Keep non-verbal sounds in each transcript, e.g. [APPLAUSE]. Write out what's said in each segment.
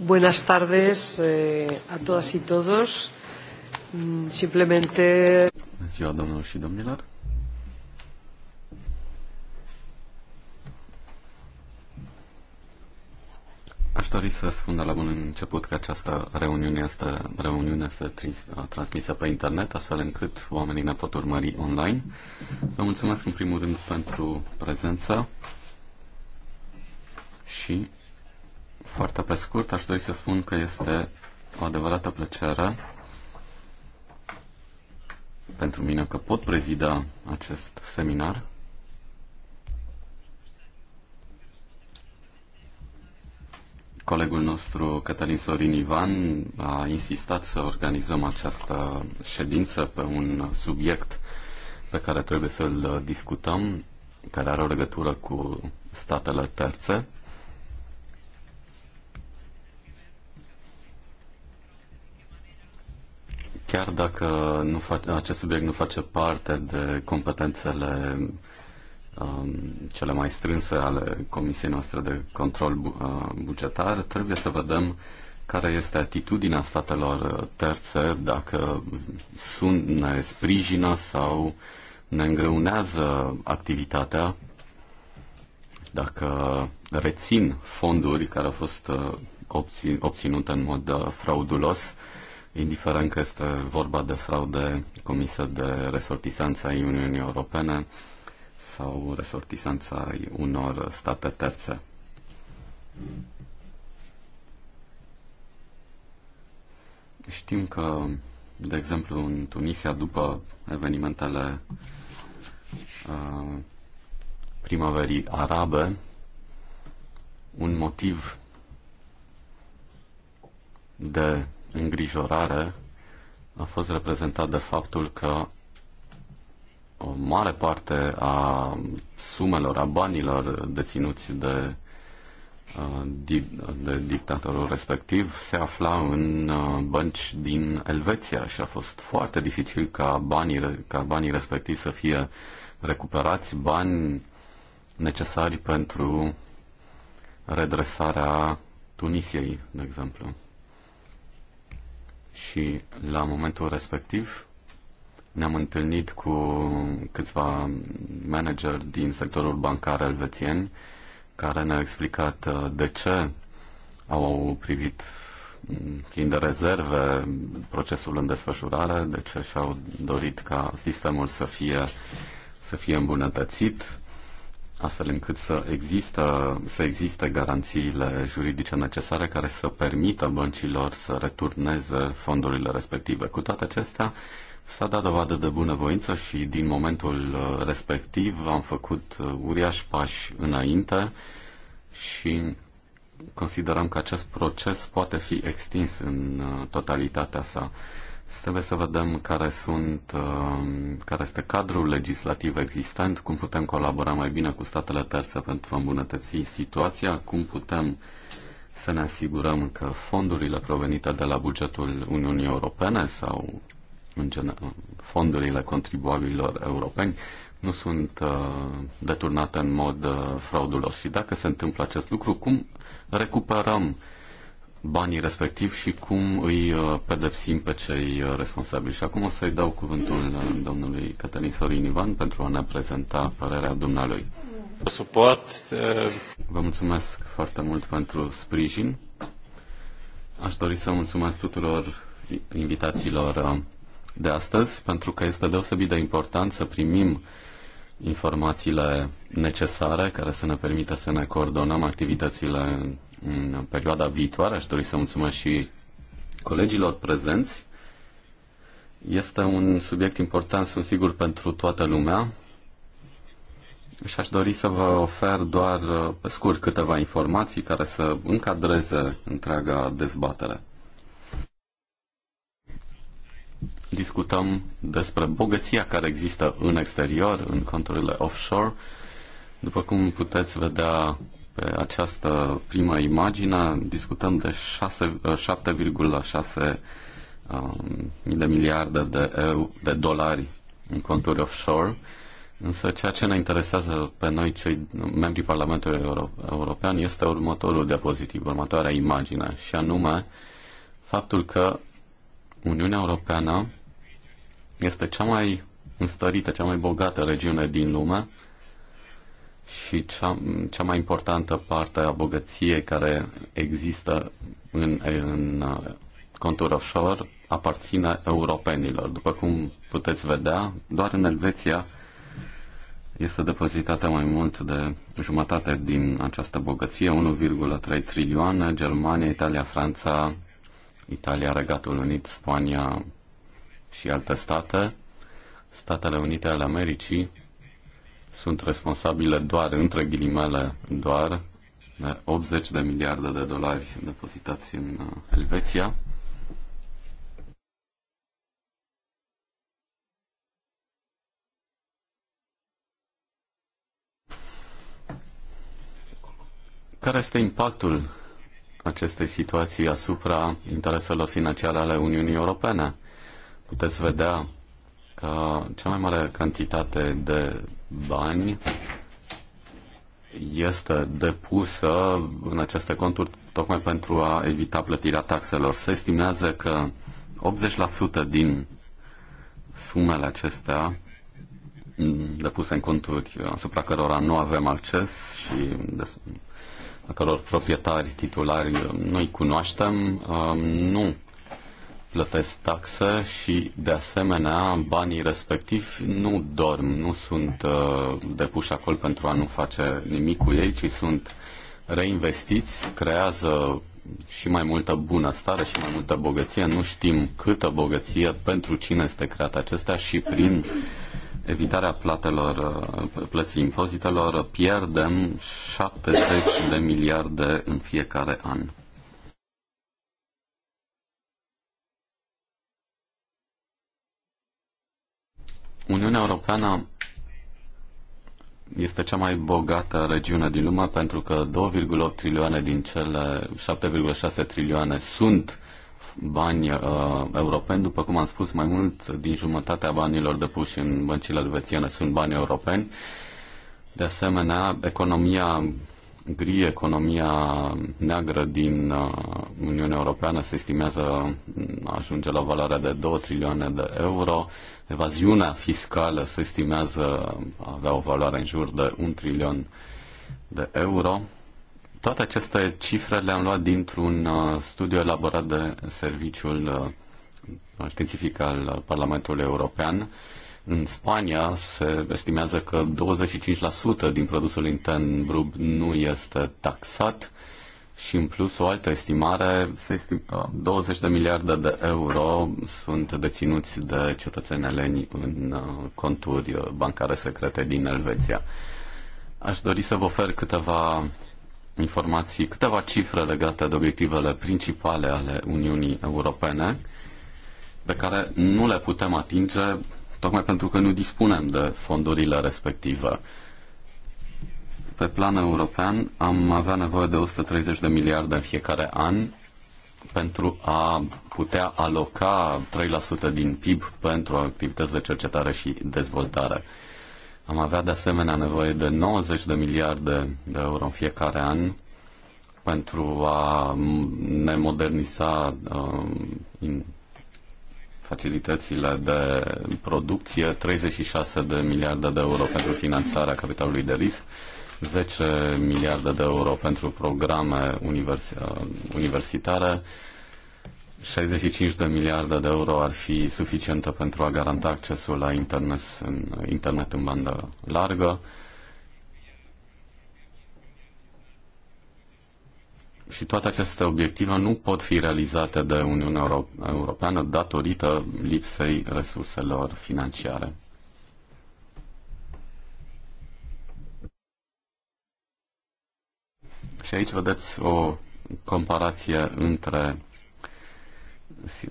Buenas tardes eh, a todas y todos. Mm, simplemente. ziua, domnilor și domnilor. Aș dori să spun de la bun început că această reuniune este, reuniune este transmisă pe internet, astfel încât oamenii ne pot urmări online. Vă mulțumesc în primul rând pentru prezență și foarte pe scurt, aș dori să spun că este o adevărată plăcere pentru mine că pot prezida acest seminar. Colegul nostru, Cătălin Sorin Ivan, a insistat să organizăm această ședință pe un subiect pe care trebuie să-l discutăm, care are o legătură cu statele terțe. Chiar dacă nu fa- acest subiect nu face parte de competențele um, cele mai strânse ale Comisiei noastre de control uh, bugetar, trebuie să vedem care este atitudinea statelor terțe, dacă sunt, ne sprijină sau ne îngreunează activitatea, dacă rețin fonduri care au fost uh, obțin, obținute în mod uh, fraudulos, uh, indiferent că este vorba de fraude comisă de resortisanța Uniunii Europene sau resortisanța unor state terțe. Știm că, de exemplu, în Tunisia, după evenimentele uh, primăverii arabe, un motiv de îngrijorare a fost reprezentat de faptul că o mare parte a sumelor, a banilor deținuți de, uh, de dictatorul respectiv se afla în uh, bănci din Elveția și a fost foarte dificil ca banii, ca banii respectivi să fie recuperați, bani necesari pentru redresarea Tunisiei, de exemplu și la momentul respectiv ne-am întâlnit cu câțiva manageri din sectorul bancar elvețien care ne-au explicat uh, de ce au privit mm, plin de rezerve procesul în desfășurare, de ce și-au dorit ca sistemul să fie, să fie îmbunătățit astfel încât să există, să existe garanțiile juridice necesare care să permită băncilor să returneze fondurile respective. Cu toate acestea, s-a dat dovadă de bunăvoință și din momentul uh, respectiv am făcut uh, uriași pași înainte și considerăm că acest proces poate fi extins în uh, totalitatea sa. Trebuie să vedem care, sunt, uh, care este cadrul legislativ existent, cum putem colabora mai bine cu statele terțe pentru a îmbunătăți situația, cum putem să ne asigurăm că fondurile provenite de la bugetul Uniunii Europene sau în general, fondurile contribuabililor europeni nu sunt uh, deturnate în mod uh, fraudulos. Și dacă se întâmplă acest lucru, cum recuperăm uh, banii respectiv și cum îi uh, pedepsim pe cei uh, responsabili. Și acum o să-i dau cuvântul uh, domnului Cătălin Sorin Ivan pentru a ne prezenta părerea dumnealui. Suport. Vă mulțumesc foarte mult pentru sprijin. Aș dori să mulțumesc tuturor invitațiilor de astăzi, pentru că este deosebit de important să primim informațiile necesare care să ne permită să ne coordonăm activitățile în perioada viitoare, aș dori să mulțumesc și colegilor prezenți. Este un subiect important, sunt sigur, pentru toată lumea și aș dori să vă ofer doar pe scurt câteva informații care să încadreze întreaga dezbatere. Discutăm despre bogăția care există în exterior, în conturile offshore. După cum puteți vedea pe această primă imagine discutăm de 7,6 eh, eh, de miliarde de, eu, de dolari în conturi offshore, însă ceea ce ne interesează pe noi, cei membrii Parlamentului Euro- European, este următorul diapozitiv, următoarea imagine, și anume faptul că Uniunea Europeană este cea mai înstărită, cea mai bogată regiune din lume, și cea, cea mai importantă parte a bogăției care există în, în uh, contur offshore aparține europenilor. După cum puteți vedea, doar în Elveția este depozitată mai mult de jumătate din această bogăție, 1,3 trilioane, Germania, Italia, Franța, Italia, Regatul Unit, Spania și alte state, Statele Unite ale Americii sunt responsabile doar, între ghilimele, doar de 80 de miliarde de dolari depozitați în uh, Elveția. Care este impactul acestei situații asupra intereselor financiare ale Uniunii Europene? Puteți vedea că cea mai mare cantitate de bani este depusă în aceste conturi tocmai pentru a evita plătirea taxelor. Se estimează că 80% din sumele acestea depuse în conturi asupra cărora nu avem acces și a căror proprietari, titulari noi cunoaștem, um, nu plătesc taxe și, de asemenea, banii respectivi nu dorm, nu sunt uh, depuși acolo pentru a nu face nimic cu ei, ci sunt reinvestiți, creează și mai multă bunăstare și mai multă bogăție. Nu știm câtă bogăție, pentru cine este creat acestea și prin evitarea platelor, uh, plății impozitelor pierdem 70 de miliarde în fiecare an. Uniunea Europeană este cea mai bogată regiune din lume pentru că 2,8 trilioane din cele 7,6 trilioane sunt bani uh, europeni. După cum am spus, mai mult din jumătatea banilor depuși în băncile elvețiene sunt bani europeni. De asemenea, economia gri, economia neagră din uh, Uniunea Europeană se estimează uh, ajunge la valoarea de 2 trilioane de euro. Evaziunea fiscală se estimează avea o valoare în jur de un trilion de euro. Toate aceste cifre le-am luat dintr-un uh, studiu elaborat de Serviciul uh, Științific al Parlamentului European. În Spania se estimează că 25% din produsul intern brut nu este taxat și în plus o altă estimare, 20 uh, de miliarde de euro sunt deținuți de cetățeni eleni în uh, conturi uh, bancare secrete din Elveția. Aș dori să vă ofer câteva informații, câteva cifre legate de obiectivele principale ale Uniunii Europene, pe care nu le putem atinge tocmai pentru că nu dispunem de fondurile respective. Pe plan european am avea nevoie de 130 de miliarde în fiecare an pentru a putea aloca 3% din PIB pentru activități de cercetare și dezvoltare. Am avea de asemenea nevoie de 90 de miliarde de euro în fiecare an pentru a ne moderniza um, facilitățile de producție, 36 de miliarde de euro pentru finanțarea capitalului de risc 10 miliarde de euro pentru programe univers- universitare, 65 de miliarde de euro ar fi suficientă pentru a garanta accesul la internet în, internet în bandă largă. Și toate aceste obiective nu pot fi realizate de Uniunea Europeană datorită lipsei resurselor financiare. Și aici vedeți o comparație între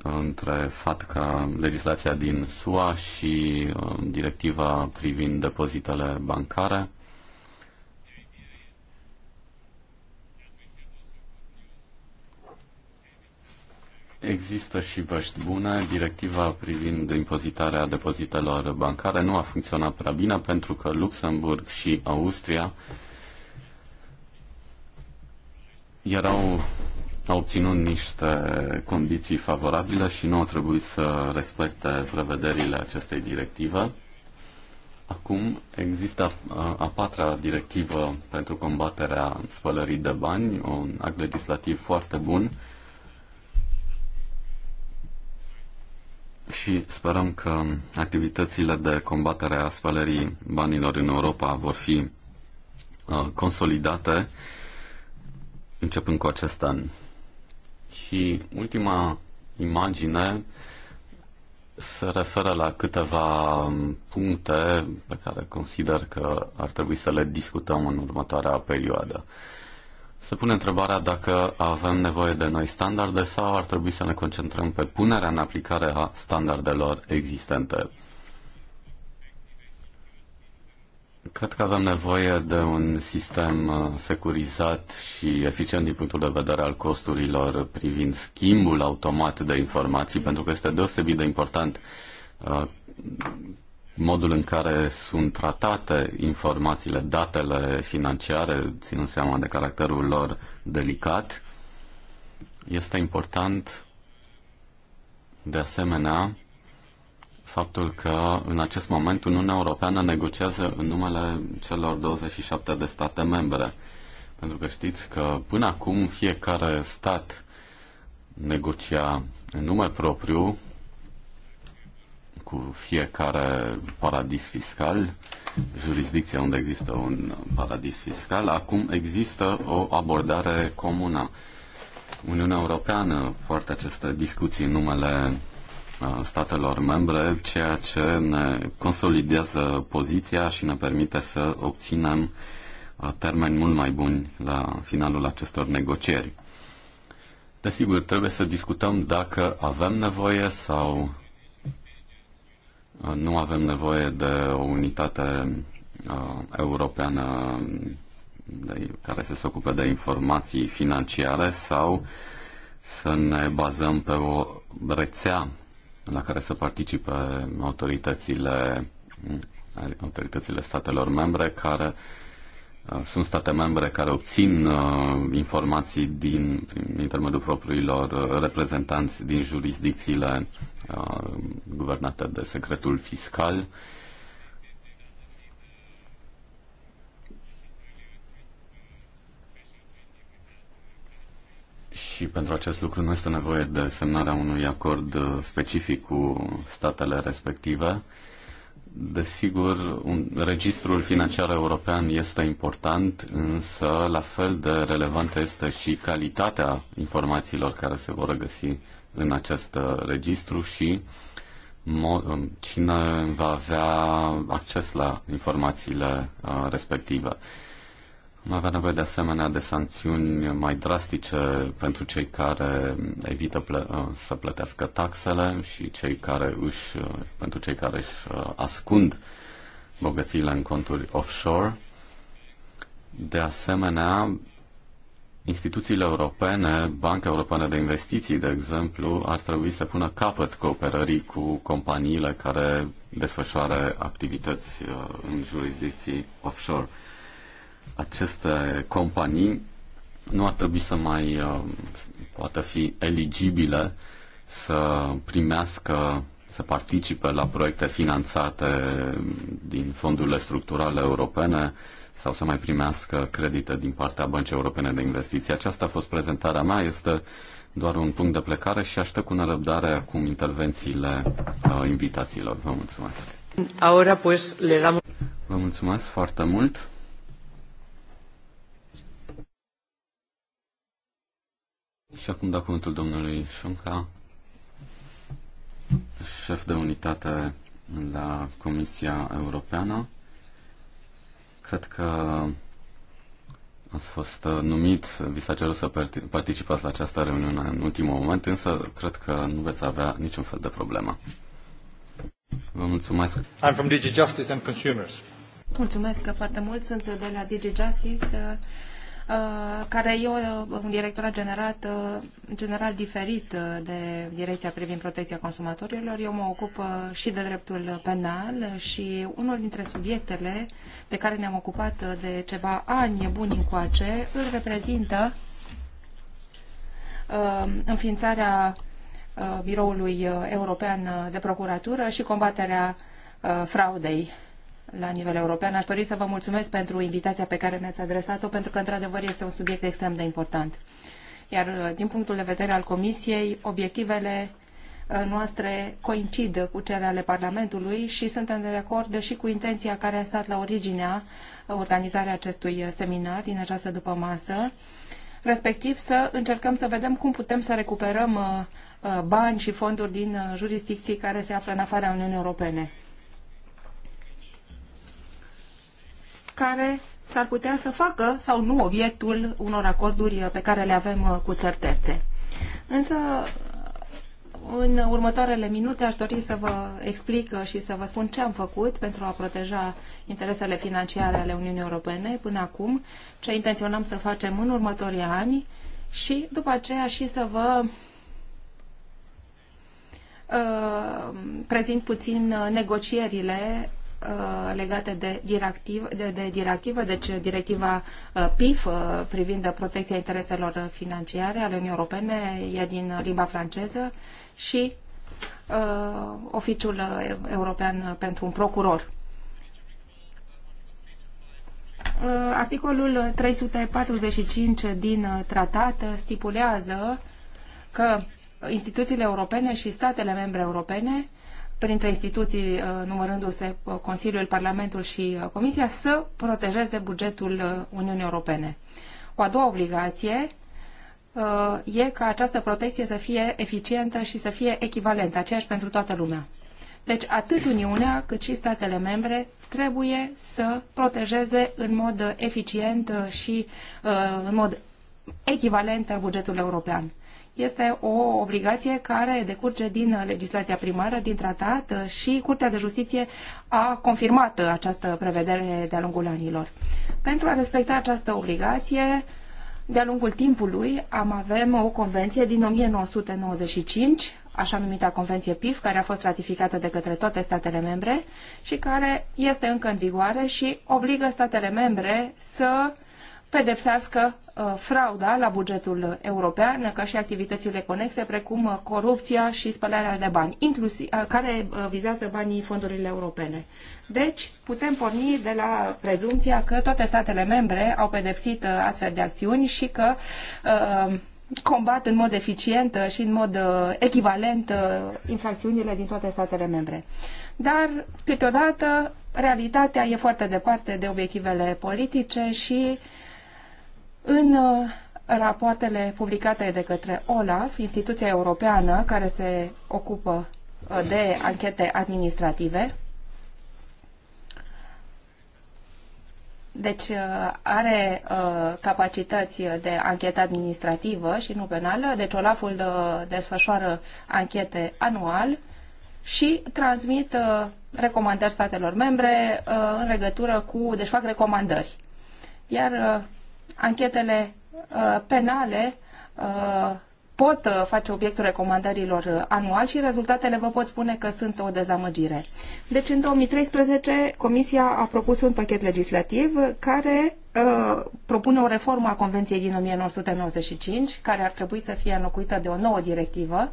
între FATCA, legislația din SUA și um, directiva privind depozitele bancare. Există și vești bune. Directiva privind impozitarea depozitelor bancare nu a funcționat prea bine pentru că Luxemburg și Austria erau au obținut niște condiții favorabile și nu au trebuit să respecte prevederile acestei directive. Acum există a, a patra directivă pentru combaterea spălării de bani, un act legislativ foarte bun și sperăm că activitățile de combatere a spălării banilor în Europa vor fi a, consolidate începând cu acest an. Și ultima imagine se referă la câteva puncte pe care consider că ar trebui să le discutăm în următoarea perioadă. Se pune întrebarea dacă avem nevoie de noi standarde sau ar trebui să ne concentrăm pe punerea în aplicare a standardelor existente. Cred că avem nevoie de un sistem uh, securizat și eficient din punctul de vedere al costurilor privind schimbul automat de informații, pentru că este deosebit de important uh, modul în care sunt tratate informațiile, datele financiare, ținând seama de caracterul lor delicat. Este important, de asemenea, faptul că în acest moment Uniunea Europeană negociază în numele celor 27 de state membre. Pentru că știți că până acum fiecare stat negocia în nume propriu cu fiecare paradis fiscal, jurisdicția unde există un paradis fiscal, acum există o abordare comună. Uniunea Europeană poartă aceste discuții în numele statelor membre, ceea ce ne consolidează poziția și ne permite să obținem termeni mult mai buni la finalul acestor negocieri. Desigur, trebuie să discutăm dacă avem nevoie sau nu avem nevoie de o unitate europeană de, care să se ocupe de informații financiare sau să ne bazăm pe o rețea la care să participe autoritățile, autoritățile statelor membre care uh, sunt state membre care obțin uh, informații din, din intermediul propriilor uh, reprezentanți din jurisdicțiile uh, guvernate de secretul fiscal. Uh, și pentru acest lucru nu este nevoie de semnarea unui acord uh, specific cu statele respective. Desigur, un, registrul financiar european este important, însă la fel de relevantă este și calitatea informațiilor care se vor găsi în acest uh, registru și um, cine va avea acces la informațiile uh, respective. Am avea nevoie de asemenea de sancțiuni mai drastice pentru cei care evită plă- uh, să plătească taxele și cei care își, uh, pentru cei care își uh, ascund bogățiile în conturi offshore. De asemenea, instituțiile europene, Banca Europeană de Investiții, de exemplu, ar trebui să pună capăt cooperării cu companiile care desfășoară activități în jurisdicții offshore aceste companii nu ar trebui să mai uh, poată fi eligibile să primească, să participe la proiecte finanțate din fondurile structurale europene sau să mai primească credite din partea Băncii Europene de Investiții. Aceasta a fost prezentarea mea, este doar un punct de plecare și aștept cu nerăbdare acum intervențiile uh, invitațiilor. Vă mulțumesc. Ahora pues le damos... Vă mulțumesc foarte mult. Și acum da cuvântul domnului Șunca, șef de unitate la Comisia Europeană. Cred că ați fost numit, vi s-a cerut să participați la această reuniune în ultimul moment, însă cred că nu veți avea niciun fel de problemă. Vă mulțumesc. I'm from Justice and Consumers. Mulțumesc foarte mult. Sunt de la Justice. Uh, care e uh, un directorat generat, uh, general diferit de direcția privind protecția consumatorilor. Eu mă ocup și de dreptul penal și unul dintre subiectele de care ne-am ocupat de ceva ani buni încoace îl reprezintă înființarea Biroului European de Procuratură și combaterea fraudei la nivel european. Aș dori să vă mulțumesc pentru invitația pe care mi-ați adresat-o, pentru că, într-adevăr, este un subiect extrem de important. Iar, uh, din punctul de vedere al Comisiei, obiectivele uh, noastre coincid cu cele ale Parlamentului și suntem de acord și cu intenția care a stat la originea uh, organizarea acestui seminar din această după masă, respectiv să încercăm să vedem cum putem să recuperăm bani și fonduri din jurisdicții care se află în afara Uniunii Europene. care s-ar putea să facă sau nu obiectul unor acorduri pe care le avem uh, cu țări terțe. Însă, în următoarele minute aș dori să vă explic uh, și să vă spun ce am făcut pentru a proteja interesele financiare ale Uniunii Europene până acum, ce intenționăm să facem în următorii ani și după aceea și să vă uh, prezint puțin uh, negocierile Uh, legate de, directiv, de, de directivă, deci directiva uh, PIF uh, privind protecția intereselor financiare ale Uniunii Europene, e din limba franceză, și uh, Oficiul European pentru un Procuror. Articolul 345 din tratat stipulează că instituțiile europene și statele membre europene printre instituții, uh, numărându-se uh, Consiliul, Parlamentul și uh, Comisia, să protejeze bugetul Uniunii Europene. O a doua obligație e ca această protecție să fie eficientă și să fie echivalentă, aceeași pentru toată lumea. Deci atât Uniunea cât și statele membre trebuie să protejeze în mod eficient și în mod echivalent în bugetul european. Este o obligație care decurge din legislația primară, din tratat și Curtea de Justiție a confirmat această prevedere de-a lungul anilor. Pentru a respecta această obligație, de-a lungul timpului am avem o convenție din 1995, așa numita convenție PIF, care a fost ratificată de către toate statele membre și care este încă în vigoare și obligă statele membre să uh, pedepsească uh, frauda la bugetul european, ca și activitățile conexe, precum uh, corupția și spălarea de bani, inclusiv, uh, care uh, vizează banii fondurile europene. Deci, putem porni de la prezumția că toate statele membre au pedepsit uh, astfel de acțiuni și că uh, combat în mod eficient și în mod echivalent infracțiunile din toate statele membre. Dar, câteodată, realitatea e foarte departe de obiectivele politice și în uh, rapoartele publicate de către OLAF, instituția europeană care se ocupă uh, de anchete administrative, Deci uh, are uh, capacități de anchetă administrativă și nu penală, deci Olaful uh, desfășoară anchete anual și transmit uh, recomandări statelor membre în legătură cu, deci fac recomandări. Iar Anchetele uh, penale uh, pot uh, face obiectul recomandărilor anual și rezultatele vă pot spune că sunt o dezamăgire. Deci în 2013 Comisia a propus un pachet legislativ care uh, propune o reformă a Convenției din 1995 care ar trebui să fie înlocuită de o nouă directivă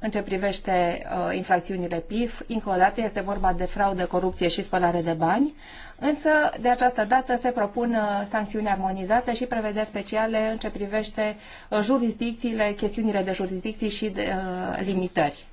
în ce privește uh, infracțiunile PIF. Încă o dată este vorba de fraudă, corupție și spălare de bani, însă de această dată se propun uh, sancțiuni armonizate și prevederi speciale în ce privește uh, jurisdicțiile, chestiunile de jurisdicții și de, uh, limitări.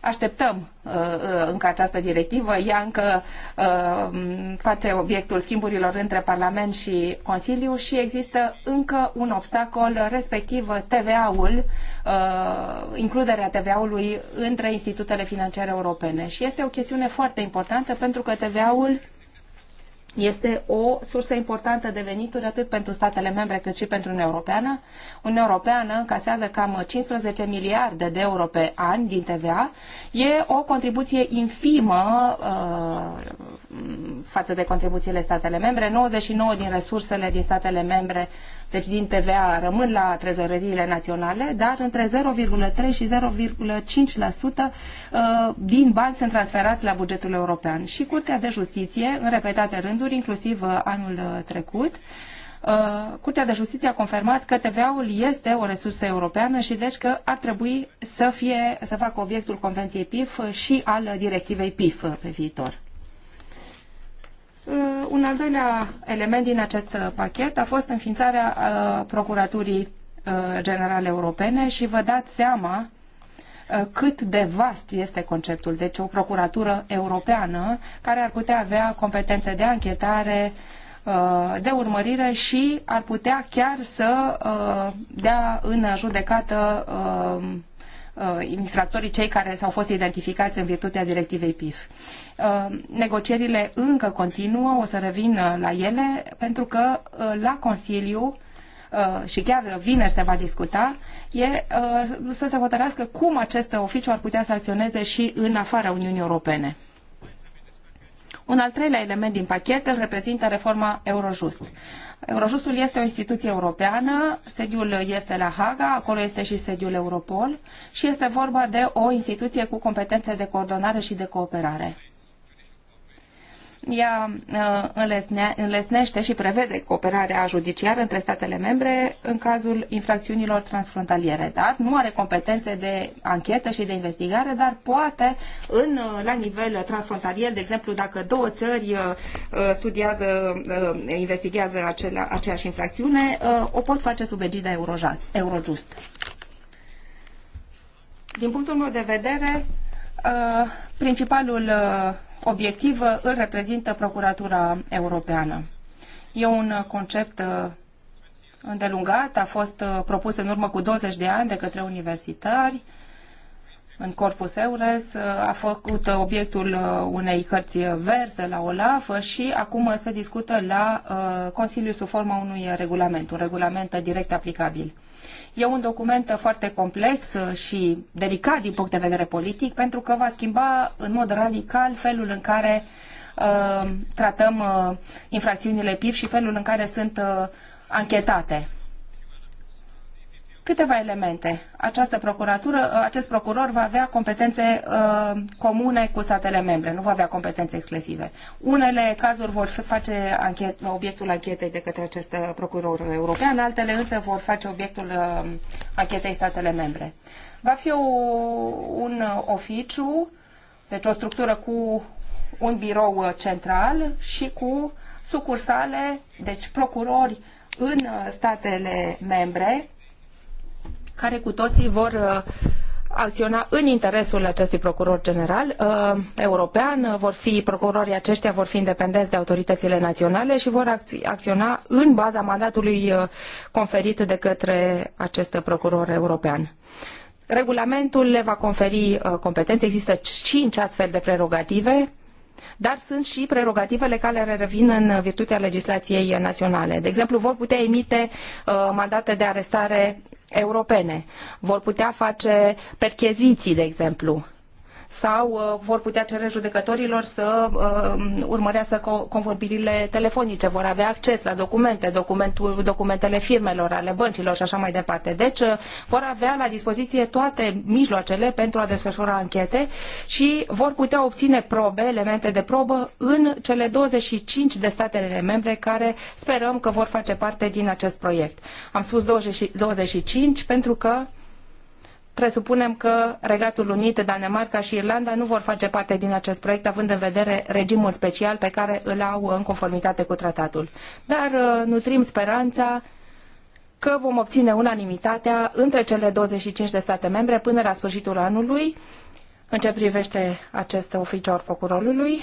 Așteptăm uh, uh, încă această directivă. Ea încă uh, face obiectul schimburilor între Parlament și Consiliu și există încă un obstacol, respectiv TVA-ul, uh, includerea TVA-ului între institutele financiare europene. Și este o chestiune foarte importantă pentru că TVA-ul este o sursă importantă de venituri atât pentru statele membre cât și pentru Uniunea Europeană. Uniunea Europeană încasează cam 15 miliarde de euro pe an din TVA. E o contribuție infimă uh, față de contribuțiile statele membre. 99 din resursele din statele membre, deci din TVA, rămân la trezoreriile naționale, dar între 0,3 și 0,5% uh, din bani sunt transferați la bugetul european. Și Curtea de Justiție, în repetate rânduri, inclusiv uh, anul uh, trecut, Curtea de Justiție a confirmat că TVA-ul este o resursă europeană și deci că ar trebui să, fie, să facă obiectul Convenției PIF și al directivei PIF pe viitor. Uh, un al doilea element din acest uh, pachet a fost înființarea uh, Procuraturii Generale Europene și vă dați seama cât de vast este conceptul. Deci o procuratură europeană care ar putea avea competențe de anchetare, de urmărire și ar putea chiar să dea în judecată Uh, infractorii cei care s-au fost identificați în virtutea directivei PIF. Uh, negocierile încă continuă, o să revin uh, la ele, pentru că la Consiliu și chiar vineri se va discuta, e să se hotărească cum acest oficiu ar putea să acționeze și în afara Uniunii Europene. Un al treilea element din pachet îl reprezintă reforma Eurojust. Eurojustul este o instituție europeană, sediul este la Haga, acolo este și sediul Europol și este vorba de o instituție cu competențe de coordonare și de cooperare. Ea uh, înlesnește și prevede cooperarea judiciară între statele membre în cazul infracțiunilor transfrontaliere, dar nu are competențe de anchetă și de investigare, dar poate în, uh, la nivel transfrontalier, de exemplu, dacă două țări uh, studiază, investigează acelea, aceeași infracțiune, o pot face sub egida Eurojust. Din punctul meu de vedere, Uh, principalul uh, obiectiv uh, îl reprezintă Procuratura Europeană. E un concept îndelungat, a fost propus în urmă cu 20 de ani de către universitari în corpus EURES, a făcut obiectul unei cărți verze la OLAF și acum se discută la Consiliu sub forma unui regulament, un regulament direct aplicabil. E un document foarte complex și delicat din punct de vedere politic pentru că va schimba în mod radical felul în care uh, tratăm uh, infracțiunile PIF și felul în care sunt uh, anchetate. Câteva elemente. Această procuratură, acest procuror va avea competențe uh, comune cu statele membre, nu va avea competențe exclusive. Unele cazuri vor face anchet, obiectul anchetei de către acest uh, procuror european, altele însă vor face obiectul uh, anchetei statele membre. Va fi o, un oficiu, deci o structură cu un birou uh, central și cu sucursale, deci procurori în uh, statele membre, care cu toții vor uh, acționa în interesul acestui procuror general uh, european, vor fi procurorii aceștia vor fi independenți de autoritățile naționale și vor acționa în baza mandatului uh, conferit de către acest procuror european. Regulamentul le va conferi uh, competențe, există cinci astfel de prerogative, dar sunt și prerogativele care revin în virtutea legislației naționale. De exemplu, vor putea emite uh, mandate de arestare europene. Vor putea face percheziții, de exemplu, sau uh, vor putea cere judecătorilor să uh, urmărească convorbirile telefonice, vor avea acces la documente, documentele firmelor, ale băncilor și așa mai departe. Deci uh, vor avea la dispoziție toate mijloacele pentru a desfășura anchete și vor putea obține probe, elemente de probă în cele 25 de statele membre care sperăm că vor face parte din acest proiect. Am spus 20, 25 pentru că presupunem că Regatul Unit, Danemarca și Irlanda nu vor face parte din acest proiect, având în vedere regimul special pe care îl au în conformitate cu tratatul. Dar uh, nutrim speranța că vom obține unanimitatea între cele 25 de state membre până la sfârșitul anului în ce privește acest oficiu al procurorului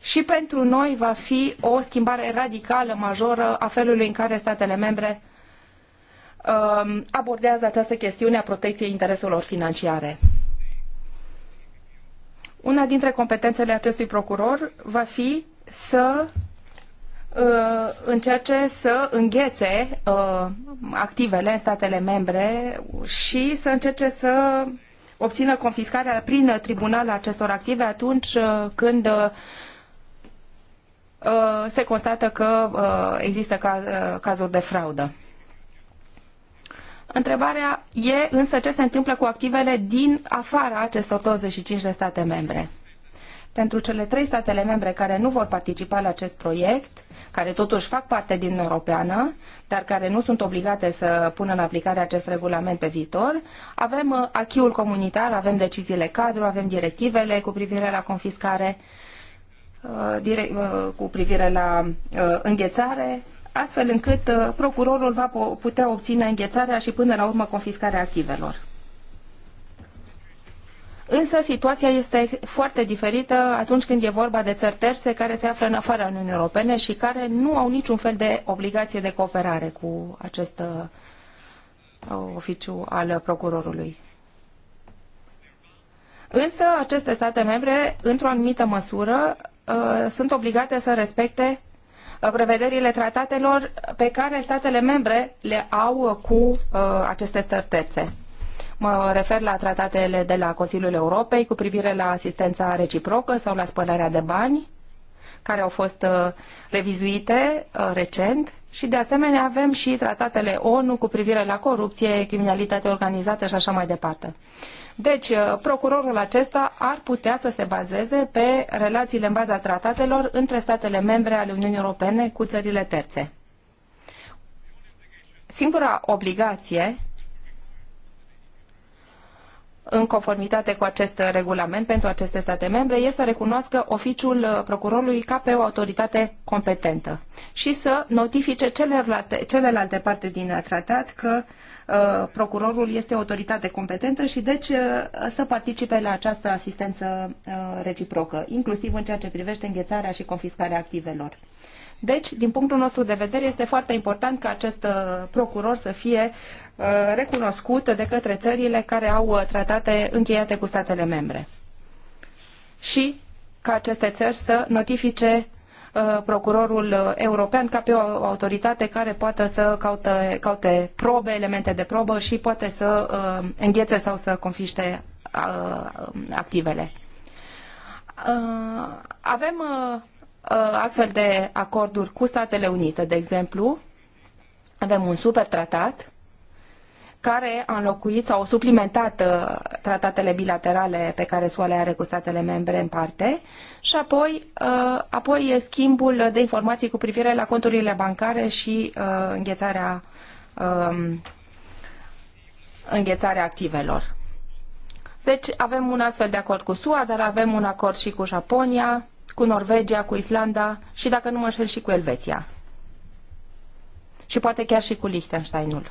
și pentru noi va fi o schimbare radicală, majoră a felului în care statele membre Um, abordează această chestiune a protecției intereselor financiare. Una dintre competențele acestui procuror va fi să uh, încerce să înghețe uh, activele în statele membre și să încerce să obțină confiscarea prin tribunal a acestor active atunci uh, când se constată că există cazuri de fraudă. Întrebarea e însă ce se întâmplă cu activele din afara acestor 25 de state membre. Pentru cele trei statele membre care nu vor participa la acest proiect, care totuși fac parte din Europeană, dar care nu sunt obligate să pună în aplicare acest regulament pe viitor, avem uh, achiul comunitar, avem deciziile cadru, avem directivele cu privire la confiscare, uh, uh, cu privire la înghețare, astfel încât uh, procurorul va putea obține înghețarea și până la urmă confiscarea activelor. Însă situația este foarte diferită atunci când e vorba de țări terțe care se află în afara Uniunii Europene și care nu au niciun fel de obligație de cooperare cu acest uh, oficiu al procurorului. Însă aceste state membre, într-o anumită măsură, uh, sunt obligate să respecte prevederile tratatelor pe care statele membre le au cu uh, aceste țări terțe. Mă refer la tratatele de la Consiliul Europei cu privire la asistența reciprocă sau la spălarea de bani, care au fost uh, revizuite uh, recent și de asemenea avem și tratatele ONU cu privire la corupție, criminalitate organizată și așa mai departe. Deci, uh, procurorul acesta ar putea să se bazeze pe relațiile în baza tratatelor între statele membre ale Uniunii Europene cu țările terțe. Singura obligație în conformitate cu acest regulament pentru aceste state membre este să recunoască oficiul uh, procurorului ca pe o autoritate competentă și să notifice celelalte, celelalte parte din tratat că Uh, procurorul este autoritate competentă și deci uh, să participe la această asistență uh, reciprocă, inclusiv în ceea ce privește înghețarea și confiscarea activelor. Deci, din punctul nostru de vedere, este foarte important ca acest procuror să fie recunoscut de către țările care au tratate încheiate cu statele membre. Și ca aceste țări să notifice Uh, procurorul uh, european ca pe o autoritate care poate să caute, caute probe, elemente de probă și poate să uh, înghețe sau să confiște activele. Avem astfel de acorduri cu Statele Unite, de exemplu. Avem un super tratat care a înlocuit sau suplimentat uh, tratatele bilaterale pe care SUA le are cu statele membre în parte și apoi, uh, apoi schimbul de informații cu privire la conturile bancare și uh, înghețarea, um, înghețarea activelor. Deci avem un astfel de acord cu SUA, dar avem un acord și cu Japonia, cu Norvegia, cu Islanda și, dacă nu mă înșel, și cu Elveția. Și poate chiar și cu Liechtensteinul.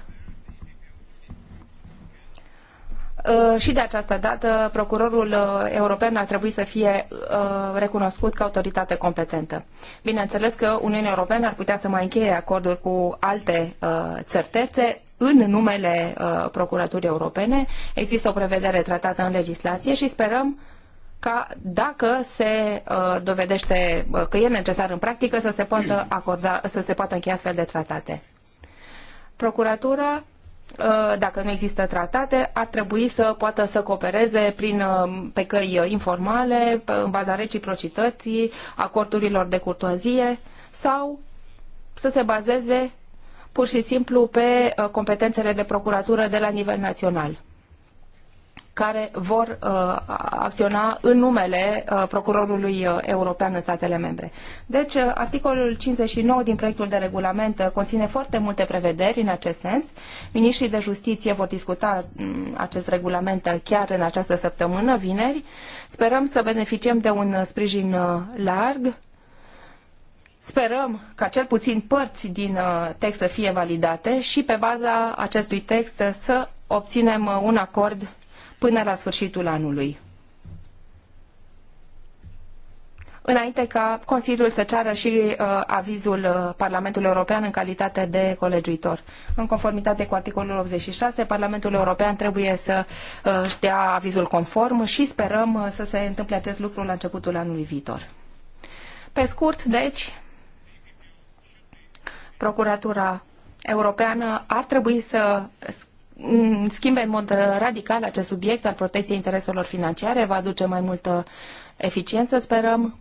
Uh, și de această dată procurorul uh, european ar trebui să fie uh, recunoscut ca autoritate competentă. Bineînțeles că Uniunea Europeană ar putea să mai încheie acorduri cu alte țări terțe în numele Procuraturii Europene. Există o prevedere tratată în legislație și sperăm ca dacă se dovedește că e necesar în practică să se poată, acorda, să se poată încheia astfel de tratate. Procuratura Uh, dacă nu există tratate, ar trebui să poată să coopereze prin, uh, pe căi uh, informale, în baza reciprocității, acordurilor de curtoazie sau să se bazeze pur și simplu pe competențele de procuratură de la nivel național care vor uh, acționa în numele uh, procurorului uh, european în statele membre. Deci, uh, articolul 59 din proiectul de regulament uh, conține foarte multe prevederi în acest sens. Ministrii de Justiție vor discuta um, acest regulament uh, chiar în această săptămână, vineri. Sperăm să beneficiem de un uh, sprijin uh, larg. Sperăm ca cel puțin părți din uh, text să fie validate și pe baza acestui text să obținem uh, un acord până la sfârșitul anului. înainte ca Consiliul să ceară și uh, avizul uh, Parlamentului European în calitate de colegiuitor. În conformitate cu articolul 86, Parlamentul European trebuie să uh, dea avizul conform și sperăm uh, să se întâmple acest lucru la începutul anului viitor. Pe scurt, deci, Procuratura Europeană ar trebui să Mm, schimbe în mod uh, radical acest subiect al protecției intereselor financiare, va aduce mai multă eficiență, sperăm.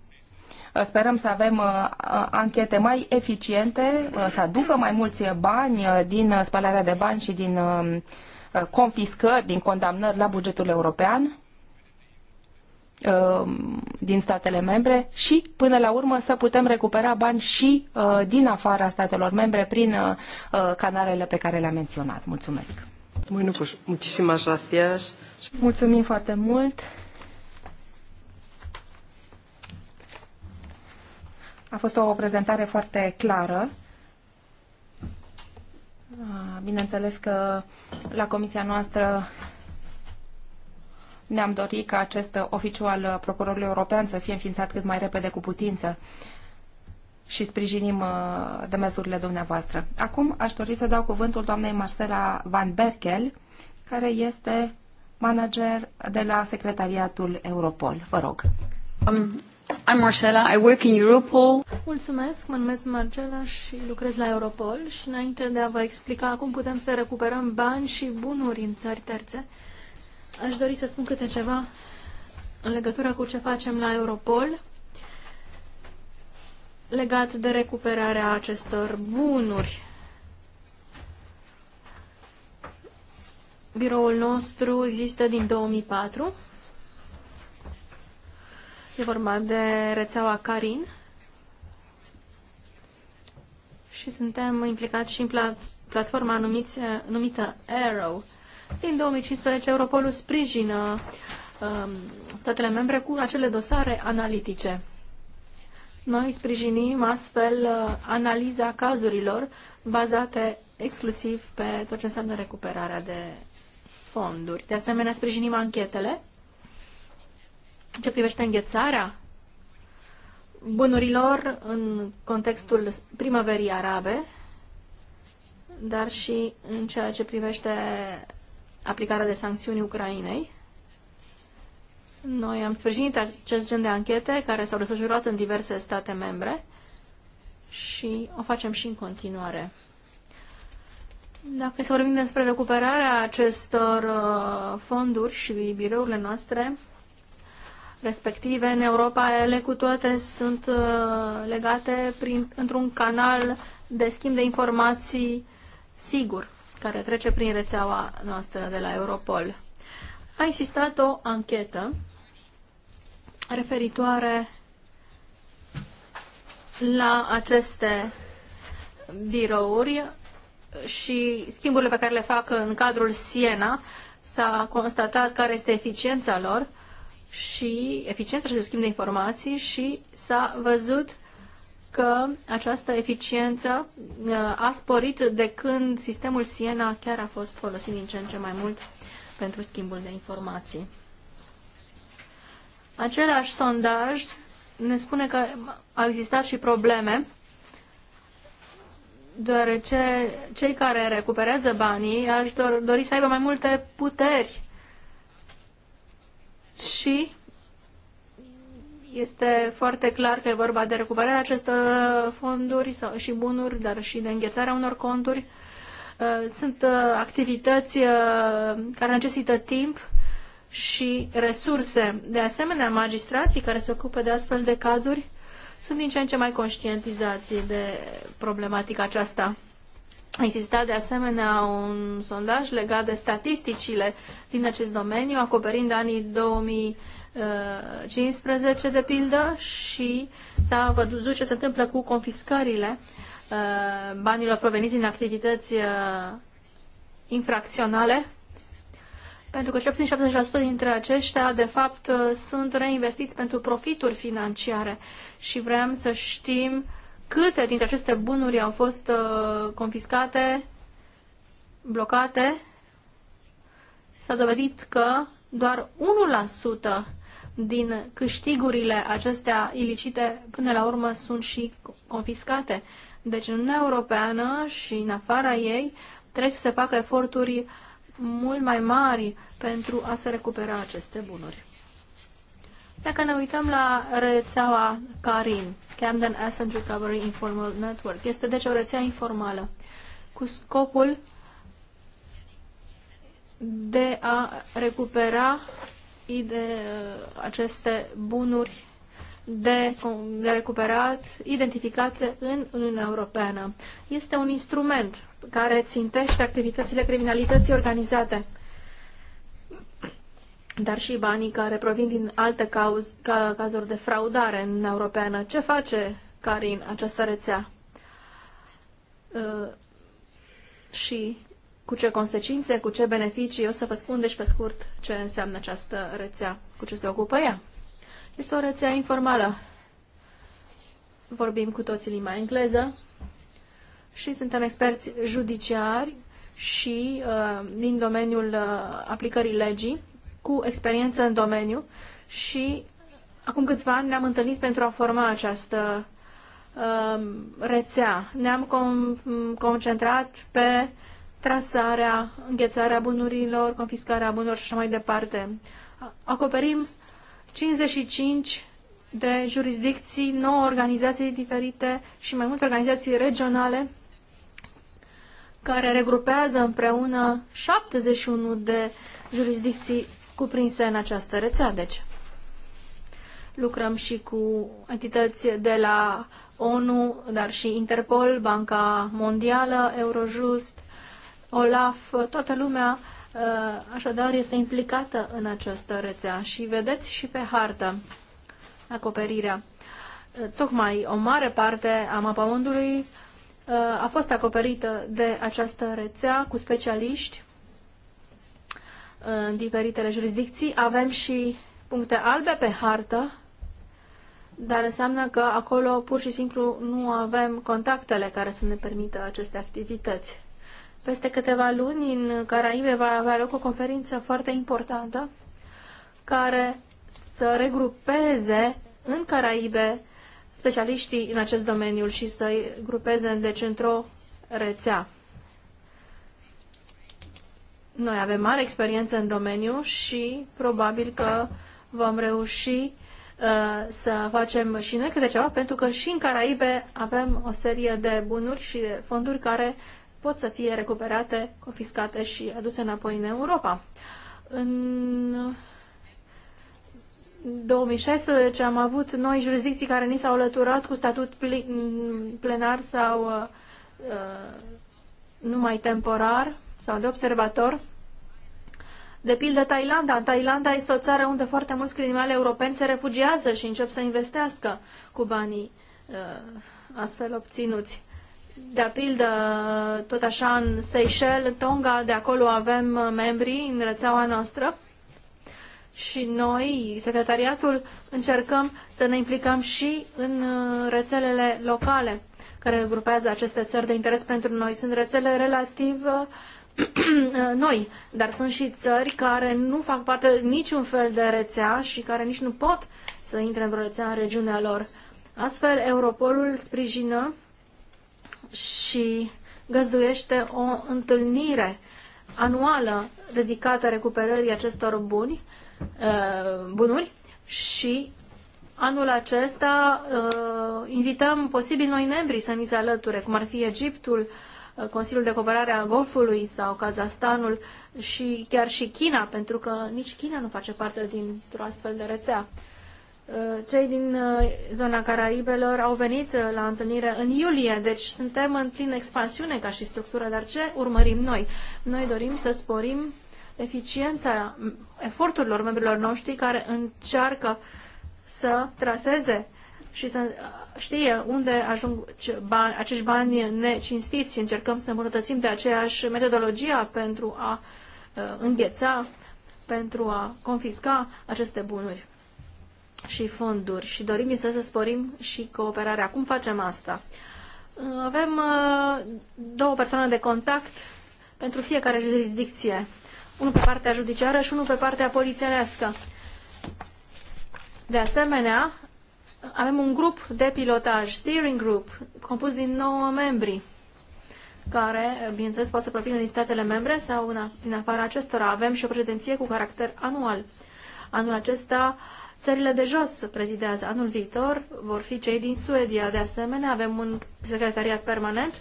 Uh, sperăm să avem uh, anchete mai eficiente, să aducă mai mulți bani din spălarea de bani și din um, confiscări, din condamnări la bugetul european din statele membre și, până la urmă, să putem recupera bani și din afara statelor membre prin canalele pe care le-am menționat. Mulțumesc! Bueno, pues muchísimas gracias. Mulțumim foarte mult. A fost o prezentare foarte clară. Bineînțeles că la comisia noastră ne-am dorit ca acest oficiu al procurorului european să fie înființat cât mai repede cu putință și sprijinim uh, demersurile dumneavoastră. Acum aș dori să dau cuvântul doamnei Marcela Van Berkel, care este manager de la Secretariatul Europol. Vă rog. Um, I'm Marcela, I work in Europol. Mulțumesc, mă numesc Marcela și lucrez la Europol și înainte de a vă explica cum putem să recuperăm bani și bunuri în țări terțe, aș dori să spun câte ceva în legătură cu ce facem la Europol legat de recuperarea acestor bunuri. Biroul nostru există din 2004. E vorba de rețeaua Carin și suntem implicați și în pla platforma numiți, numită Arrow. Din 2015, Europolul sprijină um, statele membre cu acele dosare analitice. Noi sprijinim astfel uh, analiza cazurilor bazate exclusiv pe tot ce înseamnă recuperarea de fonduri. De asemenea, sprijinim anchetele ce privește înghețarea bunurilor în contextul primăverii arabe, dar și în ceea ce privește aplicarea de sancțiuni Ucrainei. Noi am sprijinit acest gen de anchete care s-au desfășurat în diverse state membre și o facem și în continuare. Dacă să vorbim despre recuperarea acestor uh, fonduri și birourile noastre respective în Europa, ele cu toate sunt uh, legate prin, într-un canal de schimb de informații sigur, care trece prin rețeaua noastră de la Europol. A existat o anchetă referitoare la aceste birouri și schimburile pe care le fac în cadrul Siena. S-a constatat care este eficiența lor și eficiența și schimb de informații și s-a văzut că această eficiență uh, a sporit de când sistemul Siena chiar a fost folosit din ce în ce mai mult pentru schimbul de informații. Același sondaj ne spune că au existat și probleme, deoarece cei care recuperează banii aș dori să aibă mai multe puteri și este foarte clar că e vorba de recuperarea acestor fonduri sau și bunuri, dar și de înghețarea unor conturi. Uh, sunt uh, activități uh, care necesită timp și resurse. De asemenea, magistrații care se ocupă de astfel de cazuri sunt din ce în ce mai conștientizați de problematica aceasta. A existat de asemenea un sondaj legat de statisticile din acest domeniu, acoperind anii 2015, de pildă, și s-a văzut ce se întâmplă cu confiscările uh, banilor proveniți din activități uh, infracționale pentru că 70% dintre aceștia, de fapt, uh, sunt reinvestiți pentru profituri financiare și vrem să știm câte dintre aceste bunuri au fost uh, confiscate, blocate. S-a dovedit că doar 1% din câștigurile acestea ilicite până la urmă sunt și confiscate. Deci în Uniunea Europeană și în afara ei trebuie să se facă eforturi uh, mult mai mari pentru a se recupera aceste bunuri. Dacă ne uităm la rețeaua CARIN, Camden Asset Recovery Informal Network, este deci o rețea informală cu scopul de a recupera aceste bunuri de, de recuperat, identificate în Uniunea Europeană. Este un instrument care țintește activitățile criminalității organizate, dar și banii care provin din alte cauz, ca, cazuri de fraudare în Uniunea Europeană. Ce face Karin, această rețea? Uh, și cu ce consecințe, cu ce beneficii, o să vă spun deci pe scurt ce înseamnă această rețea, cu ce se ocupă ea. Este o rețea informală. Vorbim cu toții limba engleză și suntem experți judiciari și uh, din domeniul uh, aplicării legii, cu experiență în domeniu și acum câțiva ani ne-am întâlnit pentru a forma această uh, rețea. Ne-am con- concentrat pe trasarea, înghețarea bunurilor, confiscarea bunurilor și așa mai departe. Acoperim 55 de jurisdicții, 9 organizații diferite și mai multe organizații regionale care regrupează împreună 71 de jurisdicții cuprinse în această rețea. Deci, lucrăm și cu entități de la ONU, dar și Interpol, Banca Mondială, Eurojust, OLAF, toată lumea Uh, așadar este implicată în această rețea și vedeți și pe hartă acoperirea. Uh, tocmai o mare parte a mapamondului uh, a fost acoperită de această rețea cu specialiști în diferitele jurisdicții. Avem și puncte albe pe hartă, dar înseamnă că acolo pur și simplu nu avem contactele care să ne permită aceste activități. Peste câteva luni în Caraibe va avea loc o conferință foarte importantă care să regrupeze în Caraibe specialiștii în acest domeniu și să-i grupeze deci într-o rețea. Noi avem mare experiență în domeniu și probabil că vom reuși uh, să facem și noi câte ceva, pentru că și în Caraibe avem o serie de bunuri și de fonduri care pot să fie recuperate, confiscate și aduse înapoi în Europa. În 2016 am avut noi jurisdicții care ni s-au alăturat cu statut plenar sau uh, uh, numai temporar sau de observator. De pildă Thailanda. Thailanda este o țară unde foarte mulți criminali europeni se refugiază și încep să investească cu banii uh, astfel obținuți de pildă, tot așa în Seychelles, în Tonga, de acolo avem membri în rețeaua noastră și noi, secretariatul, încercăm să ne implicăm și în uh, rețelele locale care grupează aceste țări de interes pentru noi. Sunt rețele relativ uh, [CLEARS THROAT] noi, dar sunt și țări care nu fac parte niciun fel de rețea și care nici nu pot să intre în rețea în regiunea lor. Astfel, Europolul sprijină și găzduiește o întâlnire anuală dedicată recuperării acestor buni, uh, bunuri și anul acesta uh, invităm posibil noi membri să ni se alăture, cum ar fi Egiptul, uh, Consiliul de Cooperare al Golfului sau Kazastanul și chiar și China, pentru că nici China nu face parte dintr-o astfel de rețea. Uh, cei din uh, zona Caraibelor au venit uh, la întâlnire în iulie, deci suntem în plină expansiune ca și structură, dar ce urmărim noi? Noi dorim să sporim eficiența eforturilor membrilor noștri care încearcă să traseze și să știe unde ajung bani, acești bani necinstiți. Încercăm să îmbunătățim de aceeași metodologia pentru a îngheța, pentru a confisca aceste bunuri și fonduri și dorim, însă să sporim și cooperarea. Cum facem asta? Avem uh, două persoane de contact pentru fiecare jurisdicție. Unul pe partea judiciară și unul pe partea polițienească. De asemenea, avem un grup de pilotaj, steering group, compus din 9 membri, care, bineînțeles, poate să provină din statele membre sau din afara acestora. Avem și o președinție cu caracter anual. Anul acesta Țările de jos prezidează anul viitor, vor fi cei din Suedia. De asemenea, avem un secretariat permanent,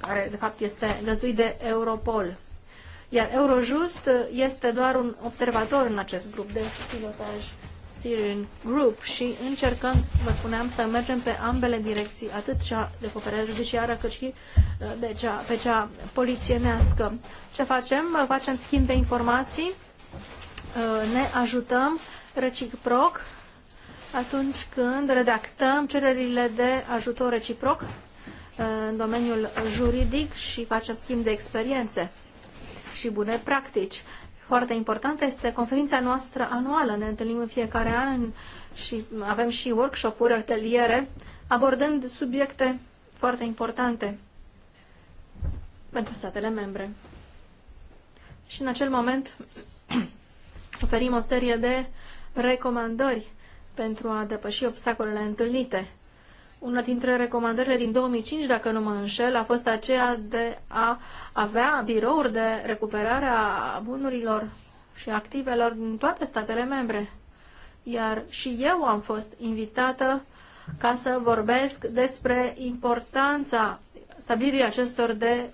care de fapt este găzduit de Europol. Iar Eurojust este doar un observator în acest grup de pilotaj Syrian Group și încercăm, vă spuneam, să mergem pe ambele direcții, atât cea de cooperare judiciară, cât și de cea, pe cea polițienească. Ce facem? Facem schimb de informații, ne ajutăm reciproc atunci când redactăm cererile de ajutor reciproc uh, în domeniul juridic și facem schimb de experiențe și bune practici. Foarte importantă este conferința noastră anuală. Ne întâlnim în fiecare an și avem și workshop-uri, ateliere, abordând subiecte foarte importante pentru statele membre. Și în acel moment [CLEARS THROAT] oferim o serie de uh, recomandări pentru a depăși obstacolele întâlnite. Una dintre recomandările din 2005, dacă nu mă înșel, a fost aceea de a avea birouri de recuperare a bunurilor și activelor din toate statele membre. Iar și eu am fost invitată ca să vorbesc despre importanța stabilirii acestor, de,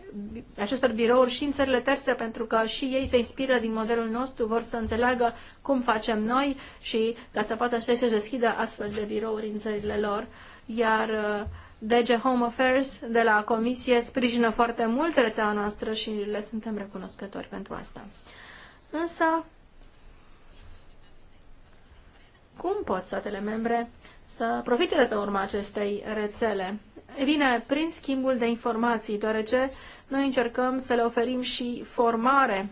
acestor birouri și în țările terțe, pentru că și ei se inspiră din modelul nostru, vor să înțeleagă cum facem noi și ca să poată să se deschidă astfel de birouri în țările lor. Iar uh, DG Home Affairs de la Comisie sprijină foarte mult rețeaua noastră și le suntem recunoscători pentru asta. Însă, cum pot statele membre să profite de pe urma acestei rețele? E bine, prin schimbul de informații, deoarece noi încercăm să le oferim și formare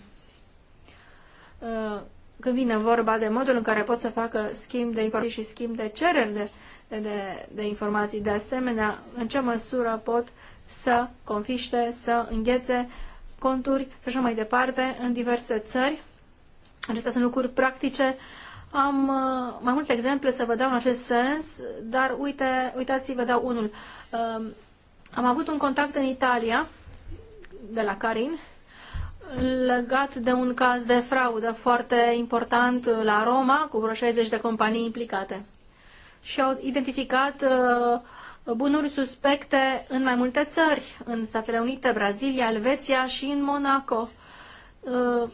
uh, când vine vorba de modul în care pot să facă schimb de informații și schimb de cereri de, de, de informații. De asemenea, în ce măsură pot să confiște, să înghețe conturi și așa mai departe în diverse țări. Acestea sunt lucruri practice. Am uh, mai multe exemple să vă dau în acest sens, dar uite, uitați-vă dau unul. Uh, Um, am avut un contact în Italia, de la Karin, legat de un caz de fraudă foarte important la Roma, cu vreo 60 de companii implicate. Și au identificat uh, bunuri suspecte în mai multe țări, în Statele Unite, Brazilia, Elveția și în Monaco. Uh,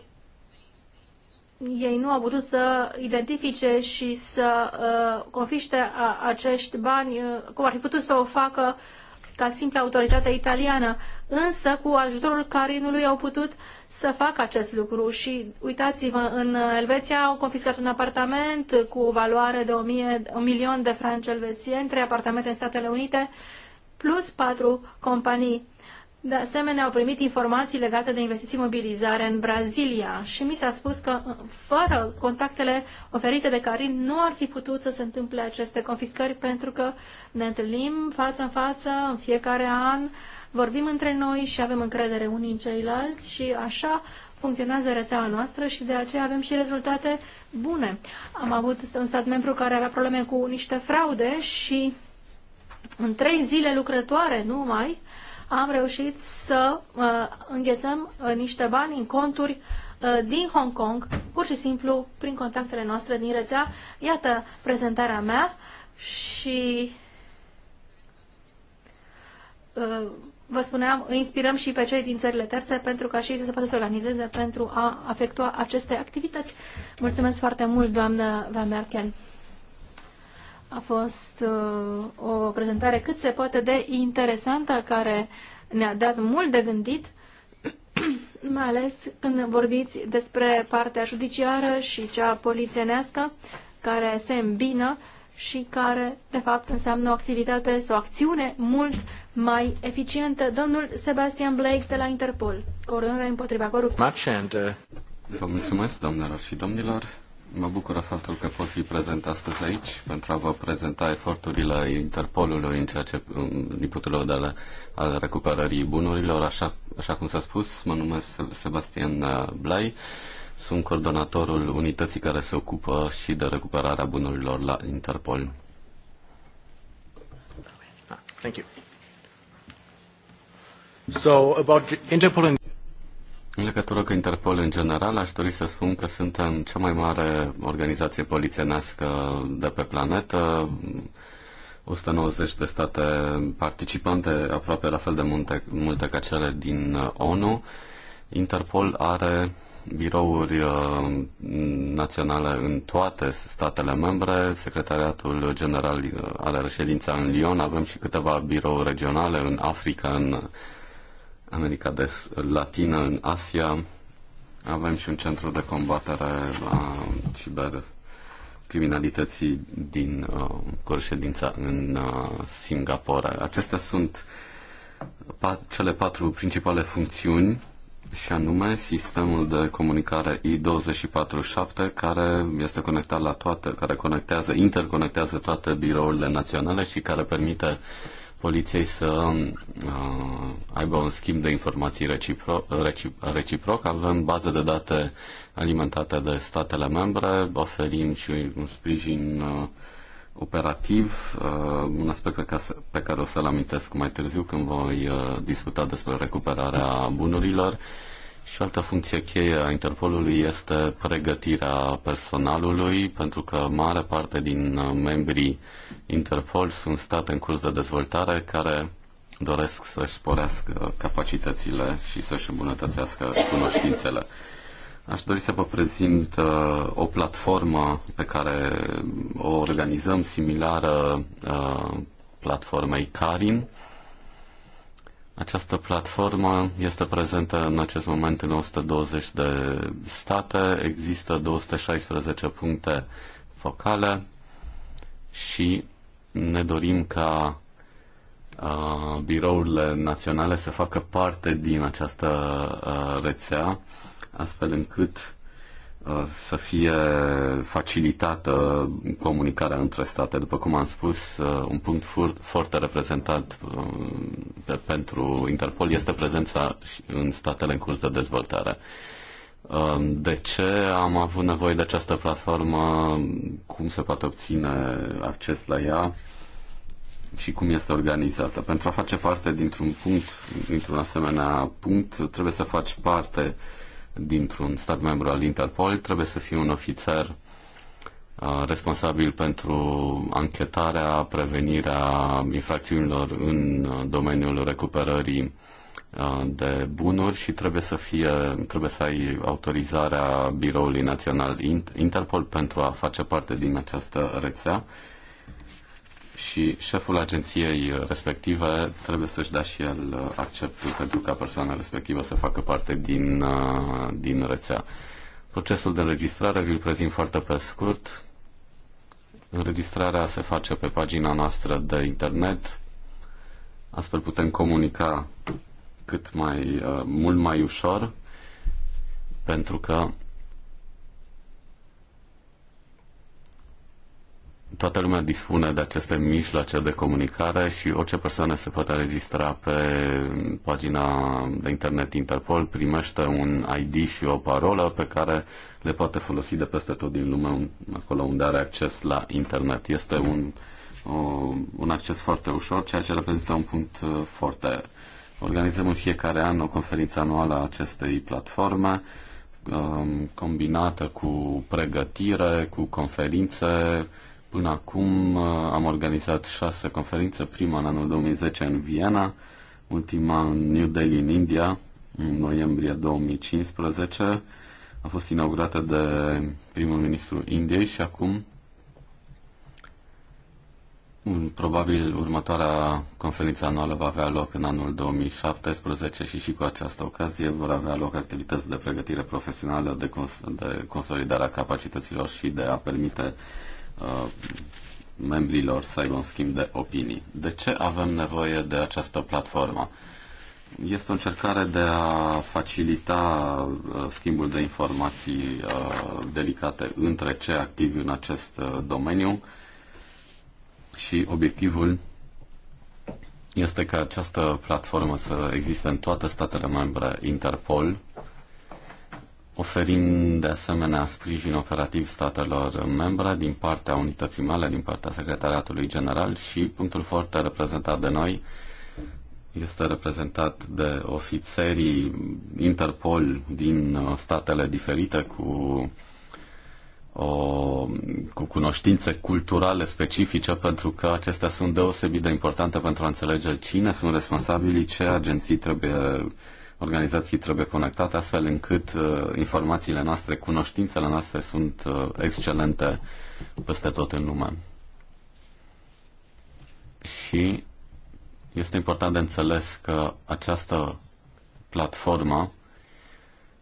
ei nu au putut să identifice și să uh, confiște a, acești bani, uh, cum ar fi putut să o facă ca simplă autoritate italiană. Însă, cu ajutorul Carinului au putut să facă acest lucru și uitați-vă, în Elveția au confiscat un apartament cu o valoare de 1000, 1 milion de franci elvețieni, trei apartamente în Statele Unite, plus patru companii de asemenea, au primit informații legate de investiții mobilizare în Brazilia și mi s-a spus că uh, fără contactele oferite de Karin nu ar fi putut să se întâmple aceste confiscări pentru că ne întâlnim față în față în fiecare an, vorbim între noi și avem încredere unii în ceilalți și așa funcționează rețeaua noastră și de aceea avem și rezultate bune. Am avut un stat membru care avea probleme cu niște fraude și în trei zile lucrătoare numai, am reușit să uh, înghețăm uh, niște bani în conturi uh, din Hong Kong, pur și simplu prin contactele noastre din rețea. Iată prezentarea mea și uh, vă spuneam, inspirăm și pe cei din țările terțe pentru ca și ei să poată să organizeze pentru a afectua aceste activități. Mulțumesc foarte mult, doamnă Van Merken. A fost uh, o prezentare cât se poate de interesantă care ne-a dat mult de gândit, [CLEARS THROAT] mai ales când vorbiți despre partea judiciară și cea polițienească care se îmbină și care, de fapt, înseamnă o activitate sau acțiune mult mai eficientă. Domnul Sebastian Blake de la Interpol, coordonarea împotriva corupției. Uh, Vă mulțumesc, doamnelor și domnilor. Mă bucură faptul că pot fi prezent astăzi aici pentru a vă prezenta eforturile Interpolului în ceea ce din punctul de vedere al recuperării bunurilor. Așa, așa cum s-a spus, mă numesc Sebastian uh, Blai, sunt coordonatorul unității care se ocupă și de recuperarea bunurilor la Interpol. Thank you. So about Interpol and în legătură cu Interpol în general, aș dori să spun că suntem cea mai mare organizație polițienească de pe planetă. 190 de state participante, aproape la fel de multe, multe ca cele din uh, ONU. Interpol are birouri uh, naționale în toate statele membre, secretariatul general uh, are reședința în Lyon, avem și câteva birouri regionale în Africa, în America de Latină, în Asia. Avem și un centru de combatere a ciber criminalității din uh, corședința în uh, Singapore. Acestea sunt pa- cele patru principale funcțiuni și anume sistemul de comunicare I247 care este conectat la toate, care conectează, interconectează toate birourile naționale și care permite uh, poliției să uh, aibă un schimb de informații recipro- recipro- reciproc. Avem bază de date alimentate de statele membre, oferim și un sprijin uh, operativ, uh, un aspect pe care, pe care o să-l amintesc mai târziu când voi uh, discuta despre recuperarea bunurilor. Uh, și altă funcție cheie a Interpolului este pregătirea personalului, pentru că mare parte din membrii Interpol sunt state în curs de dezvoltare care doresc să-și sporească capacitățile și să-și îmbunătățească cunoștințele. Aș dori să vă prezint uh, o platformă pe care o organizăm similară uh, platformei Karin. Această platformă este prezentă în acest moment în 120 de state, există 216 puncte focale și ne dorim ca uh, birourile naționale să facă parte din această uh, rețea, astfel încât să fie facilitată comunicarea între state. După cum am spus, un punct foarte reprezentat uh, pentru Interpol este prezența în statele în curs de dezvoltare. Uh, de ce am avut nevoie de această platformă? Cum se poate obține acces la ea? și cum este organizată. Pentru a face parte dintr-un punct, dintr-un asemenea punct, trebuie să faci parte uh, dintr-un stat membru al Interpol trebuie să fie un ofițer uh, responsabil pentru anchetarea, prevenirea infracțiunilor în domeniul recuperării uh, de bunuri și trebuie să fie, trebuie să ai autorizarea Biroului Național Interpol pentru a face parte din această rețea și șeful agenției uh, respective trebuie să-și dea și el uh, acceptul pentru ca persoana respectivă să facă parte din, uh, din rețea. Procesul de înregistrare vi-l prezint foarte pe scurt. Înregistrarea se face pe pagina noastră de internet. Astfel putem comunica cât mai mult mai ușor pentru că toată lumea dispune de aceste mijloace de comunicare și orice persoană se poate registra pe pagina de internet Interpol, primește un ID și o parolă pe care le poate folosi de peste tot din lume, acolo unde are acces la internet. Este un, o, un acces foarte ușor, ceea ce reprezintă un punct uh, foarte. Organizăm în fiecare an o conferință anuală a acestei platforme um, combinată cu pregătire, cu conferințe, Până acum uh, am organizat șase conferințe, prima în anul 2010 în Viena, ultima în New Delhi în India, în noiembrie 2015. A fost inaugurată de primul ministru Indiei și acum Probabil următoarea conferință anuală va avea loc în anul 2017 și și cu această ocazie vor avea loc activități de pregătire profesională, de, cons- de consolidarea capacităților și de a permite Uh, membrilor să aibă un schimb de opinii. De ce avem nevoie de această platformă? Este o încercare de a facilita uh, schimbul de informații uh, delicate între cei activi în acest domeniu și obiectivul este ca această platformă să existe în toate statele membre Interpol Oferind de asemenea sprijin operativ statelor membre din partea unității mele, din partea Secretariatului General și punctul foarte reprezentat de noi este reprezentat de ofițerii Interpol din uh, statele diferite cu, o, cu cunoștințe culturale specifice pentru că acestea sunt deosebit de importante pentru a înțelege cine sunt responsabili ce agenții trebuie organizații trebuie conectate astfel încât uh, informațiile noastre, cunoștințele noastre sunt uh, excelente peste tot în lume. Și este important de înțeles că această platformă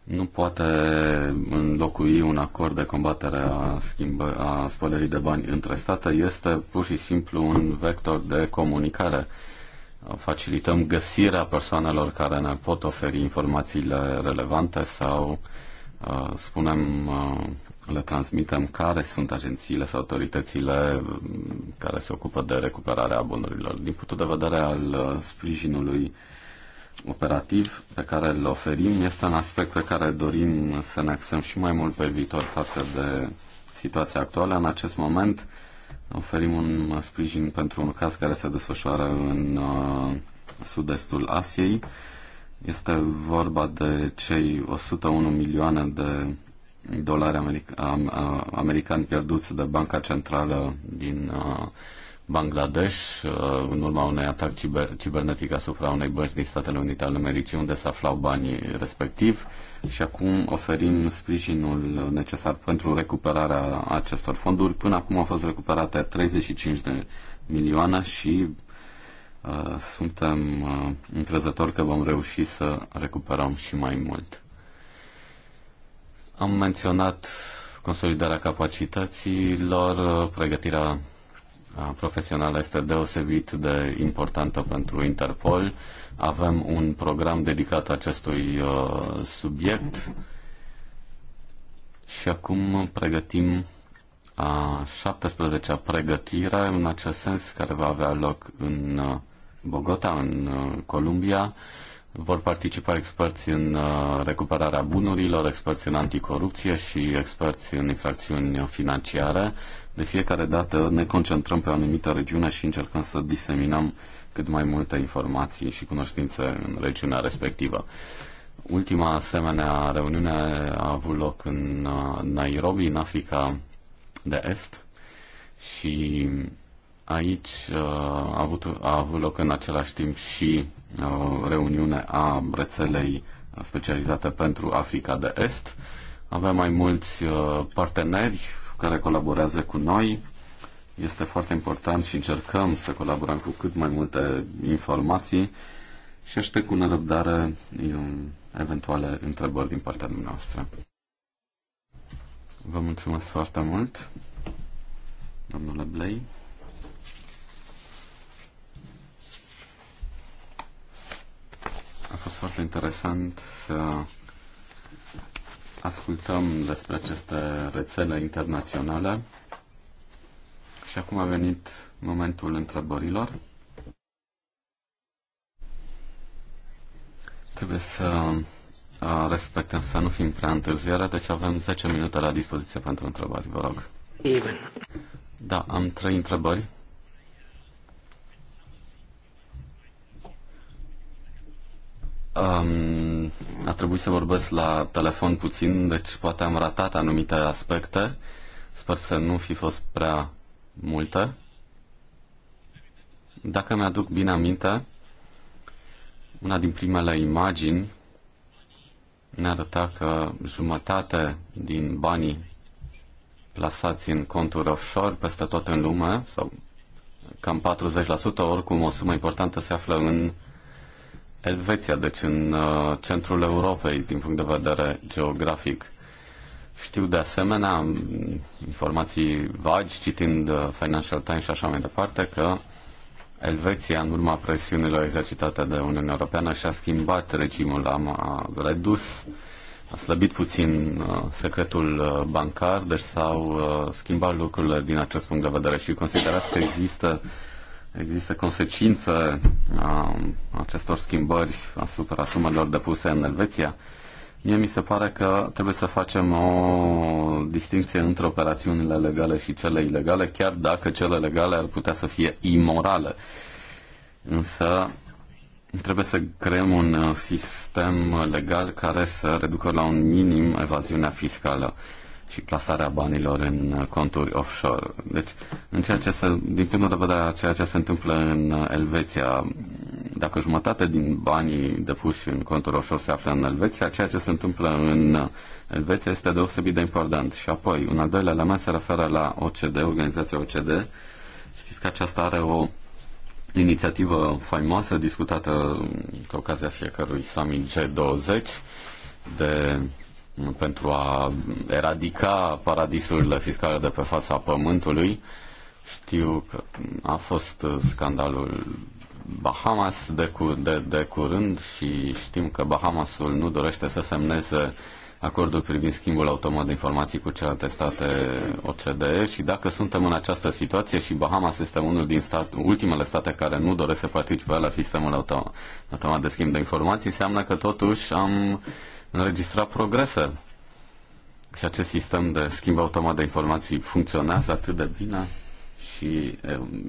nu poate înlocui un acord de combatere a, schimbă, a spălării de bani între state, este pur și simplu un vector de comunicare facilităm găsirea persoanelor care ne pot oferi informațiile relevante sau uh, spunem, uh, le transmitem care sunt agențiile sau autoritățile uh, care se ocupă de recuperarea bunurilor. Din punctul de vedere al sprijinului operativ pe care îl oferim, este un aspect pe care dorim să ne axăm și mai mult pe viitor față de situația actuală. În acest moment, oferim un sprijin pentru un caz care se desfășoară în uh, sud-estul Asiei. Este vorba de cei 101 milioane de dolari americani, uh, americani pierduți de Banca Centrală din uh, Bangladesh în urma unui atac ciber, cibernetic asupra unei bănci din Statele Unite ale Americii unde se aflau banii respectiv și acum oferim sprijinul necesar pentru recuperarea acestor fonduri. Până acum au fost recuperate 35 de milioane și uh, suntem uh, încrezători că vom reuși să recuperăm și mai mult. Am menționat consolidarea capacităților, uh, pregătirea profesională este deosebit de importantă pentru Interpol. Avem un program dedicat acestui uh, subiect și acum pregătim a 17-a pregătire în acest sens care va avea loc în uh, Bogota, în uh, Columbia vor participa experți în uh, recuperarea bunurilor, experți în anticorupție și experți în infracțiuni financiare. De fiecare dată ne concentrăm pe o anumită regiune și încercăm să diseminăm cât mai multe informații și cunoștințe în regiunea respectivă. Ultima asemenea reuniune a avut loc în uh, Nairobi, în Africa de Est și Aici uh, a avut, a avut loc în același timp și uh, reuniune a rețelei specializate pentru Africa de Est. Avem mai mulți uh, parteneri care colaborează cu noi. Este foarte important și încercăm să colaborăm cu cât mai multe informații și aștept cu nerăbdare um, eventuale întrebări din partea dumneavoastră. Vă mulțumesc foarte mult, domnule Blei. A fost foarte interesant să ascultăm despre aceste rețele internaționale și acum a venit momentul întrebărilor. Trebuie să respectăm să nu fim prea întârziere, deci avem 10 minute la dispoziție pentru întrebări, vă rog. Even. Da, am trei întrebări. Um, a trebuit să vorbesc la telefon puțin, deci poate am ratat anumite aspecte. Sper să nu fi fost prea multe. Dacă mi-aduc bine aminte, una din primele imagini ne arăta că jumătate din banii plasați în conturi offshore peste tot în lume, sau cam 40%, oricum o sumă importantă se află în Elveția, deci în uh, centrul Europei, din punct de vedere geografic. Știu de asemenea informații vagi, citind uh, Financial Times și așa mai departe, că Elveția, în urma presiunilor exercitate de Uniunea Europeană, și-a schimbat regimul, a, a redus, a slăbit puțin uh, secretul uh, bancar, deci s-au uh, schimbat lucrurile din acest punct de vedere și considerați că există există consecințe a um, acestor schimbări asupra sumelor depuse în Elveția. Mie mi se pare că trebuie să facem o distinție între operațiunile legale și cele ilegale, chiar dacă cele legale ar putea să fie imorale. Însă trebuie să creăm un uh, sistem legal care să reducă la un minim evaziunea fiscală și plasarea banilor în conturi offshore. Deci, în ceea ce se, din punctul de vedere a ceea ce se întâmplă în Elveția, dacă jumătate din banii depuși în conturi offshore se află în Elveția, ceea ce se întâmplă în Elveția este deosebit de important. Și apoi, un al doilea element se referă la OCD, organizația OCD. Știți că aceasta are o inițiativă faimoasă discutată cu ocazia fiecărui summit G20 de pentru a eradica paradisurile fiscale de pe fața pământului. Știu că a fost scandalul Bahamas de, cu, de, de curând și știm că Bahamasul nu dorește să semneze acordul privind schimbul automat de informații cu celelalte state OCDE și dacă suntem în această situație și Bahamas este unul din stat, ultimele state care nu doresc să participe la sistemul automat de schimb de informații, înseamnă că totuși am uh, înregistra progrese. Și acest sistem de schimb automat de informații funcționează atât de bine și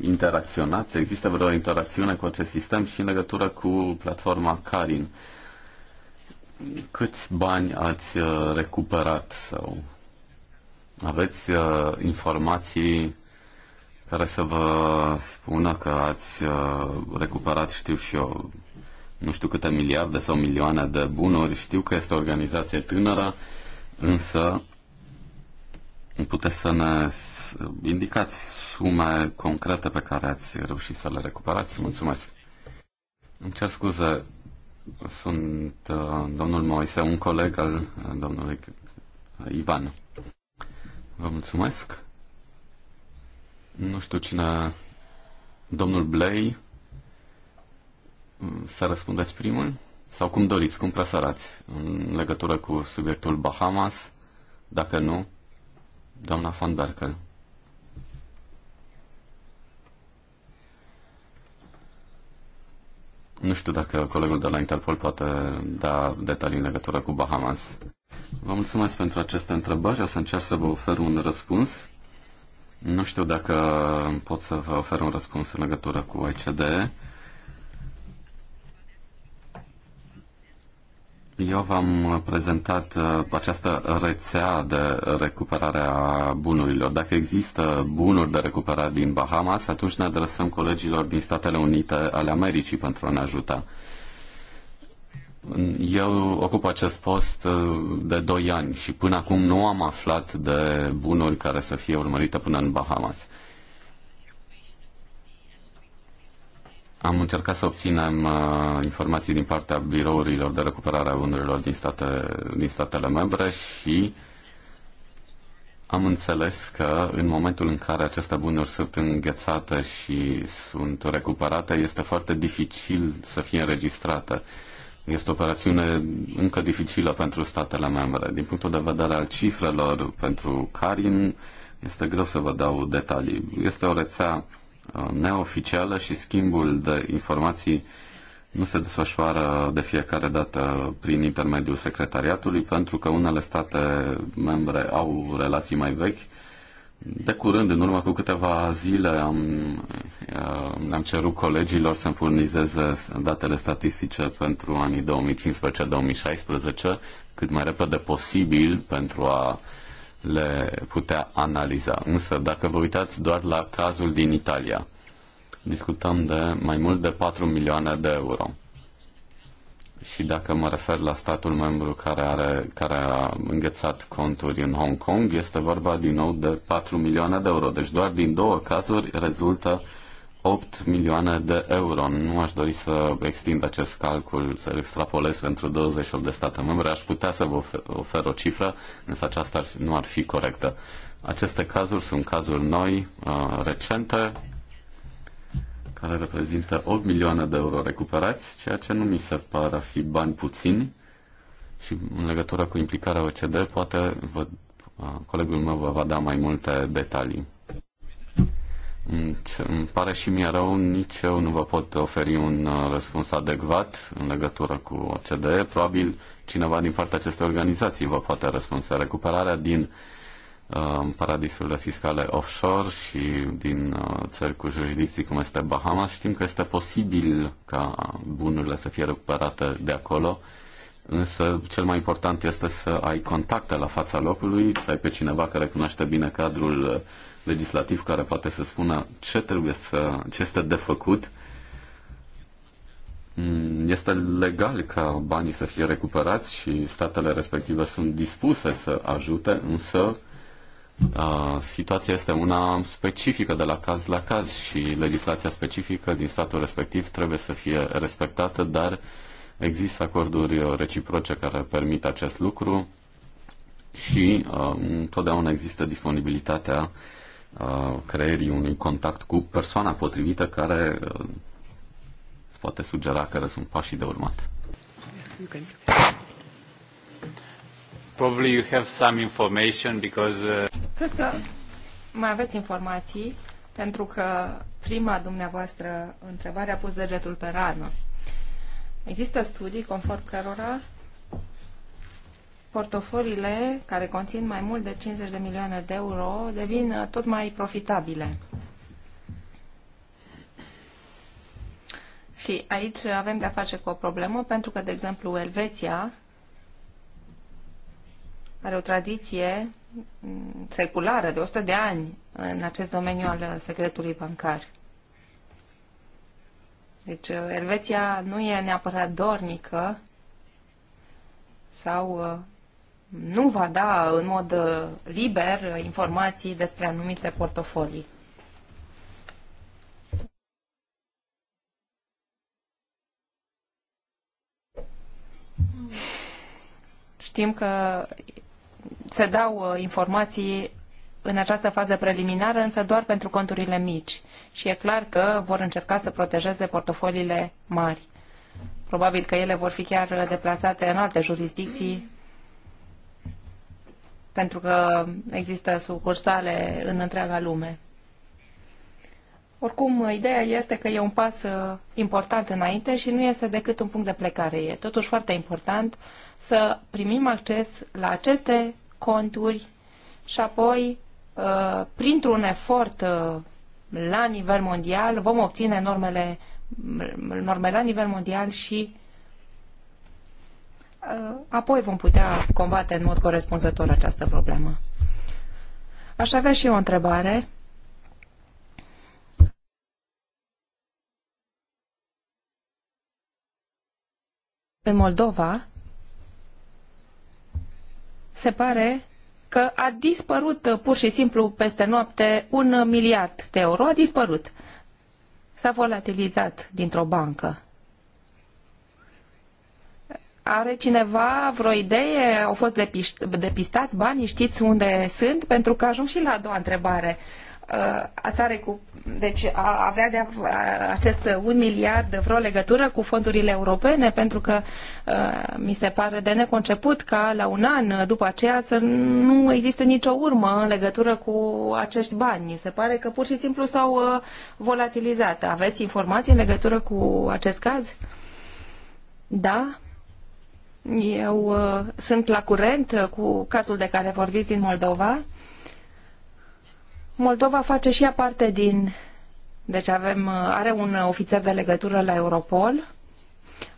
interacționați. Există vreo interacțiune cu acest sistem și în legătură cu platforma Karin. Câți bani ați recuperat sau aveți informații care să vă spună că ați recuperat, știu și eu, nu știu câte miliarde sau milioane de bunuri. Știu că este o organizație tânără, însă puteți să ne indicați sume concrete pe care ați reușit să le recuperați. Mulțumesc. Îmi cer scuze, sunt uh, domnul Moise, un coleg al uh, domnului Ivan. Vă mulțumesc. Nu știu cine... Domnul Blay să răspundeți primul sau cum doriți, cum preferați în legătură cu subiectul Bahamas, dacă nu, doamna van Berkel. Nu știu dacă colegul de la Interpol poate da detalii în legătură cu Bahamas. Vă mulțumesc pentru aceste întrebări. O să încerc să vă ofer un răspuns. Nu știu dacă pot să vă ofer un răspuns în legătură cu ICDE. Eu v-am prezentat uh, această rețea de recuperare a bunurilor. Dacă există bunuri de recuperat din Bahamas, atunci ne adresăm colegilor din Statele Unite ale Americii pentru a ne ajuta. Eu ocup acest post uh, de 2 ani și până acum nu am aflat de bunuri care să fie urmărite până în Bahamas. Am încercat să obținem uh, informații din partea birourilor de recuperare a bunurilor din, state, din statele membre și am înțeles că în momentul în care aceste bunuri sunt înghețate și sunt recuperate, este foarte dificil să fie înregistrate. Este o operațiune încă dificilă pentru statele membre. Din punctul de vedere al cifrelor pentru Karin, este greu să vă dau detalii. Este o rețea Uh, neoficială și schimbul de informații nu se desfășoară de fiecare dată prin intermediul secretariatului, pentru că unele state membre au relații mai vechi. De curând, în urmă cu câteva zile, am, uh, am cerut colegilor să-mi furnizeze datele statistice pentru anii 2015-2016 cât mai repede posibil pentru a uh, le putea analiza. Însă, dacă vă uitați doar la cazul din Italia, discutăm de mai mult de 4 milioane de euro. Și dacă mă refer la statul membru care, are, care a înghețat conturi în Hong Kong, este vorba din nou de 4 milioane de euro. Deci doar din două cazuri rezultă uh, 8 milioane de euro. Nu aș dori să extind acest calcul, să-l extrapolez pentru 28 de state membre. Aș putea să vă ofer o cifră, însă aceasta nu ar fi corectă. Aceste cazuri sunt cazuri noi, uh, recente, care reprezintă 8 milioane de euro recuperați, ceea ce nu mi se pare a fi bani puțini și în legătură cu implicarea OCD, poate vă, uh, colegul meu vă va da mai multe detalii. Îmi pare și mie rău, nici eu nu vă pot oferi un uh, răspuns adecvat în legătură cu OCDE. Probabil cineva din partea acestei organizații vă poate răspunde. Recuperarea din uh, paradisurile fiscale offshore și din uh, țări cu jurisdicții cum este Bahamas, știm că este posibil ca bunurile să fie recuperate de acolo, însă cel mai important este să ai contacte la fața locului, să ai pe cineva care cunoaște bine cadrul uh, legislativ care poate să spună ce trebuie să, ce este de făcut. Mm, este legal ca banii să fie recuperați și statele respective sunt dispuse să ajute, însă situația este una specifică de la caz la caz și legislația specifică din statul respectiv trebuie să fie respectată, dar există acorduri reciproce care permit acest lucru și uh, întotdeauna există disponibilitatea Uh, creierii unui contact cu persoana potrivită care uh, îți poate sugera care sunt pașii de urmat. Probably you have some information because uh... Cred că mai aveți informații pentru că prima dumneavoastră întrebare a pus degetul pe rană. Există studii conform cărora portofoliile care conțin mai mult de 50 de milioane de euro devin uh, tot mai profitabile. Și aici uh, avem de-a face cu o problemă, pentru că, de exemplu, Elveția are o tradiție mm, seculară de 100 de ani în acest domeniu al uh, secretului bancar. Deci, Elveția nu e neapărat dornică sau nu va da în mod uh, liber informații despre anumite portofolii. Știm că se dau uh, informații în această fază preliminară, însă doar pentru conturile mici. Și e clar că vor încerca să protejeze portofoliile mari. Probabil că ele vor fi chiar uh, deplasate în alte jurisdicții pentru că există sucursale în întreaga lume. Oricum, ideea este că e un pas uh, important înainte și nu este decât un punct de plecare. E totuși foarte important să primim acces la aceste conturi și apoi, uh, printr-un efort uh, la nivel mondial, vom obține normele, norme la nivel mondial și Uh, apoi vom putea combate în mod corespunzător această problemă. Aș avea și eu o întrebare. În Moldova se pare că a dispărut uh, pur și simplu peste noapte un miliard de euro. A dispărut. S-a volatilizat dintr-o bancă. Are cineva vreo idee? Au fost depistați banii? Știți unde sunt? Pentru că ajung și la a doua întrebare. Uh, Asare cu, deci a avea de a, acest un miliard vreo legătură cu fondurile europene pentru că uh, mi se pare de neconceput ca la un an uh, după aceea să nu existe nicio urmă în legătură cu acești bani. Se pare că pur și simplu s-au volatilizat. Aveți informații în legătură cu acest caz? Da? Eu uh, sunt la curent uh, cu cazul de care vorbiți din Moldova. Moldova face și ea parte din... Deci avem, uh, are un ofițer de legătură la Europol.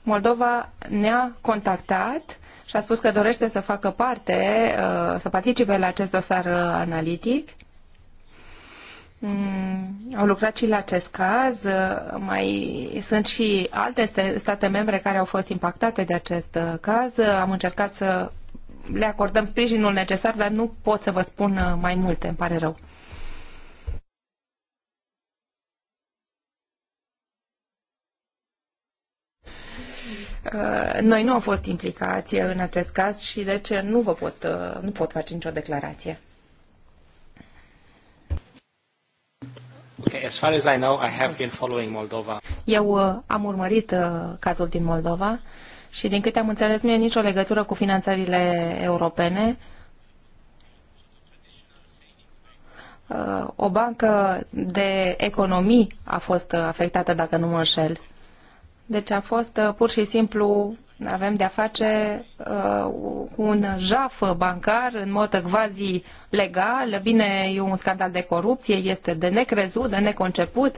Moldova ne-a contactat și a spus că dorește să facă parte, să participe la acest dosar analitic. Mm, au lucrat și la acest caz. Uh, mai sunt și alte state membre care au fost impactate de acest uh, caz. Am încercat să le acordăm sprijinul necesar, dar nu pot să vă spun uh, mai multe, îmi pare rău. Noi nu am fost implicați în acest caz și deci nu vă pot, nu pot face nicio declarație. Okay, as far as I know, I have been following Moldova. Eu uh, am urmărit uh, cazul din Moldova și din câte am înțeles nu e nicio legătură cu finanțările europene. Uh, o bancă de economii a fost afectată, dacă nu mă înșel. Deci a fost uh, pur și simplu, avem de-a face uh, cu un jaf bancar în mod quasi legal. Bine, e un scandal de corupție, este de necrezut, de neconceput,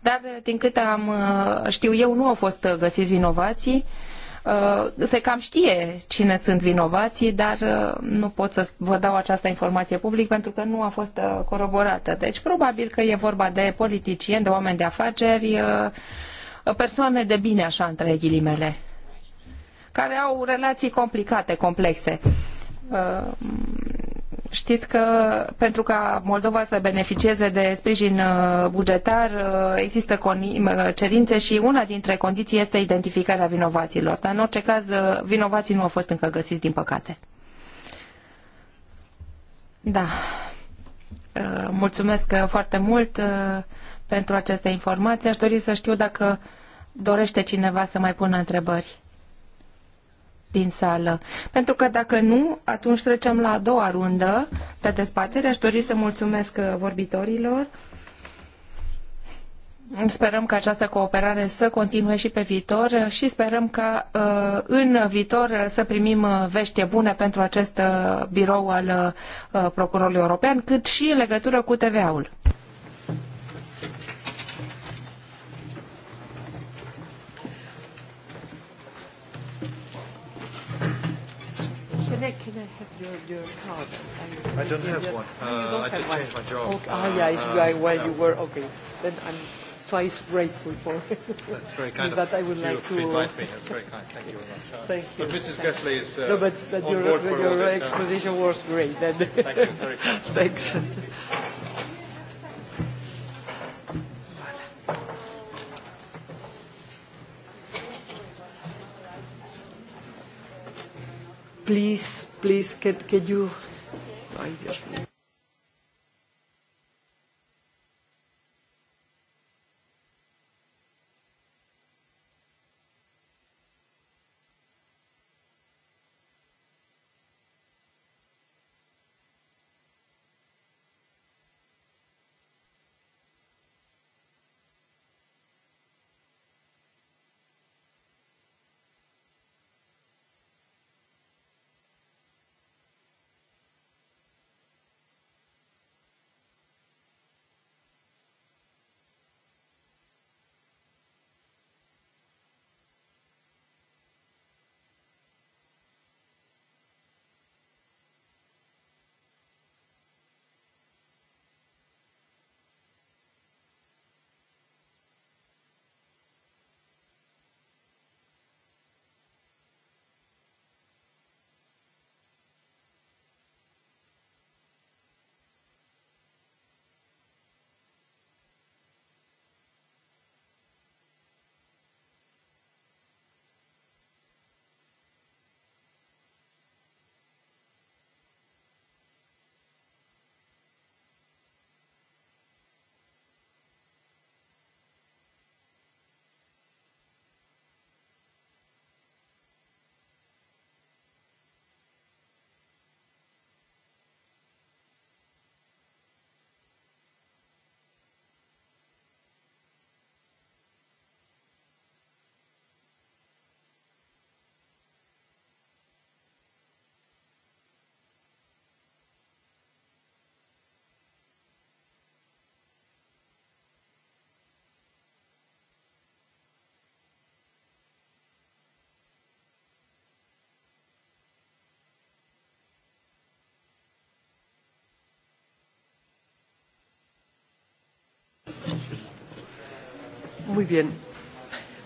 dar uh, din câte am uh, știu eu, nu au fost găsiți vinovații. Uh, se cam știe cine sunt vinovații, dar uh, nu pot să vă dau această informație public pentru că nu a fost uh, coroborată. Deci probabil că e vorba de politicieni, de oameni de afaceri, persoane de bine, așa între ghilimele, care au relații complicate, complexe. Uh, știți că pentru ca Moldova să beneficieze de sprijin uh, bugetar uh, există cerințe și una dintre condiții este identificarea vinovaților. Dar în orice caz, vinovații nu au fost încă găsiți, din păcate. Da. Mulțumesc foarte mult pentru aceste informații. Aș dori să știu dacă dorește cineva să mai pună întrebări din sală. Pentru că dacă nu, atunci trecem la a doua rundă de dezbatere. Aș dori să mulțumesc uh, vorbitorilor. Sperăm că această cooperare să continue și pe viitor uh, și sperăm că uh, în viitor să primim vești bune pentru acest birou al Procurorului European, cât și în legătură cu TVA-ul. your card? I, I don't have your, one. Uh, you don't I have just one. changed my job. Okay. Uh, ah, yeah, it's uh, right where yeah. you were. Okay. Then I'm twice grateful for it. [LAUGHS] That's very kind but of I would you like to invite me. That's very kind. Thank you very much. [LAUGHS] Thank you. But Mrs. Gressley is uh, no, but, but on your, board for your all this, uh, exposition so. was great. Then. Thank you. Very kind. [LAUGHS] Thanks. Thank you. please, please, can, can you... Ai, Dios mío.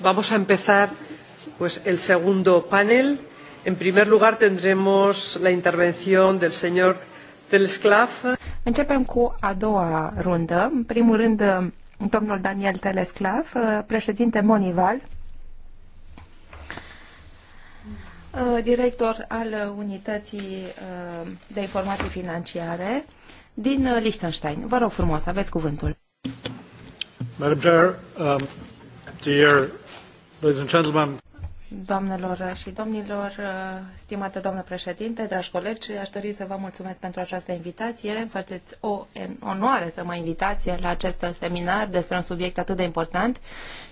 Vamos a empezar el segundo panel. En primer lugar, tendremos la intervención del señor Telesclav. Începem cu a doua rundă. În primul rând, domnul Daniel Telesclav, președinte Monival, director al Unității eh, de Informații Financiare din eh, Liechtenstein. Vă rog frumos, aveți cuvântul. Madam Chair, um, dear ladies and gentlemen. Doamnelor și domnilor, uh, stimate doamnă președinte, dragi colegi, aș dori să vă mulțumesc pentru această invitație. Faceți o onoare să mă invitați la acest seminar despre un subiect atât de important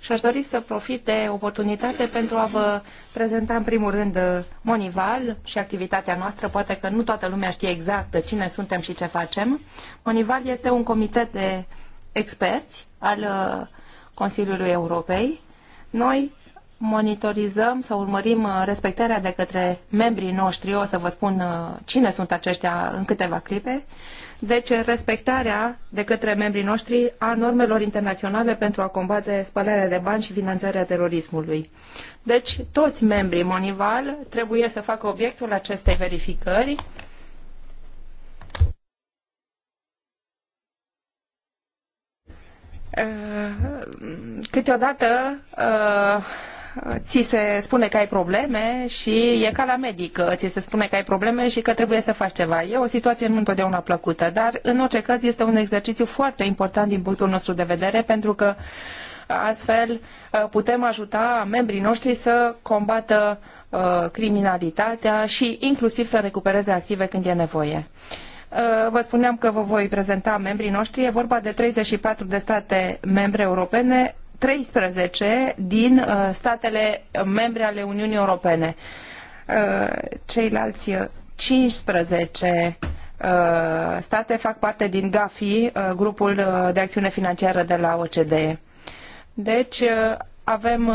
și aș dori să profit de oportunitate pentru a vă prezenta în primul rând Monival și activitatea noastră. Poate că nu toată lumea știe exact cine suntem și ce facem. Monival este un comitet de experți al uh, Consiliului Europei. Noi monitorizăm sau urmărim uh, respectarea de către membrii noștri, o să vă spun uh, cine sunt aceștia în câteva clipe, deci respectarea de către membrii noștri a normelor internaționale pentru a combate spălarea de bani și finanțarea terorismului. Deci toți membrii Monival trebuie să facă obiectul acestei verificări Uh, câteodată uh, ți se spune că ai probleme și e ca la medic, uh, ți se spune că ai probleme și că trebuie să faci ceva. E o situație nu întotdeauna plăcută, dar în orice caz este un exercițiu foarte important din punctul nostru de vedere pentru că astfel putem ajuta membrii noștri să combată criminalitatea și inclusiv să recupereze active când e nevoie. Uh, Uh, vă spuneam că vă voi prezenta membrii noștri. E vorba de 34 de state membre europene, 13 din uh, statele membre ale Uniunii Europene. Uh, ceilalți 15 state fac parte din GAFI, grupul de acțiune financiară de la OCDE. Deci avem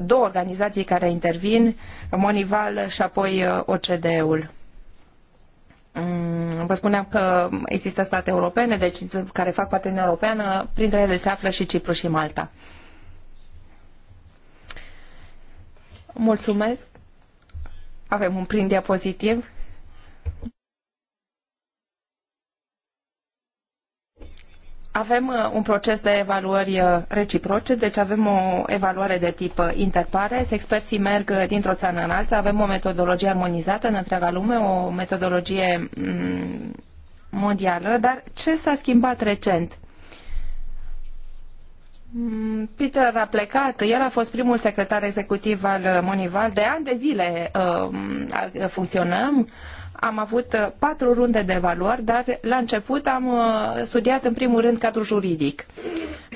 două organizații care intervin, Monival și apoi OCDE-ul. Mm, vă spuneam că există state europene, deci care fac parte din Europeană, printre ele se află și Cipru și Malta. Mulțumesc. Avem un prim diapozitiv. Avem uh, un proces de evaluări uh, reciproce, deci avem o evaluare de tip uh, interpares. Experții merg dintr-o țară în alta, avem o metodologie armonizată în întreaga lume, o metodologie mm, mondială, dar ce s-a schimbat recent? Mm, Peter a plecat, el a fost primul secretar executiv al Monival, de ani de zile mm, funcționăm, am avut uh, patru runde de evaluări, dar la început am uh, studiat în primul rând cadrul juridic,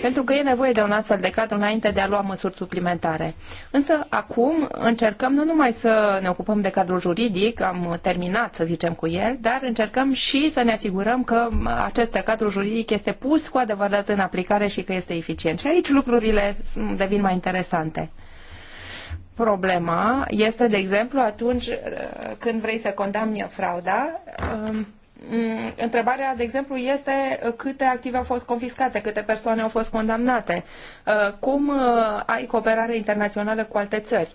pentru că e nevoie de un astfel de cadru înainte de a lua măsuri suplimentare. Însă acum încercăm nu numai să ne ocupăm de cadrul juridic, am terminat să zicem cu el, dar încercăm și să ne asigurăm că acest cadru juridic este pus cu adevărat în aplicare și că este eficient. Și aici lucrurile devin mai interesante problema este, de exemplu, atunci uh, când vrei să condamni frauda, um, mm, întrebarea, de exemplu, este câte active au fost confiscate, câte persoane au fost condamnate, uh, cum uh, ai cooperare internațională cu alte țări.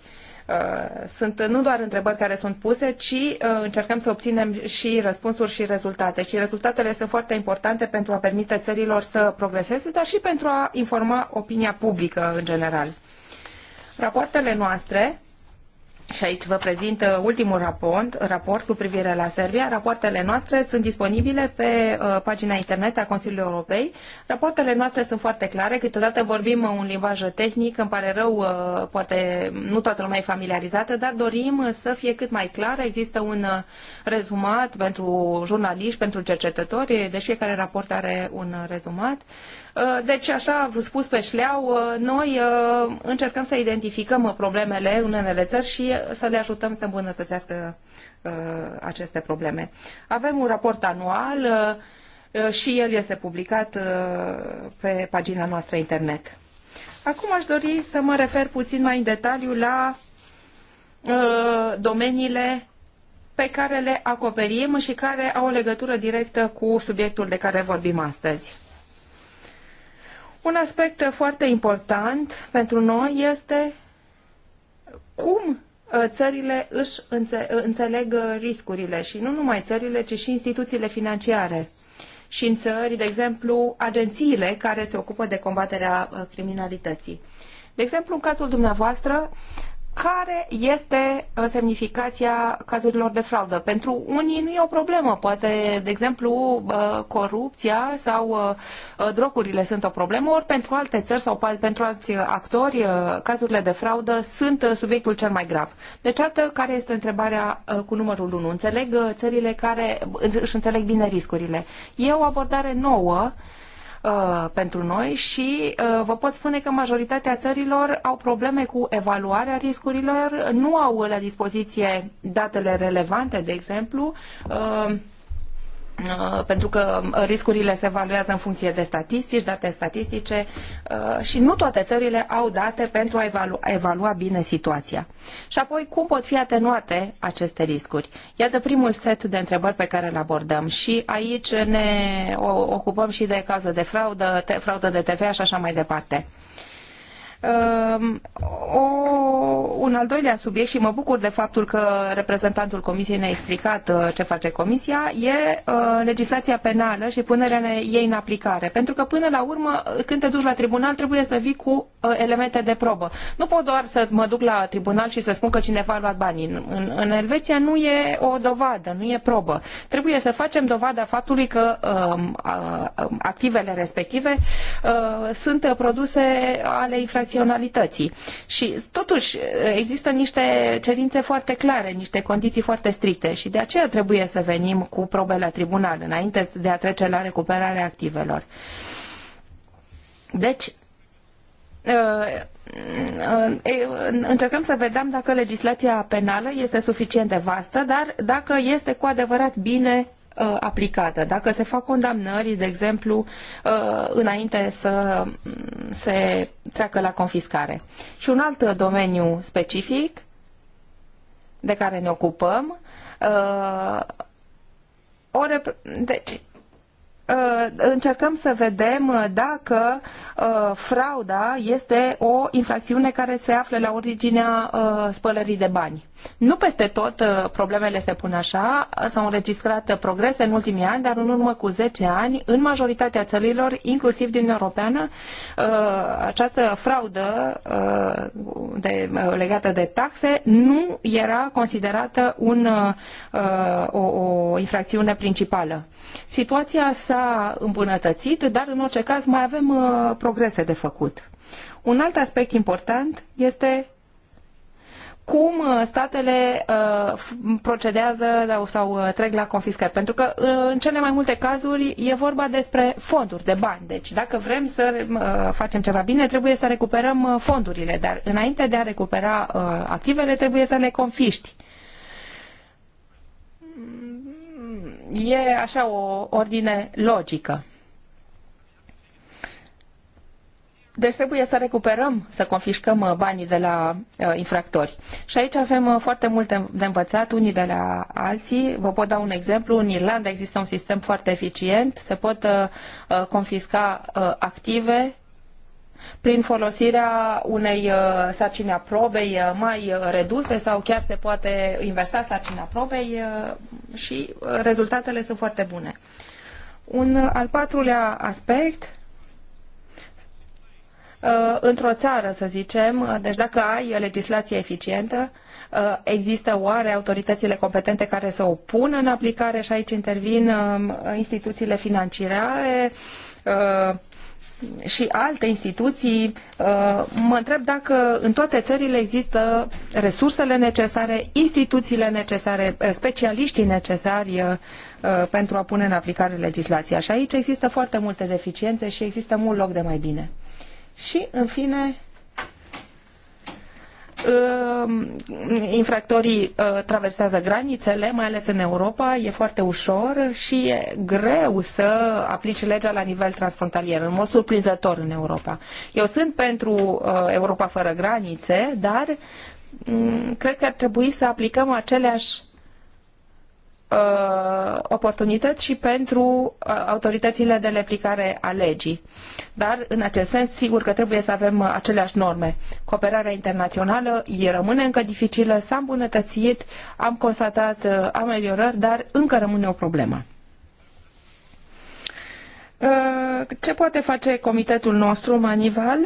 Sunt nu doar întrebări care sunt puse, ci încercăm să obținem și răspunsuri și rezultate. Și rezultatele sunt foarte importante pentru a permite țărilor să progreseze, dar și pentru a informa opinia publică în general. Rapoartele noastre și aici vă prezint uh, ultimul raport, raport cu privire la Serbia. Rapoartele noastre sunt disponibile pe uh, pagina internet a Consiliului Europei. Rapoartele noastre sunt foarte clare, câteodată vorbim un limbaj tehnic, îmi pare rău, uh, poate nu toată lumea e familiarizată, dar dorim să fie cât mai clar. Există un uh, rezumat pentru jurnaliști, pentru cercetători, deci fiecare raport are un rezumat. Uh, deci, așa spus pe șleau, noi încercăm să identificăm problemele în unele țări și să le ajutăm să îmbunătățească uh, aceste probleme. Avem un raport anual uh, uh, și el este publicat uh, pe pagina noastră internet. Acum aș dori să mă refer puțin mai în detaliu la uh, domeniile pe care le acoperim și care au o legătură directă cu subiectul de care vorbim astăzi. Un aspect foarte important pentru noi este cum Uh, țările își uh, înțeleg uh, riscurile și nu numai țările, ci și instituțiile financiare și în țări, de exemplu, agențiile care se ocupă de combaterea criminalității. De exemplu, în cazul dumneavoastră, care este uh, semnificația cazurilor de fraudă. Pentru unii nu e o problemă, poate, de exemplu, uh, corupția sau uh, drogurile sunt o problemă, ori pentru alte țări sau pentru alți actori, cazurile de fraudă sunt subiectul cel mai grav. Deci, atât care este întrebarea cu numărul 1. Înțeleg țările care își înțeleg bine riscurile. E o abordare nouă Uh, pentru noi și uh, vă pot spune că majoritatea țărilor au probleme cu evaluarea riscurilor, nu au la dispoziție datele relevante, de exemplu. Uh, Uh, pentru că uh, riscurile se evaluează în funcție de statistici, date statistice uh, și nu toate țările au date pentru a evalua, evalua bine situația. Și apoi, cum pot fi atenuate aceste riscuri? Iată primul set de întrebări pe care îl abordăm și aici ne ocupăm și de cază de fraudă, te, fraudă de TVA și așa mai departe. Ehm, o, un al doilea subiect și mă bucur de faptul că reprezentantul Comisiei ne-a explicat uh, ce face Comisia, e uh, legislația penală și punerea ei în aplicare. Pentru că până la urmă, când te duci la tribunal, trebuie să vii cu uh, elemente de probă. Nu pot doar să mă duc la tribunal și să spun că cineva a luat banii. În, în Elveția nu e o dovadă, nu e probă. Trebuie să facem dovada faptului că um, activele respective uh, sunt produse ale infracțiunilor raționalității. Și totuși există niște cerințe foarte clare, niște condiții foarte stricte și de aceea trebuie să venim cu probe la tribunal înainte de a trece la recuperarea activelor. Deci, uh, uh, uh, încercăm să vedem dacă legislația penală este suficient de vastă, dar dacă este cu adevărat bine Uh, aplicată. Dacă se fac condamnări, de exemplu, uh, înainte să se treacă la confiscare. Și un alt domeniu specific de care ne ocupăm, uh, o rep- deci, încercăm să vedem dacă frauda este o infracțiune care se află la originea spălării de bani. Nu peste tot uh, problemele se pun așa, s-au înregistrat uh, progrese în ultimii ani, dar în urmă cu 10 ani, în majoritatea țărilor, inclusiv din Europeană, uh, această fraudă de, legată de taxe nu era considerată un, o, o infracțiune principală. Situația s-a îmbunătățit, dar în orice caz mai avem progrese de făcut. Un alt aspect important este cum uh, statele uh, procedează sau uh, trec la confiscări. Pentru că în cele mai multe cazuri e vorba despre fonduri de bani. Deci dacă vrem să facem ceva bine, trebuie să recuperăm fondurile. Dar înainte de a recupera activele, trebuie să le confiști. Mm, e așa o ordine logică. Deci trebuie să recuperăm, să confiscăm uh, banii de la uh, infractori. Și aici avem uh, foarte multe de învățat unii de la alții. Vă pot da un exemplu. În Irlanda există un sistem foarte eficient. Se pot uh, uh confisca uh, active prin folosirea unei uh, sarcini a probei mai reduse sau chiar se poate inversa sarcina probei și rezultatele sunt foarte bune. Un al patrulea aspect Uh, într-o țară, să zicem, uh, deci dacă ai legislație eficientă, uh, există oare autoritățile competente care să o pună în aplicare și aici intervin um, instituțiile financiare și alte instituții. Mă întreb dacă în toate țările există resursele necesare, instituțiile necesare, specialiștii necesari pentru a pune în aplicare legislația. Și aici există foarte multe deficiențe și există mult loc de mai bine. Și, în fine, um, infractorii uh, traversează granițele, mai ales în Europa, e foarte ușor și e greu să aplici legea la nivel transfrontalier, în mod surprinzător în Europa. Eu sunt pentru uh, Europa fără granițe, dar mm, cred că ar trebui să aplicăm aceleași uh, oportunități și pentru uh, autoritățile de aplicare a legii. Dar, în acest sens, sigur că trebuie să avem uh, aceleași norme. Cooperarea internațională rămâne încă dificilă, s-a îmbunătățit, am constatat uh, ameliorări, dar încă rămâne o problemă. Uh, ce poate face comitetul nostru, Manival?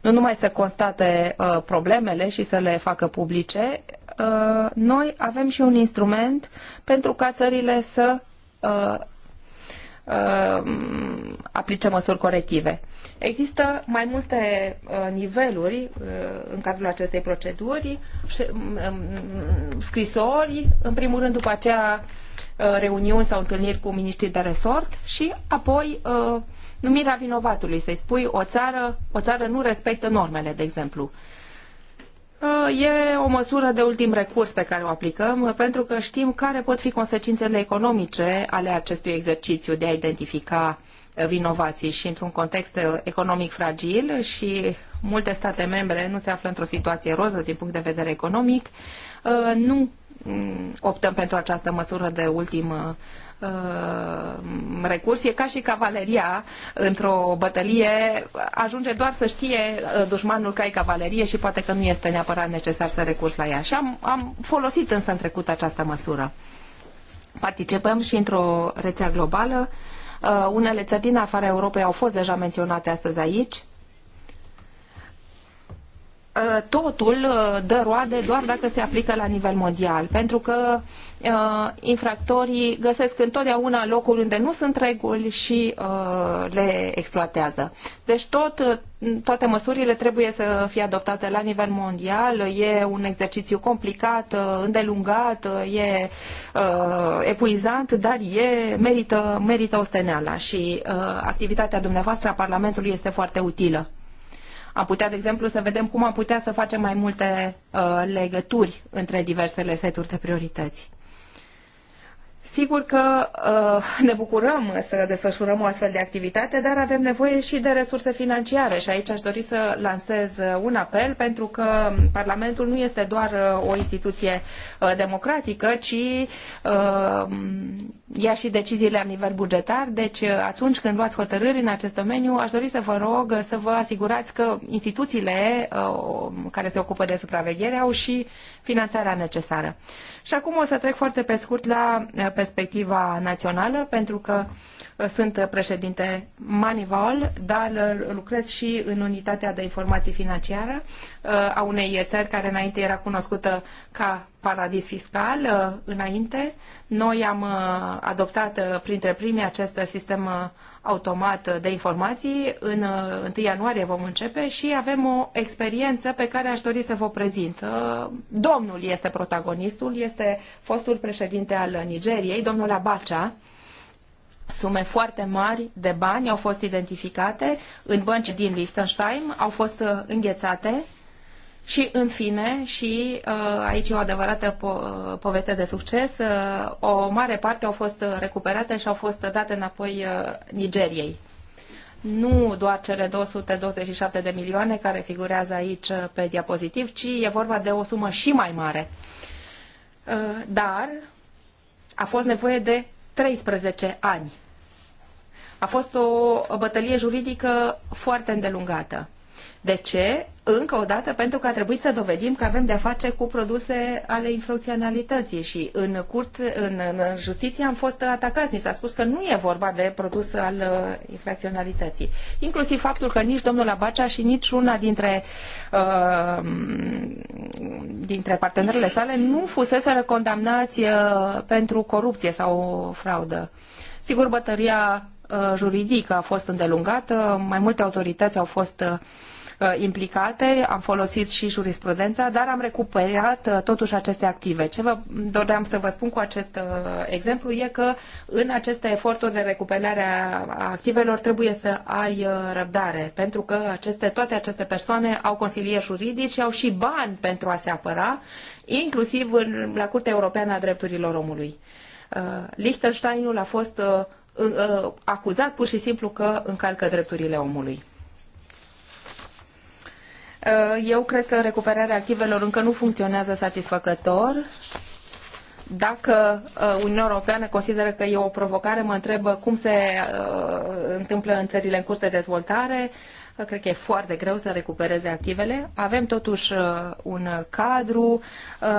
Nu numai să constate uh, problemele și să le facă publice, Uh, noi avem și un instrument pentru ca țările să uh, uh, aplice măsuri corective. Există mai multe niveluri în cadrul acestei proceduri, um, um, scrisori, în primul rând după aceea reuniuni sau întâlniri cu miniștrii de resort și apoi numirea vinovatului, să-i spui o țară, o țară nu respectă normele, de exemplu. E o măsură de ultim recurs pe care o aplicăm pentru că știm care pot fi consecințele economice ale acestui exercițiu de a identifica vinovații și într-un context economic fragil și multe state membre nu se află într-o situație roză din punct de vedere economic, uh, nu mm, optăm pentru această măsură de ultim uh, Uh, recurs, e ca și cavaleria într-o bătălie, ajunge doar să știe uh, dușmanul că ai cavalerie și poate că nu este neapărat necesar să recurs la ea. Și am, am folosit însă în trecut această măsură. Participăm și într-o rețea globală. Uh, unele țări din afara Europei au fost deja menționate astăzi aici Uh, totul uh, dă roade doar dacă se aplică la nivel mondial, pentru că uh, infractorii găsesc întotdeauna locuri unde nu sunt reguli și uh, le exploatează. Deci tot, uh, toate măsurile trebuie să fie adoptate la nivel mondial, e un exercițiu complicat, îndelungat, e uh, epuizant, dar e, merită, merită osteneala și uh, activitatea dumneavoastră a Parlamentului este foarte utilă. Am putea, de exemplu, să vedem cum am putea să facem mai multe uh, legături între diversele seturi de priorități. Sigur că uh, ne bucurăm să desfășurăm o astfel de activitate, dar avem nevoie și de resurse financiare și aici aș dori să lansez uh, un apel pentru că Parlamentul nu este doar uh, o instituție uh, democratică, ci uh, ia și deciziile la nivel bugetar, deci uh, atunci când luați hotărâri în acest domeniu, aș dori să vă rog uh, să vă asigurați că instituțiile uh, care se ocupă de supraveghere au și finanțarea necesară. Și acum o să trec foarte pe scurt la perspectiva națională, pentru că sunt președinte Manival, dar lucrez și în unitatea de informații financiară uh, a unei țări care înainte era cunoscută ca paradis fiscal. Uh, înainte, noi am uh, adoptat printre primii acest sistem automat de informații. În 1 ianuarie vom începe și avem o experiență pe care aș dori să vă prezint. Domnul este protagonistul, este fostul președinte al Nigeriei, domnul Abacha, sume foarte mari de bani au fost identificate în bănci din Liechtenstein, au fost uh, înghețate și, în fine, și uh, aici e o adevărată po- uh, poveste de succes, o mare parte au fost recuperate și au fost date înapoi Nigeriei. Nu doar cele 227 de milioane care figurează aici pe diapozitiv, ci e vorba de o sumă și mai mare. Dar a fost nevoie de 13 ani a fost o bătălie juridică foarte îndelungată. De ce? Încă o dată, pentru că a trebuit să dovedim că avem de-a face cu produse ale infracționalității și în, curt, în, în justiție am fost atacați. Ni s-a spus că nu e vorba de produs al uh, infracționalității. Inclusiv faptul că nici domnul Abacea și nici una dintre, uh, dintre partenerele sale nu fuseseră condamnați uh, pentru corupție sau fraudă. Sigur, bătăria Uh, juridică a fost îndelungată, uh, mai multe autorități au fost uh, implicate, am folosit și jurisprudența, dar am recuperat totuși aceste active. Ce vă doream să vă spun cu acest exemplu e că în aceste eforturi de recuperare a activelor trebuie să ai răbdare, pentru că aceste, toate aceste persoane au consilieri juridici și au și bani pentru a se apăra, inclusiv în, la Curtea Europeană a Drepturilor Omului. Liechtensteinul a fost Uh, acuzat pur și simplu că încalcă drepturile omului. Uh, eu cred că recuperarea activelor încă nu funcționează satisfăcător. Dacă uh, Uniunea Europeană consideră că e o provocare, mă întreb cum se întâmplă în țările în curs de dezvoltare. Cred că e foarte greu să recupereze activele. Avem totuși un cadru,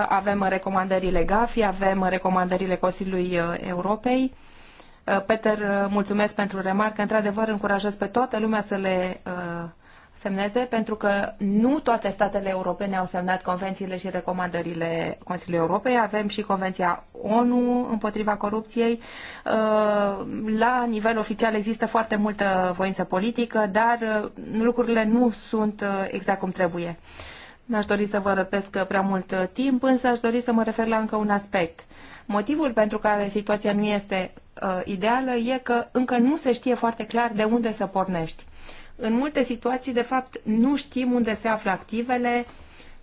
avem recomandările GAFI, avem recomandările Consiliului Europei Uh, Peter, uh, mulțumesc pentru remarcă. Într-adevăr, încurajez pe toată lumea să le uh, semneze, pentru că nu toate statele europene au semnat convențiile și recomandările Consiliului Europei. Avem și Convenția ONU împotriva corupției. La nivel oficial există foarte multă voință politică, dar lucrurile nu sunt exact cum trebuie. N-aș dori să vă răpesc prea mult timp, însă aș dori să mă refer la încă un aspect. Motivul pentru care situația nu este uh, ideală e că încă nu se știe foarte clar de unde să pornești. În multe situații, de fapt, nu știm unde se află activele,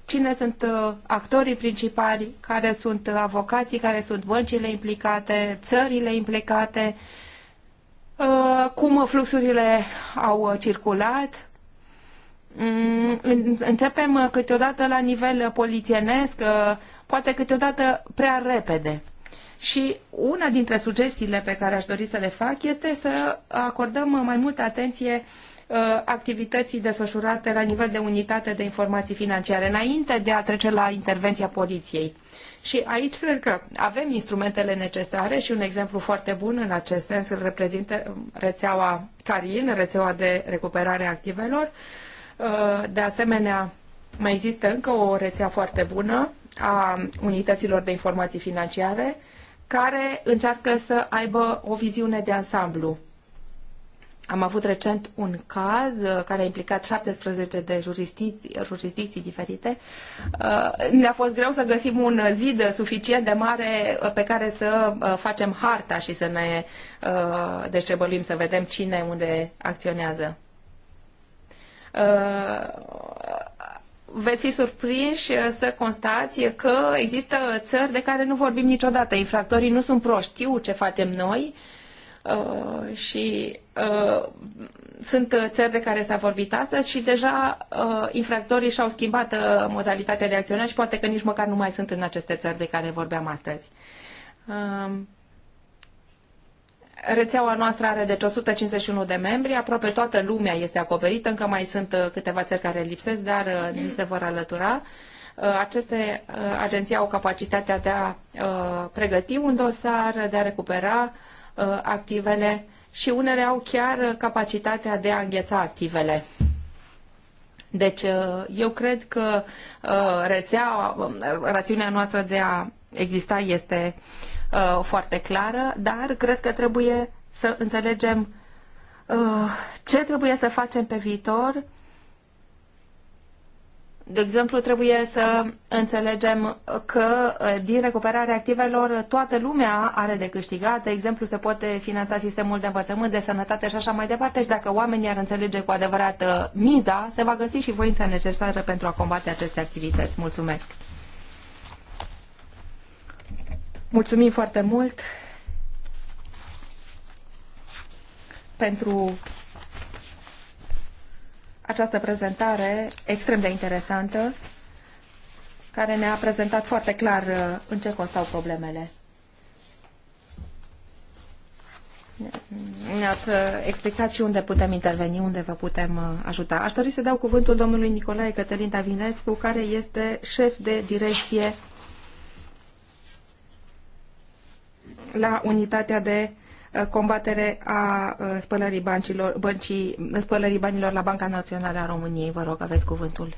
cine sunt uh, actorii principali, care sunt avocații, care sunt băncile implicate, țările implicate, uh, cum fluxurile au uh, circulat, mm, începem uh, câteodată la nivel polițienesc, uh, poate câteodată prea repede. Și una dintre sugestiile pe care aș dori să le fac este să acordăm mai multă atenție uh, activității desfășurate la nivel de unitate de informații financiare, înainte de a trece la intervenția poliției. Și aici cred că avem instrumentele necesare și un exemplu foarte bun în acest sens îl reprezintă rețeaua CARIN, rețeaua de recuperare activelor. Uh, de asemenea, mai există încă o rețea foarte bună a unităților de informații financiare, care încearcă să aibă o viziune de ansamblu. Am avut recent un caz uh, care a implicat 17 de jurisdicții, diferite. Uh, ne-a fost greu să găsim un zid suficient de mare uh, pe care să facem harta și să ne deșebăluim, să vedem cine unde acționează veți fi surprinși uh, să constați că există țări de care nu vorbim niciodată. Infractorii nu sunt proști, știu ce facem noi uh, și uh, sunt țări de care s-a vorbit astăzi și deja uh, infractorii și-au schimbat uh, modalitatea de acționare și poate că nici măcar nu mai sunt în aceste țări de care vorbeam astăzi. Uh, Rețeaua noastră are deci 151 de membri, aproape toată lumea este acoperită, încă mai sunt uh, câteva țări care lipsesc, dar uh, ni se vor alătura. Uh, aceste agenții au capacitatea de a pregăti un dosar, de a recupera activele și unele au chiar capacitatea de a îngheța activele. Deci eu cred că rețeaua, rațiunea noastră de a exista este uh, uh, foarte clară, dar cred că trebuie să înțelegem uh, ce trebuie să facem pe viitor. De exemplu, trebuie să înțelegem că uh, din recuperarea activelor toată lumea are de câștigat. De exemplu, se poate finanța sistemul de învățământ, de sănătate și așa mai departe. Și dacă oamenii ar înțelege cu adevărat uh, miza, se va găsi și voința necesară pentru a combate aceste activități. Mulțumesc! Mulțumim foarte mult pentru această prezentare extrem de interesantă, care ne-a prezentat foarte clar uh, în ce constau problemele. Ne-ați uh, explicat și unde putem interveni, unde vă putem uh, ajuta. Aș dori să dau cuvântul domnului Nicolae Cătălin Davinescu, care este șef de direcție la unitatea de uh, combatere a uh, spălării, bancilor, băncii, spălării banilor la Banca Națională a României. Vă rog, aveți cuvântul.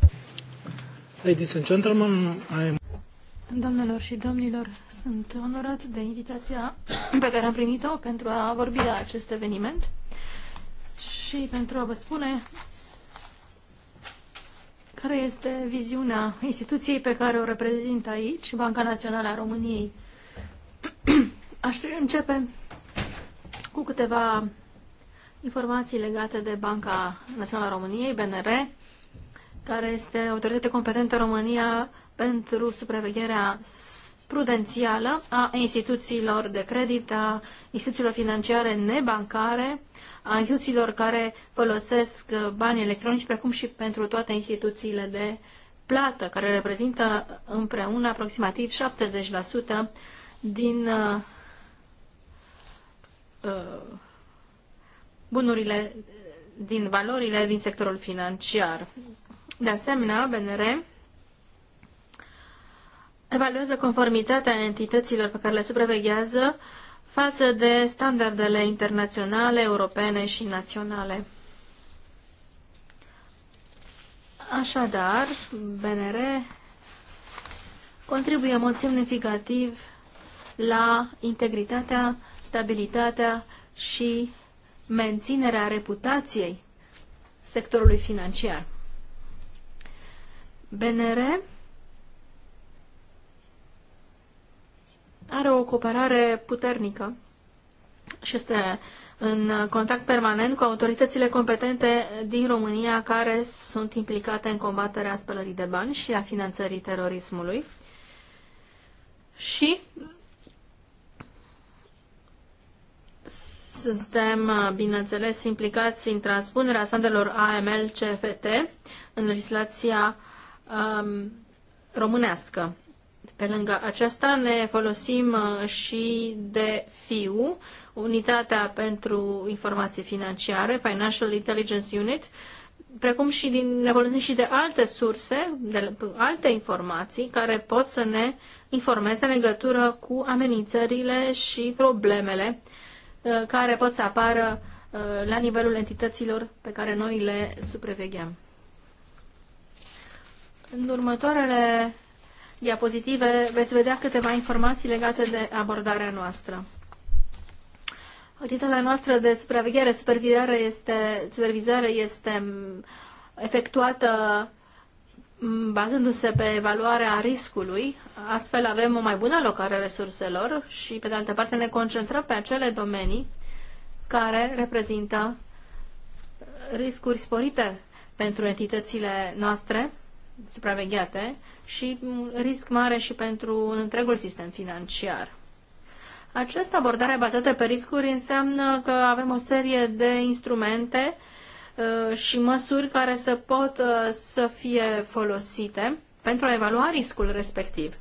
Ladies and gentlemen, I Domnilor și domnilor, sunt onorat de invitația pe care am primit-o pentru a vorbi la acest eveniment și pentru a vă spune care este viziunea instituției pe care o reprezint aici, Banca Națională a României. Aș începe cu câteva informații legate de Banca Națională a României, BNR, care este autoritatea competentă în România pentru supravegherea prudențială a instituțiilor de credit, a instituțiilor financiare nebancare, a instituțiilor care folosesc bani electronici, precum și pentru toate instituțiile de plată, care reprezintă împreună aproximativ 70% din uh, Uh, bunurile din valorile din sectorul financiar. De asemenea, BNR evaluează conformitatea entităților pe care le supraveghează față de standardele internaționale, europene și naționale. Așadar, BNR contribuie în mod semnificativ la integritatea stabilitatea și menținerea reputației sectorului financiar. BNR are o cooperare puternică și este în contact permanent cu autoritățile competente din România care sunt implicate în combaterea spălării de bani și a finanțării terorismului. Și Suntem, uh, bineînțeles, implicați în transpunerea standardelor AML-CFT în legislația um, românească. Pe lângă aceasta ne folosim uh, și de FIU, Unitatea pentru Informații Financiare, Financial Intelligence Unit, precum și din, ne folosim și de alte surse, de alte informații care pot să ne informeze în legătură cu amenințările și problemele Uh, care pot să apară uh, la nivelul entităților pe care noi le supravegheam. În următoarele diapozitive veți vedea câteva informații legate de abordarea noastră. Activitatea noastră de supraveghere, supervizare este, supervizare este mm, efectuată bazându-se pe evaluarea riscului, astfel avem o mai bună alocare a resurselor și, pe de altă parte, ne concentrăm pe acele domenii care reprezintă riscuri sporite pentru entitățile noastre supravegheate și risc mare și pentru întregul sistem financiar. Această abordare bazată pe riscuri înseamnă că avem o serie de instrumente uh, Uh, și măsuri care să pot uh, să fie folosite pentru a evalua riscul respectiv.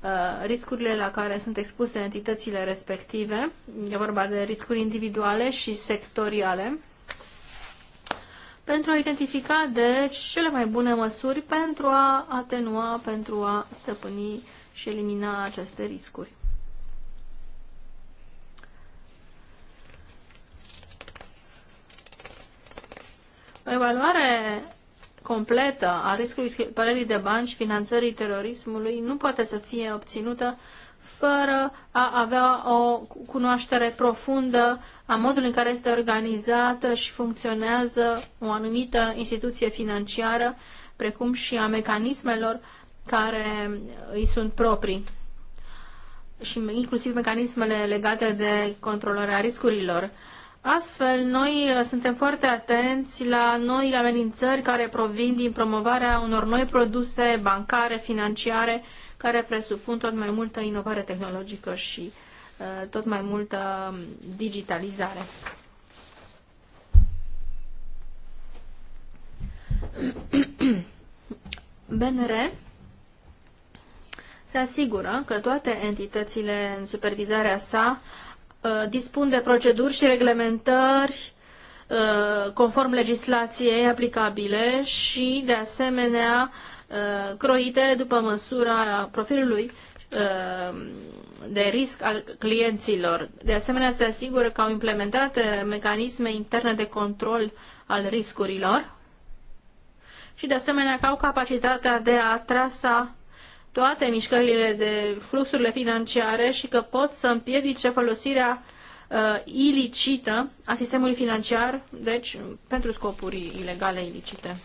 Uh, riscurile la care sunt expuse entitățile respective, e vorba de riscuri individuale și sectoriale, pentru a identifica, deci, cele mai bune măsuri pentru a atenua, pentru a stăpâni și elimina aceste riscuri. O evaluare completă a riscului spălării de bani și finanțării terorismului nu poate să fie obținută fără a avea o cunoaștere profundă a modului în care este organizată și funcționează o anumită instituție financiară, precum și a mecanismelor care îi sunt proprii și inclusiv mecanismele legate de controlarea riscurilor. Astfel, noi uh, suntem foarte atenți la noile amenințări care provin din promovarea unor noi produse bancare, financiare, care presupun tot mai multă inovare tehnologică și uh, tot mai multă um, digitalizare. [CLEARS THROAT] BNR se asigură că toate entitățile în supervizarea sa Uh, dispun de proceduri și reglementări uh, conform legislației aplicabile și, de asemenea, uh, croite după măsura profilului de risc al clienților. De asemenea, se asigură că au implementat mecanisme interne de control al riscurilor și, de asemenea, că au capacitatea de a trasa toate mișcările de fluxurile financiare și că pot să împiedice folosirea uh, ilicită a sistemului financiar, deci pentru scopuri ilegale ilicite.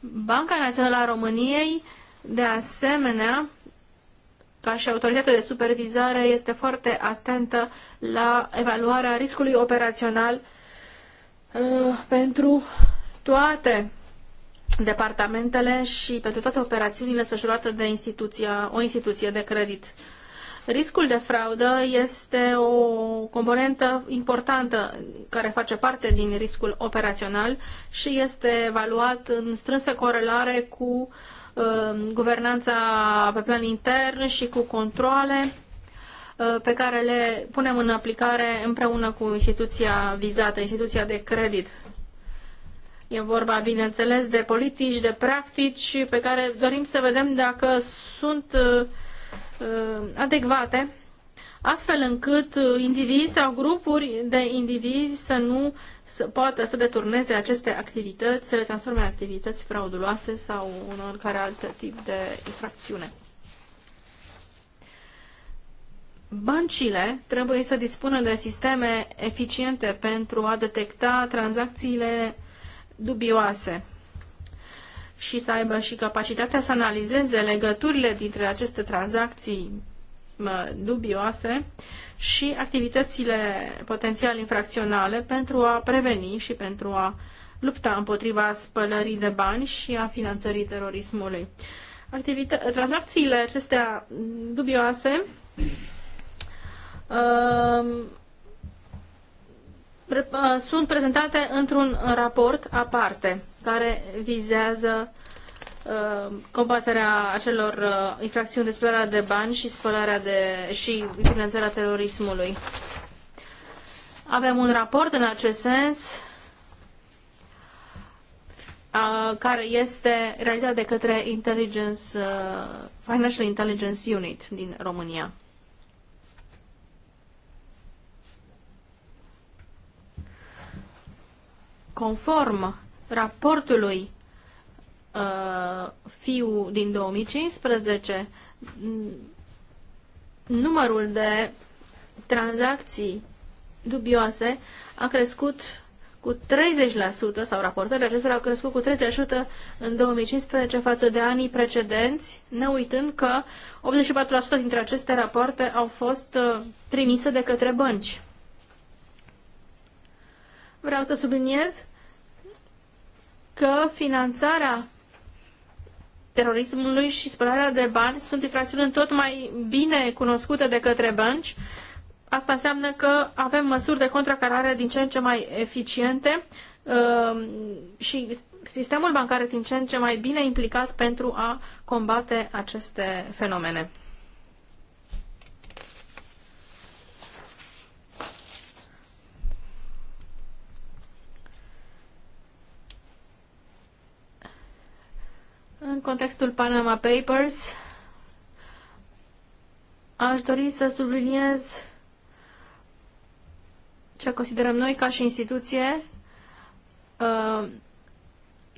Banca Națională a României, de asemenea, ca și autoritatea de supervizare, este foarte atentă la evaluarea riscului operațional uh, pentru toate departamentele și pentru toate operațiunile desfășurate de instituția, o instituție de credit. Riscul de fraudă este o componentă importantă care face parte din riscul operațional și este evaluat în strânsă corelare cu uh, guvernanța pe plan intern și cu controle uh, pe care le punem în aplicare împreună cu instituția vizată, instituția de credit. E vorba, bineînțeles, de politici, de practici pe care dorim să vedem dacă sunt uh, uh, adecvate, astfel încât indivizi sau grupuri de indivizi să nu să poată să deturneze aceste activități, să le transforme în activități frauduloase sau în oricare alt tip de infracțiune. Băncile trebuie să dispună de sisteme eficiente pentru a detecta tranzacțiile dubioase și să aibă și capacitatea să analizeze legăturile dintre aceste tranzacții dubioase și activitățile potențial infracționale pentru a preveni și pentru a lupta împotriva spălării de bani și a finanțării terorismului. Activita tranzacțiile acestea dubioase uh, Uh, sunt prezentate într-un raport aparte care vizează uh, combaterea acelor uh, infracțiuni de spălare de bani și spălarea de și finanțarea terorismului. Avem un raport în acest sens care este realizat de către Intelligence, Financial Intelligence Unit din România. conform raportului uh, FIU din 2015, numărul de tranzacții dubioase a crescut cu 30% sau raportările acestora au crescut cu 30% în 2015 față de anii precedenți, ne uitând că 84% dintre aceste rapoarte au fost uh, trimise de către bănci vreau să subliniez că finanțarea terorismului și spălarea de bani sunt infracțiuni tot mai bine cunoscute de către bănci. Asta înseamnă că avem măsuri de contracarare din ce în ce mai eficiente um, și sistemul bancar din ce în ce mai bine implicat pentru a combate aceste fenomene. În contextul Panama Papers, aș dori să subliniez ce considerăm noi ca și instituție uh,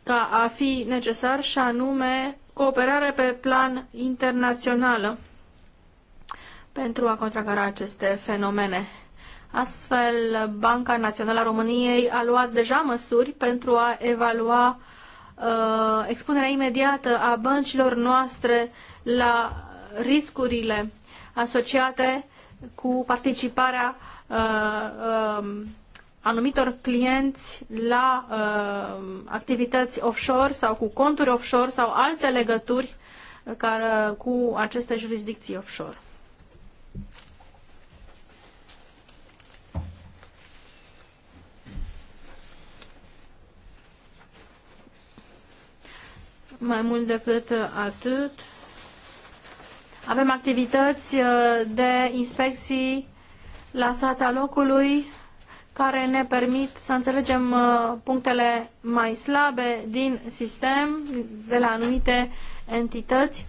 ca a fi necesar și anume cooperare pe plan internațional pentru a contracara aceste fenomene. Astfel, Banca Națională a României a luat deja măsuri pentru a evalua uh, Uh, expunerea imediată a băncilor noastre la riscurile asociate cu participarea uh, um, anumitor clienți la uh, activități offshore sau cu conturi offshore sau alte legături care, cu aceste jurisdicții offshore. Mai mult decât uh, atât, avem activități uh, de inspecții la sața locului care ne permit să înțelegem uh, punctele mai slabe din sistem de la anumite entități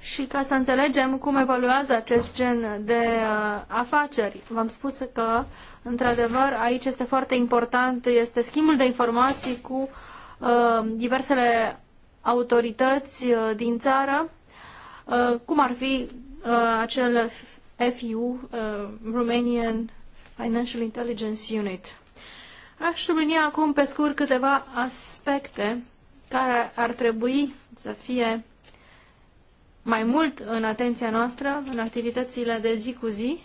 și ca să înțelegem cum evoluează acest gen de afaceri. V-am spus că, într-adevăr, aici este foarte important, este schimbul de informații cu diversele autorități uh, din țară, uh, cum ar fi uh, acel FU, Romanian Financial Intelligence Unit. Aș sublinia acum pe scurt câteva aspecte care ar trebui să fie mai mult în atenția noastră, în activitățile de zi cu zi,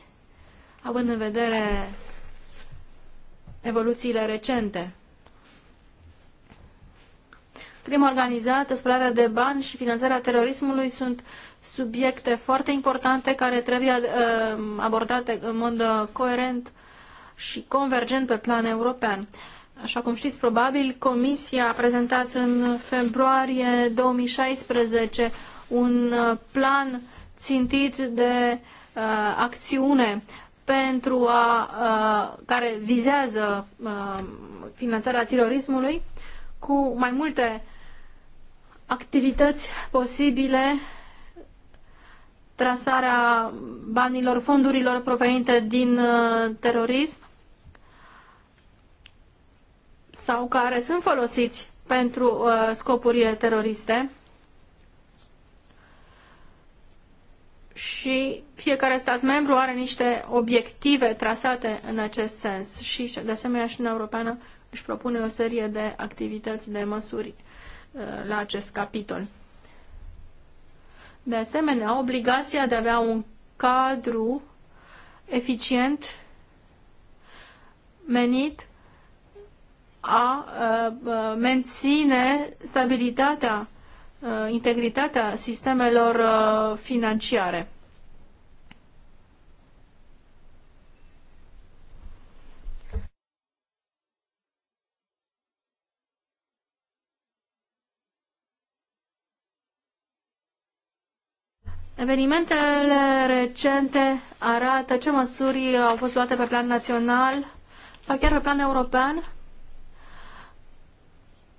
având în vedere evoluțiile recente crima organizată, spălarea de bani și finanțarea terorismului sunt subiecte foarte importante care trebuie uh, abordate în mod uh, coerent și convergent pe plan european. Așa cum știți, probabil, Comisia a prezentat în februarie 2016 un uh, plan țintit de uh, acțiune pentru a, uh, care vizează uh, finanțarea terorismului cu mai multe activități posibile, trasarea banilor, fondurilor provenite din uh, terorism sau care sunt folosiți pentru uh, scopurile teroriste. și fiecare stat membru are niște obiective trasate în acest sens și, de asemenea, și Uniunea Europeană își propune o serie de activități, de măsuri la acest capitol. De asemenea, obligația de a avea un cadru eficient menit a uh, uh, menține stabilitatea, uh, integritatea sistemelor financiare. Evenimentele recente arată ce măsuri au fost luate pe plan național sau chiar pe plan european,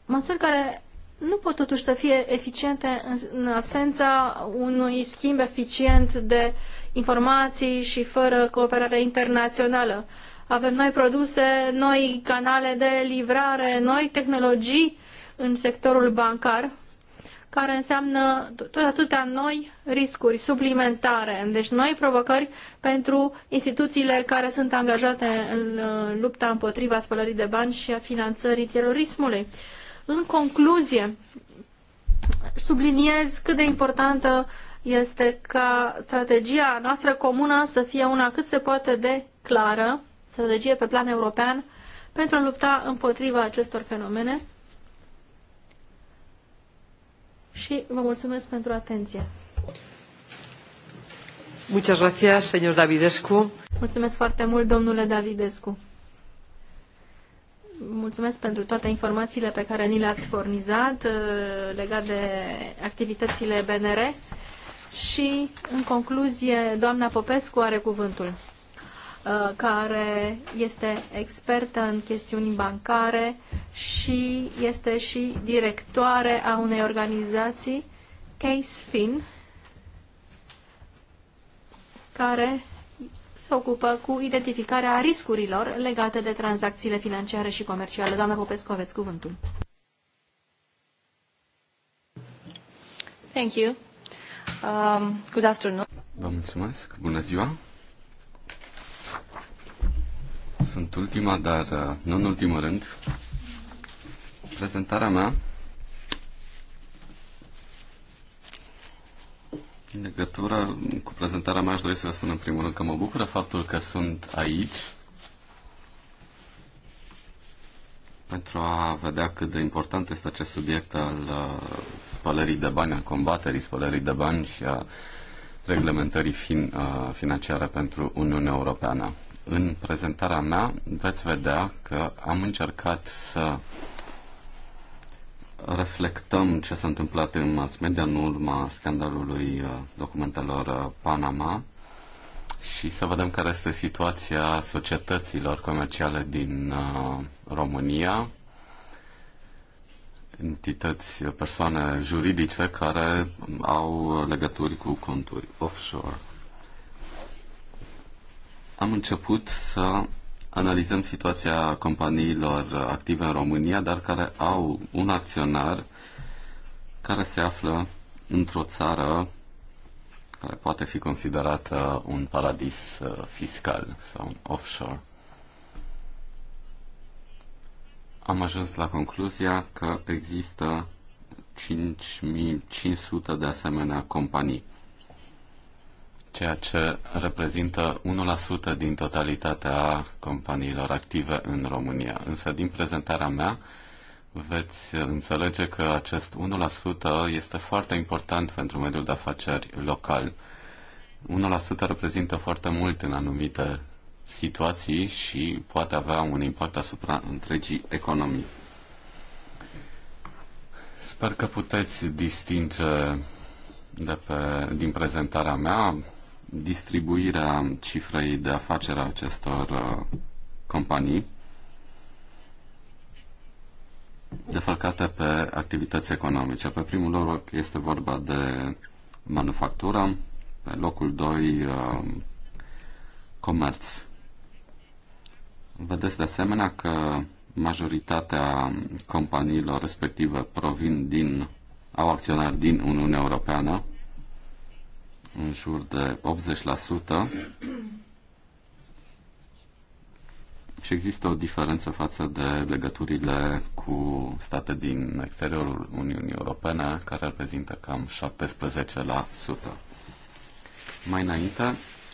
măsuri care nu pot totuși să fie eficiente în absența unui schimb eficient de informații și fără cooperare internațională. Avem noi produse, noi canale de livrare, noi tehnologii în sectorul bancar care înseamnă tot atâtea noi riscuri suplimentare, deci noi provocări pentru instituțiile care sunt angajate în uh, lupta împotriva spălării de bani și a finanțării terorismului. În concluzie, subliniez cât de importantă este ca strategia noastră comună să fie una cât se poate de clară, strategie pe plan european, pentru a lupta împotriva acestor fenomene și vă mulțumesc pentru atenție. Muchas gracias, señor Davidescu. Mulțumesc foarte mult, domnule Davidescu. Mulțumesc pentru toate informațiile pe care ni le-ați fornizat uh, legat de activitățile BNR și, în concluzie, doamna Popescu are cuvântul. Uh, care este expertă în chestiuni bancare și este și directoare a unei organizații, Case Fin, care se ocupă cu identificarea riscurilor legate de tranzacțiile financiare și comerciale. Doamna Popescu, aveți cuvântul. Thank you. Um, good afternoon. Vă mulțumesc. Bună ziua. Sunt ultima, dar uh, nu în ultimul rând. Prezentarea mea În legătură cu prezentarea mea, aș dori să vă spun în primul rând că mă bucură faptul că sunt aici pentru a vedea cât de important este acest subiect al uh, spălării de bani, al combaterii spălării de bani și a reglementării fin, uh, financiare pentru Uniunea Europeană în prezentarea mea veți vedea că am încercat să reflectăm ce s-a întâmplat în mass media în urma scandalului uh, documentelor uh, Panama și să vedem care este situația societăților comerciale din uh, România, entități, persoane juridice care au legături cu conturi offshore. Am început să analizăm situația companiilor active în România, dar care au un acționar care se află într-o țară care poate fi considerată un paradis uh, fiscal sau un offshore. Am ajuns la concluzia că există 5500 de asemenea companii ceea ce reprezintă 1% din totalitatea companiilor active în România. Însă, din prezentarea mea, veți înțelege că acest 1% este foarte important pentru mediul de afaceri local. 1% reprezintă foarte mult în anumite situații și poate avea un impact asupra întregii economii. Sper că puteți distinge de pe, din prezentarea mea distribuirea cifrei de afacere a acestor uh, companii defalcate pe activități economice. Pe primul loc este vorba de manufactură, pe locul 2 uh, comerț. Vedeți de asemenea că majoritatea companiilor respective provin din, au acționari din Uniunea Europeană, în jur de 80% și există o diferență față de legăturile cu state din exteriorul Uniunii Europene, care reprezintă cam 17%. Mai înainte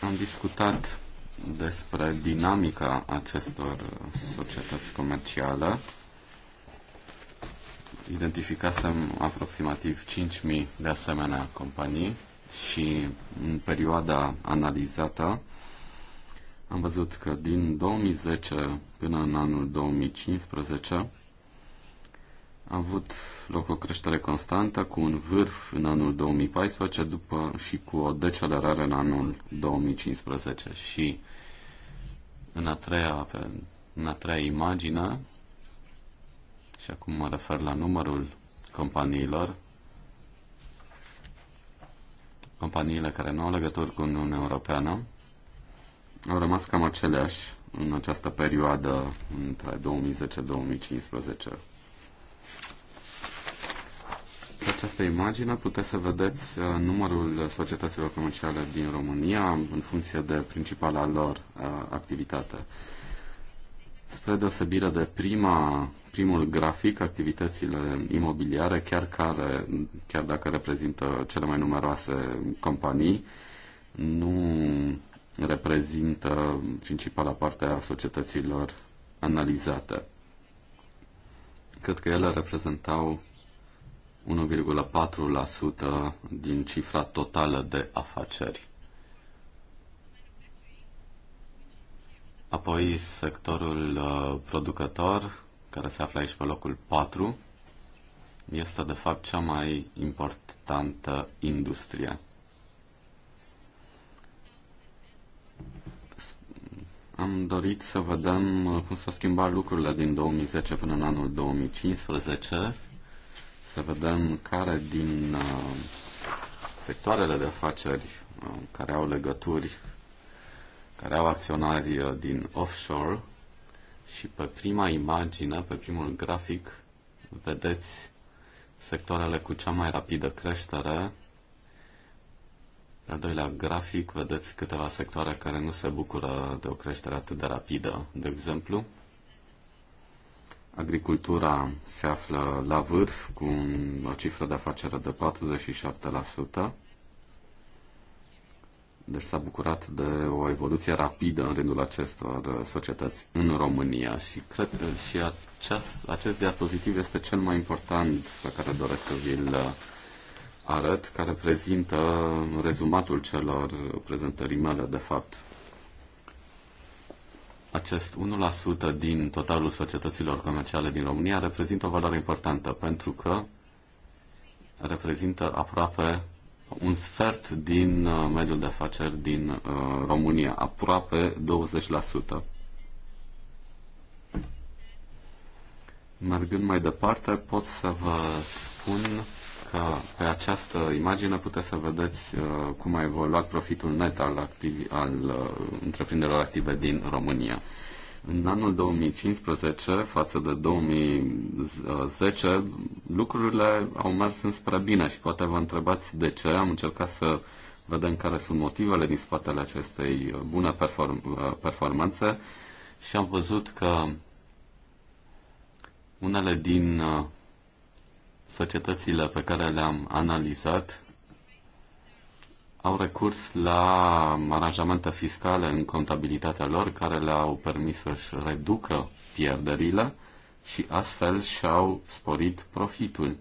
am discutat despre dinamica acestor societăți comerciale. Identificasem aproximativ 5.000 de asemenea companii și în perioada analizată am văzut că din 2010 până în anul 2015 a avut loc o creștere constantă cu un vârf în anul 2014 după și cu o decelerare în anul 2015 și în a treia, pe, în a treia imagine și acum mă refer la numărul companiilor companiile care nu au legături cu Uniunea Europeană au rămas cam aceleași în această perioadă între 2010-2015. Pe această imagine puteți să vedeți uh, numărul societăților comerciale din România în funcție de principala lor uh, activitate. Spre deosebire de prima primul grafic, activitățile imobiliare, chiar, care, chiar dacă reprezintă cele mai numeroase companii, nu reprezintă principala parte a societăților analizate. Cred că ele reprezentau 1,4% din cifra totală de afaceri. Apoi sectorul uh, producător, care se află aici pe locul 4, este de fapt cea mai importantă industrie. Am dorit să vedem uh, cum s-au schimbat lucrurile din 2010 până în anul 2015, să vedem care din uh, sectoarele de afaceri uh, care au legături, care au acționari din offshore, și pe prima imagine, pe primul grafic, vedeți sectoarele cu cea mai rapidă creștere. Pe al doilea grafic vedeți câteva sectoare care nu se bucură de o creștere atât de rapidă. De exemplu, agricultura se află la vârf cu o cifră de afacere de 47%, deci s-a bucurat de o evoluție rapidă în rândul acestor uh, societăți în România și cred uh, și acest, acest diapozitiv este cel mai important pe care doresc să vi-l uh, arăt, care prezintă rezumatul celor prezentării mele, de fapt. Acest 1% din totalul societăților comerciale din România reprezintă o valoare importantă pentru că reprezintă aproape un sfert din uh, mediul de afaceri din uh, România, aproape 20%. Mergând mai departe, pot să vă spun că pe această imagine puteți să vedeți uh, cum a evoluat profitul net al, activi- al întreprinderilor active din România. În anul 2015, față de 2010, lucrurile au mers înspre bine și poate vă întrebați de ce. Am încercat să vedem care sunt motivele din spatele acestei bune perform- performanțe și am văzut că unele din uh, societățile pe care le-am analizat au recurs la aranjamente fiscale în contabilitatea lor care le-au permis să-și reducă pierderile și astfel și-au sporit profitul.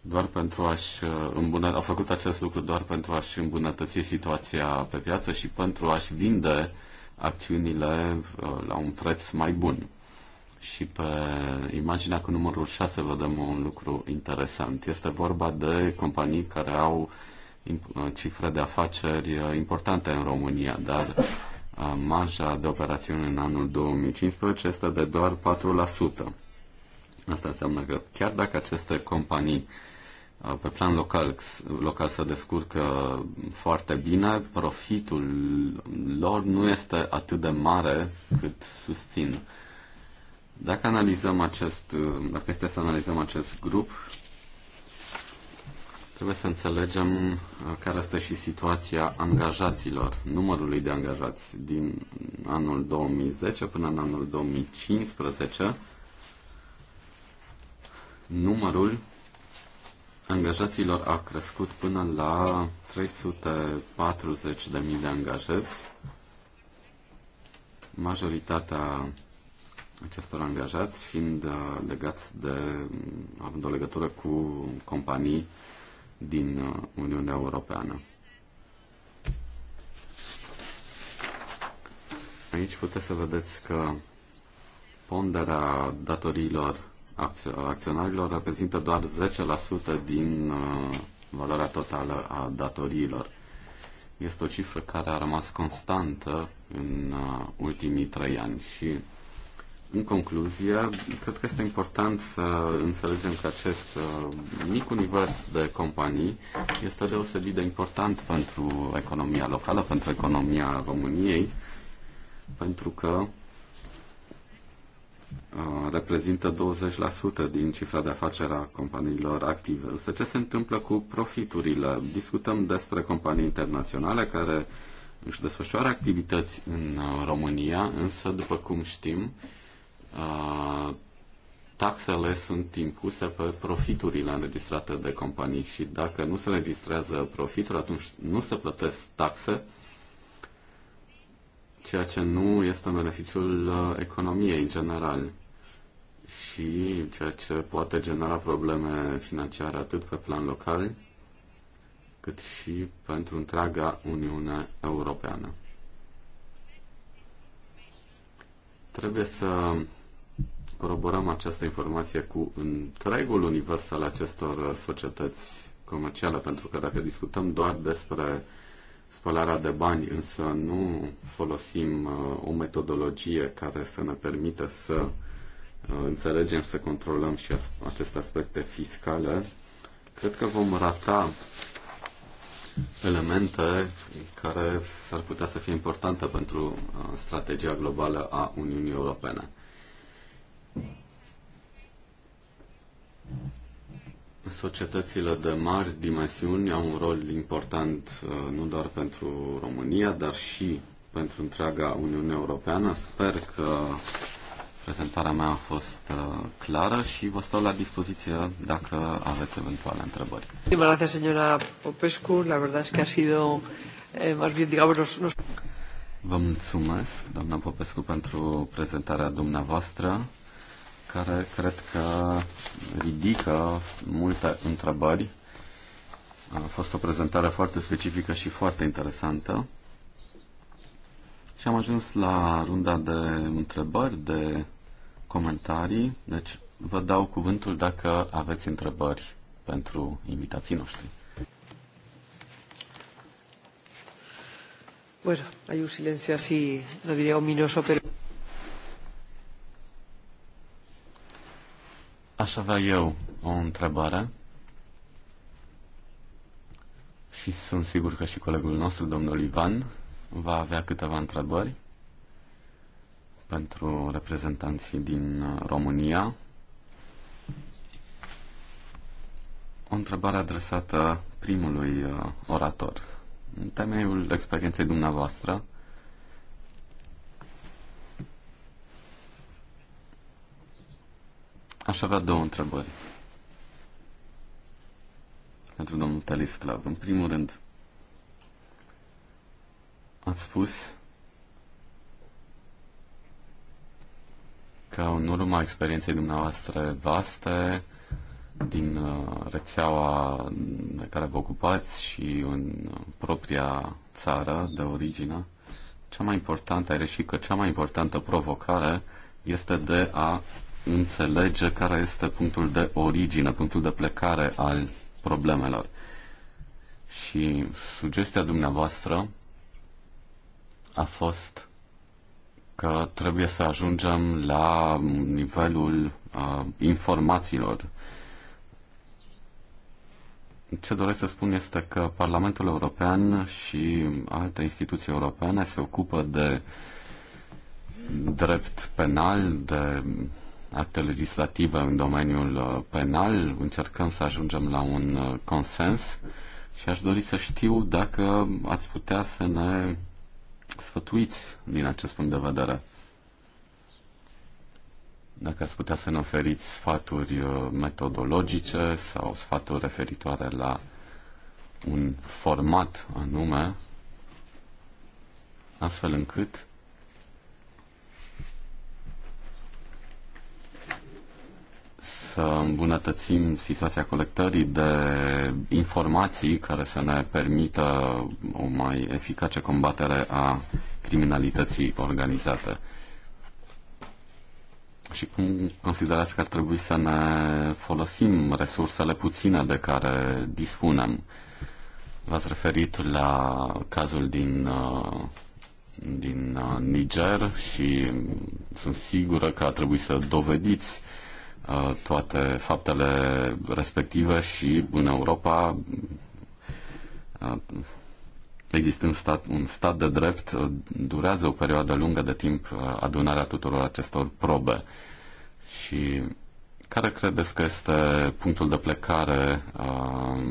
Doar pentru a-și uh, îmbunăt- au făcut acest lucru doar pentru a-și îmbunătăți situația pe piață și pentru a-și vinde acțiunile uh, la un preț mai bun. Și pe imaginea cu numărul 6 vedem un lucru interesant. Este vorba de companii care au uh, cifre de afaceri uh, importante în România, dar uh, marja de operațiune în anul 2015 este de doar 4%. Asta înseamnă că chiar dacă aceste companii pe plan local, local se descurcă foarte bine, profitul lor nu este atât de mare cât susțin dacă analizăm acest, dacă este să analizăm acest grup, trebuie să înțelegem uh, care este și situația angajaților, numărului de angajați din anul 2010 până în anul 2015, numărul angajaților a crescut până la 340.000 de angajați. Majoritatea acestor angajați, fiind uh, legați de, mm, având o legătură cu companii din uh, Uniunea Europeană. Aici puteți să vedeți că ponderea datoriilor acționarilor reprezintă doar 10% din uh, valoarea totală a datoriilor. Este o cifră care a rămas constantă în ultimii trei ani și în concluzie, cred că este important să înțelegem că acest uh, mic univers de companii este deosebit de important pentru economia locală, pentru economia României, pentru că uh, reprezintă 20% din cifra de afacere a companiilor active. Însă ce se întâmplă cu profiturile? Discutăm despre companii internaționale care își desfășoară activități în uh, România, însă, după cum știm, taxele sunt impuse pe profiturile înregistrate de companii și dacă nu se înregistrează profitul atunci nu se plătesc taxe, ceea ce nu este în beneficiul uh, economiei în general și ceea ce poate genera probleme financiare atât pe plan local cât și pentru întreaga Uniune Europeană. Trebuie să coroborăm această informație cu întregul univers al acestor societăți comerciale, pentru că dacă discutăm doar despre spălarea de bani, însă nu folosim uh, o metodologie care să ne permită să uh, înțelegem, să controlăm și aceste aspecte fiscale, cred că vom rata elemente care s-ar putea să fie importante pentru uh, strategia globală a Uniunii Europene. Societățile de mari dimensiuni au un rol important uh, nu doar pentru România, dar și pentru întreaga Uniune Europeană. Sper că prezentarea mea a fost uh, clară și vă stau la dispoziție dacă aveți eventuale întrebări. señora Popescu. La verdad es que ha sido eh, más bien, digamos, Vă mulțumesc, doamna Popescu, pentru prezentarea dumneavoastră care cred că ridică multe întrebări. A fost o prezentare foarte specifică și foarte interesantă. Și am ajuns la runda de întrebări, de comentarii. Deci vă dau cuvântul dacă aveți întrebări pentru invitații noștri. Bueno, hay un silencio así, lo diría ominoso, pero... Aș avea eu o întrebare și sunt sigur că și colegul nostru, domnul Ivan, va avea câteva întrebări pentru reprezentanții din uh, România. O întrebare adresată primului uh, orator. În temeiul experienței dumneavoastră, Aș avea două întrebări pentru domnul Talis Clav. În primul rând, ați spus că în urma experienței dumneavoastră vaste din uh, rețeaua de care vă ocupați și în propria țară de origine, cea mai importantă, are și că cea mai importantă provocare este de a înțelege care este punctul de origine, punctul de plecare al problemelor. Și sugestia dumneavoastră a fost că trebuie să ajungem la nivelul uh, informațiilor. Ce doresc să spun este că Parlamentul European și alte instituții europene se ocupă de drept penal, de acte legislative în domeniul uh, penal, încercăm să ajungem la un uh, consens și aș dori să știu dacă ați putea să ne sfătuiți din acest punct de vedere. Dacă ați putea să ne oferiți sfaturi uh, metodologice sau sfaturi referitoare la un format anume, astfel încât să îmbunătățim situația colectării de informații care să ne permită o mai eficace combatere a criminalității organizate. Și cum considerați că ar trebui să ne folosim resursele puține de care dispunem? V-ați referit la cazul din, uh, din uh, Niger și sunt sigură că a trebuit să dovediți Uh, toate faptele respective și în Europa uh, existând stat, un stat de drept, uh, durează o perioadă lungă de timp adunarea tuturor acestor probe. Și care credeți că este punctul de plecare uh,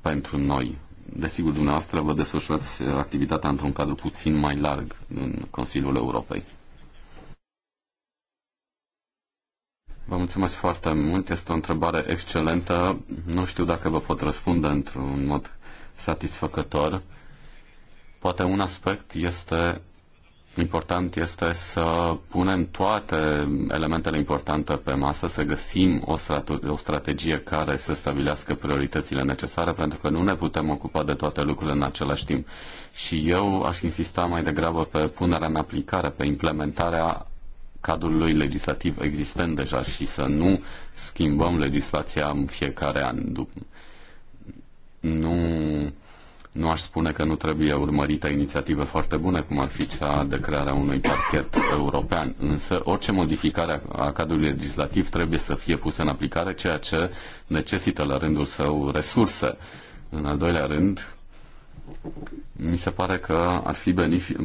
pentru noi? Desigur, dumneavoastră vă desfășurați activitatea într-un cadru puțin mai larg în Consiliul Europei. Vă mulțumesc foarte mult. Este o întrebare excelentă. Nu știu dacă vă pot răspunde într-un mod satisfăcător. Poate un aspect este important este să punem toate elementele importante pe masă, să găsim o, strate- o strategie care să stabilească prioritățile necesare, pentru că nu ne putem ocupa de toate lucrurile în același timp. Și eu aș insista mai degrabă pe punerea în aplicare, pe implementarea cadrului legislativ existent deja și să nu schimbăm legislația în fiecare an. Nu, nu aș spune că nu trebuie urmărită inițiative foarte bune, cum ar fi cea de crearea unui parchet european, însă orice modificare a cadrului legislativ trebuie să fie pusă în aplicare, ceea ce necesită la rândul său resurse. În al doilea rând, mi se pare că ar fi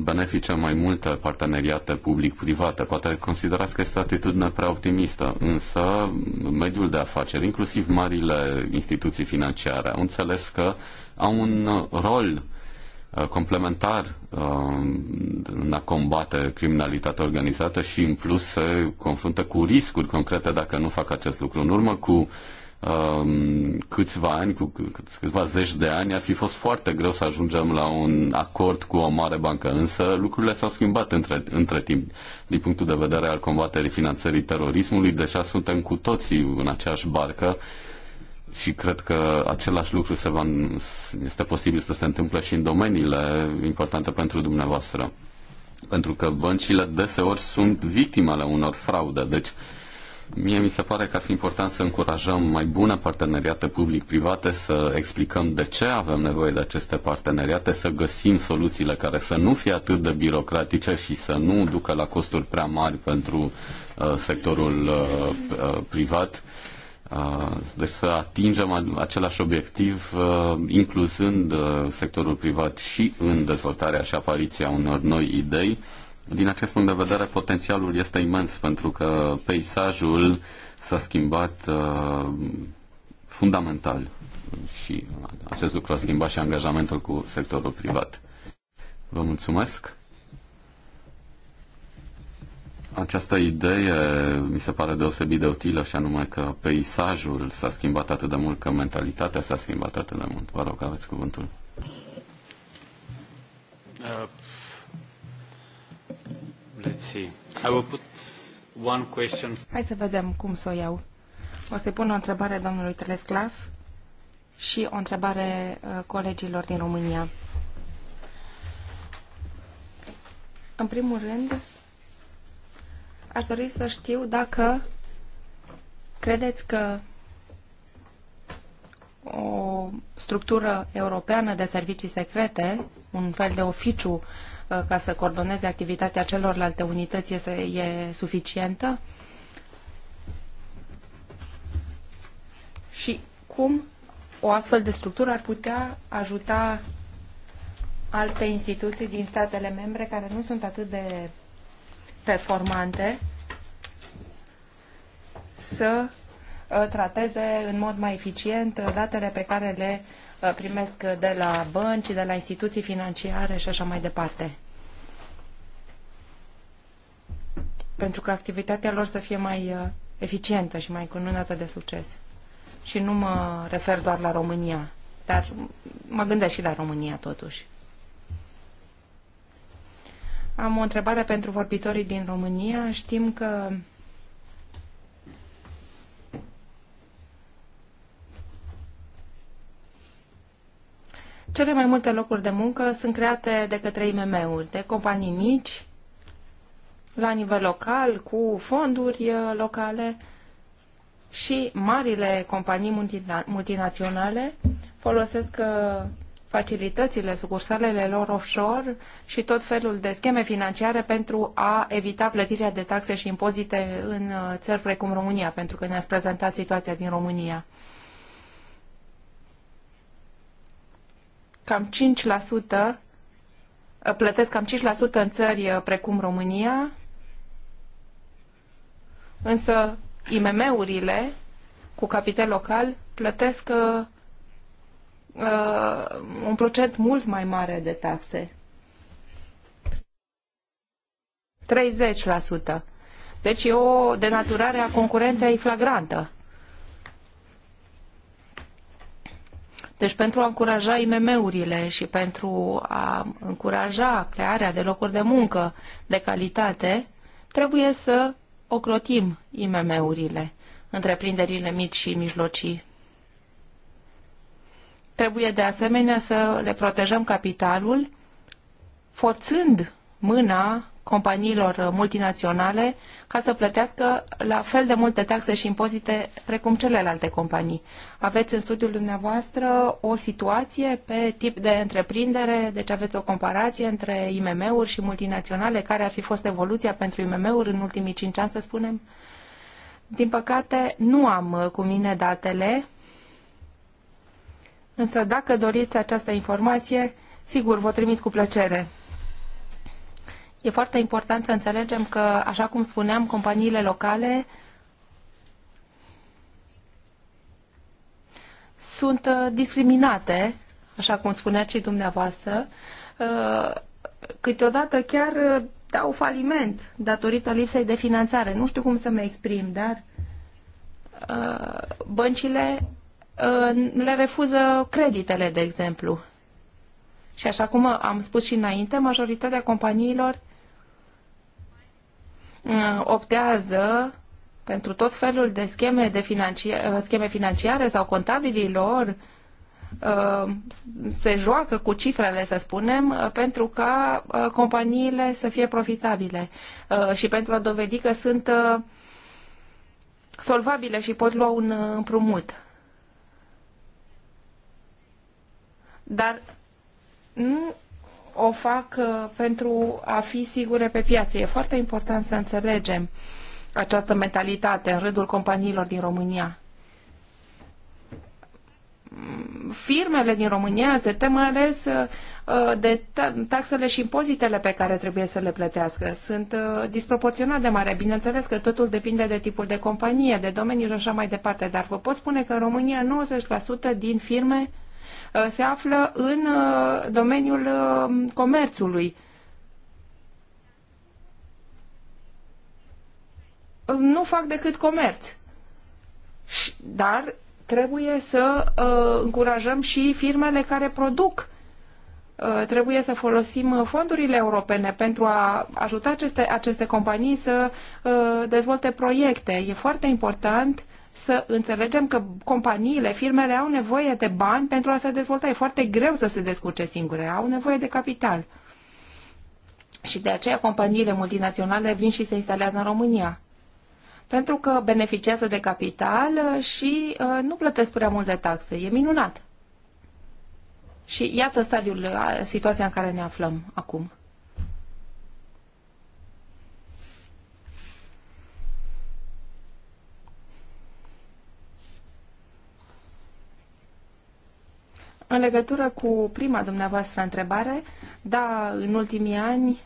benefice mai multe parteneriate public-private. Poate considerați că este o atitudine prea optimistă, însă mediul de afaceri, inclusiv marile instituții financiare, au înțeles că au un rol uh, complementar uh, în a combate criminalitatea organizată și în plus se confruntă cu riscuri concrete dacă nu fac acest lucru. În urmă cu Um, câțiva ani, cu câțiva zeci de ani, ar fi fost foarte greu să ajungem la un acord cu o mare bancă. Însă lucrurile s-au schimbat între, între timp. Din punctul de vedere al combaterii finanțării terorismului, deja suntem cu toții în aceeași barcă și cred că același lucru se va, este posibil să se întâmple și în domeniile importante pentru dumneavoastră. Pentru că băncile deseori sunt victimele unor fraude. Deci, uh, Mie mi se pare că ar fi important să încurajăm mai bune parteneriate public-private, să explicăm de ce avem nevoie de aceste parteneriate, să găsim soluțiile care să nu fie atât de birocratice și să nu ducă la costuri prea mari pentru uh, sectorul uh, uh privat. Uh, deci să atingem același obiectiv, uh, incluzând sectorul privat și în dezvoltarea și apariția unor noi idei din acest punct de vedere, potențialul este imens pentru că peisajul s-a schimbat uh, fundamental și acest lucru a schimbat și angajamentul cu sectorul privat. Vă mulțumesc! Această idee mi se pare deosebit de utilă și anume că peisajul s-a schimbat atât de mult, că mentalitatea s-a schimbat atât de mult. Vă rog, aveți cuvântul. Uh, Let's see. I will put one question. Hai să vedem cum să o iau. O să-i pun o întrebare domnului Telesclav și o întrebare uh, colegilor din România. În primul rând, aș dori să știu dacă credeți că o structură europeană de servicii secrete, un fel de oficiu uh, Uh, ca să coordoneze activitatea celorlalte unități este, e suficientă? Și cum o astfel de structură ar putea ajuta alte instituții din statele membre care nu sunt atât de performante să uh, trateze în mod mai eficient uh, datele pe care le uh, Uh, primesc de la bănci, de la instituții financiare și așa mai departe. Pentru că activitatea lor să fie mai uh, eficientă și mai cununată de succes. Și nu mă refer doar la România, dar mă gândesc și la România totuși. Am o întrebare pentru vorbitorii din România. Știm că Cele mai multe locuri de muncă sunt create de către IMM-uri, de companii mici, la nivel local, cu fonduri uh, locale și marile companii multinaționale folosesc uh, facilitățile, sucursalele lor offshore și tot felul de scheme financiare pentru a evita plătirea de taxe și impozite în uh, țări precum România, pentru că ne-ați prezentat situația din România. cam 5%, uh, plătesc cam 5% în țări uh, precum România, însă IMM-urile cu capital local plătesc uh, uh, un procent mult mai mare de taxe. 30%. Deci e o denaturare a concurenței flagrantă. Deci pentru a încuraja IMM-urile și pentru a încuraja crearea de locuri de muncă de calitate, trebuie să ocrotim IMM-urile, întreprinderile mici și mijlocii. Trebuie de asemenea să le protejăm capitalul, forțând mâna companiilor multinaționale ca să plătească la fel de multe taxe și impozite precum celelalte companii. Aveți în studiul dumneavoastră o situație pe tip de întreprindere, deci aveți o comparație între IMM-uri și multinaționale, care ar fi fost evoluția pentru IMM-uri în ultimii cinci ani, să spunem? Din păcate, nu am cu mine datele, însă dacă doriți această informație, sigur, vă trimit cu plăcere. E foarte important să înțelegem că, așa cum spuneam, companiile locale sunt uh, discriminate, așa cum spuneați și dumneavoastră, uh, câteodată chiar uh, dau faliment datorită lipsei de finanțare. Nu știu cum să mă exprim, dar băncile le refuză creditele, de exemplu. Și așa cum am spus și înainte, majoritatea companiilor Uh, optează pentru tot felul de scheme, de financiare, uh, scheme financiare sau lor uh, se joacă cu cifrele, să spunem, pentru ca companiile să fie profitabile și pentru a dovedi că sunt solvabile și pot lua un împrumut. Dar nu o fac uh, pentru a fi sigure pe piață. E foarte important să înțelegem această mentalitate în rândul companiilor din România. Firmele din România se tem mai ales uh, de taxele și impozitele pe care trebuie să le plătească. Sunt uh, disproporționat de mare. Bineînțeles că totul depinde de tipul de companie, de domeniu și așa mai departe, dar vă pot spune că în România 90% din firme Uh, se află în uh, domeniul uh, comerțului. Nu fac decât comerț. Dar trebuie să încurajăm și firmele care produc trebuie să folosim fondurile europene pentru a ajuta aceste, aceste companii să dezvolte proiecte. E foarte important să înțelegem că companiile, firmele au nevoie de bani pentru a se dezvolta. E foarte greu să se descurce singure, au nevoie de capital. Și de aceea companiile multinaționale vin și se instalează în România. Pentru că beneficiază de capital și uh, nu plătesc prea multe taxe. E minunat. Și iată stadiul, uh, situația în care ne aflăm acum. În legătură cu prima dumneavoastră întrebare, da, în ultimii ani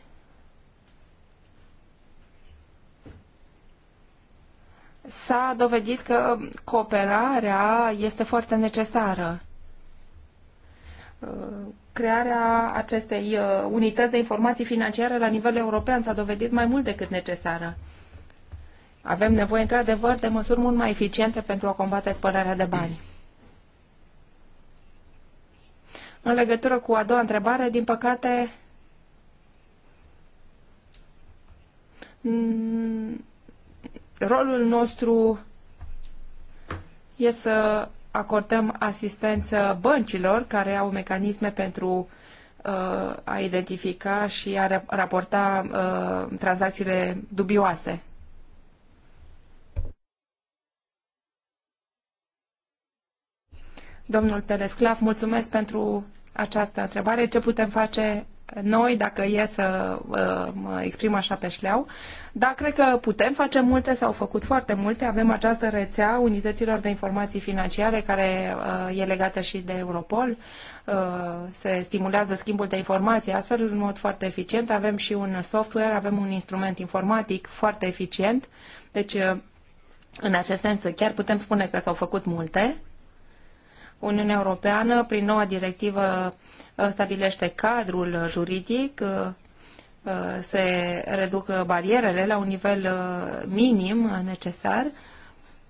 s-a dovedit că cooperarea este foarte necesară. Crearea acestei uh, unități de informații financiare la nivel european s-a dovedit mai mult decât necesară. Avem nevoie, într-adevăr, de măsuri mult mai eficiente pentru a combate spălarea de bani. În legătură cu a doua întrebare, din păcate, rolul nostru e să acordăm asistență băncilor care au mecanisme pentru uh, a identifica și a raporta uh, tranzacțiile dubioase. Domnul Telesclav, mulțumesc pentru această întrebare. Ce putem face noi, dacă e să uh, mă exprim așa pe șleau, Da, cred că putem face multe, s-au făcut foarte multe. Avem această rețea unităților de informații financiare care uh, e legată și de Europol. Uh, se stimulează schimbul de informații astfel în mod foarte eficient. Avem și un software, avem un instrument informatic foarte eficient. Deci, în acest sens, chiar putem spune că s-au făcut multe Uniunea Europeană, prin noua directivă, uh, stabilește cadrul juridic, uh, uh, se reduc barierele la un nivel minim necesar.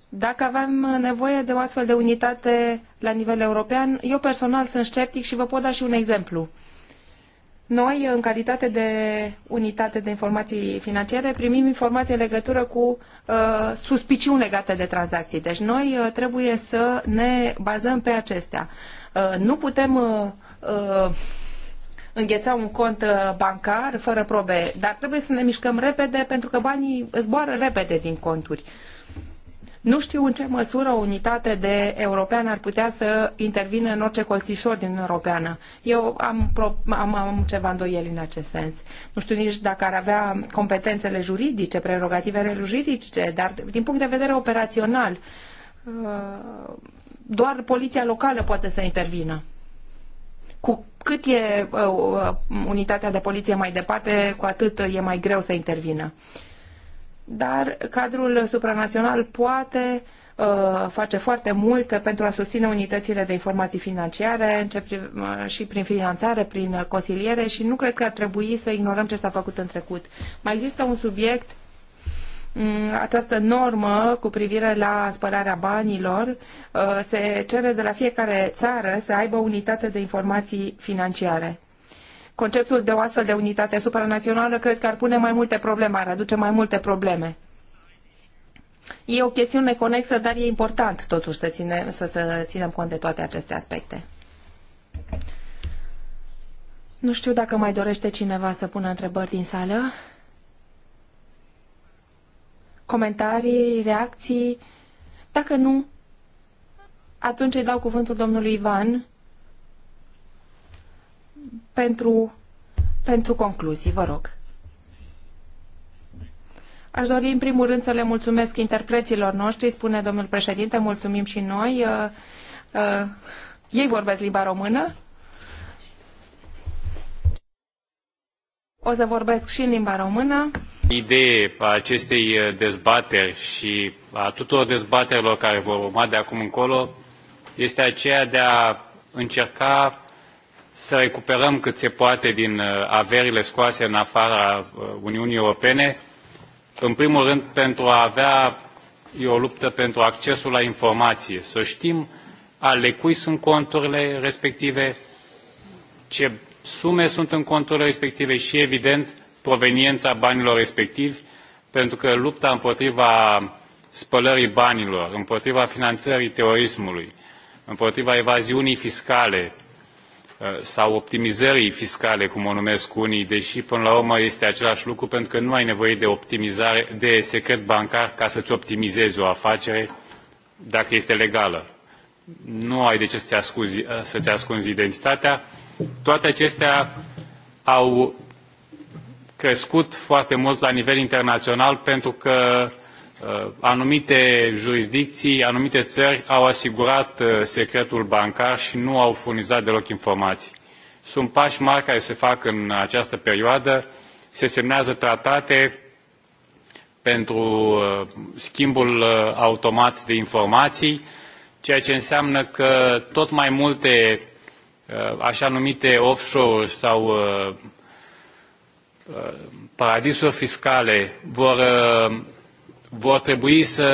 Dacă avem nevoie de o astfel de unitate la nivel european, eu personal sunt sceptic și vă pot da și un exemplu. Noi, în calitate de unitate de informații financiare, primim informații în legătură cu uh, suspiciuni legate de tranzacții. Deci noi uh, trebuie să ne bazăm pe acestea. Uh, nu putem uh, uh îngheța un cont uh, bancar fără probe, dar trebuie să ne mișcăm repede pentru că banii zboară repede din conturi. Uh, nu știu în ce măsură o unitate de europeană ar putea să intervină în orice colțișor din Europeană. Eu am, am, am ceva îndoieli în acest sens. Nu știu nici dacă ar avea competențele juridice, prerogativele juridice, dar din punct de vedere operațional, uh, doar poliția locală poate să intervină. Cu cât e uh, uh, unitatea de poliție mai departe, cu atât e mai greu să intervină. Uh, dar cadrul supranațional poate uh, face foarte mult pentru a susține unitățile de informații financiare uh, și prin finanțare, prin consiliere și nu cred că ar trebui să ignorăm ce s-a făcut în trecut. Mai există un subiect, mm, această normă cu privire la spălarea banilor, uh, se cere de la fiecare țară să aibă unitate de informații financiare. Conceptul de o astfel de unitate supranațională cred că ar pune mai multe probleme, ar aduce mai multe probleme. E o chestiune conexă, dar e important totuși să, ținem, să, să ținem cont de toate aceste aspecte. Nu știu dacă mai dorește cineva să pună întrebări din sală. Comentarii, reacții? Dacă nu, atunci îi dau cuvântul domnului Ivan pentru, pentru concluzii. Vă rog. Aș dori în primul rând să le mulțumesc interpreților noștri, spune domnul președinte, mulțumim și noi. Uh, uh, ei vorbesc limba română. O să vorbesc și în limba română. Idee a acestei uh, dezbateri și a tuturor dezbaterilor care vor urma de acum încolo este aceea de a încerca să recuperăm cât se poate din uh, averile scoase în afara uh, Uniunii Europene, în primul rând pentru a avea e o luptă pentru accesul la informație, să știm ale cui sunt conturile respective, ce sume sunt în conturile respective și, evident, proveniența banilor respectivi, pentru că lupta împotriva spălării banilor, împotriva finanțării terorismului, împotriva evaziunii fiscale, Uh, sau optimizării fiscale, cum o numesc unii, deși până la urmă este același lucru pentru că nu ai nevoie de optimizare, de secret bancar ca să-ți optimizezi o afacere dacă este legală. Nu ai de ce să-ți ascunzi, uh, să ascunzi identitatea. Toate acestea au crescut foarte mult la nivel internațional pentru că Uh, anumite jurisdicții, anumite țări au asigurat uh, secretul bancar și nu au furnizat deloc informații. Sunt pași mari care se fac în această perioadă, se semnează tratate pentru uh, schimbul automat de informații, ceea ce înseamnă că tot mai multe așa numite offshore sau paradisuri fiscale vor vor trebui să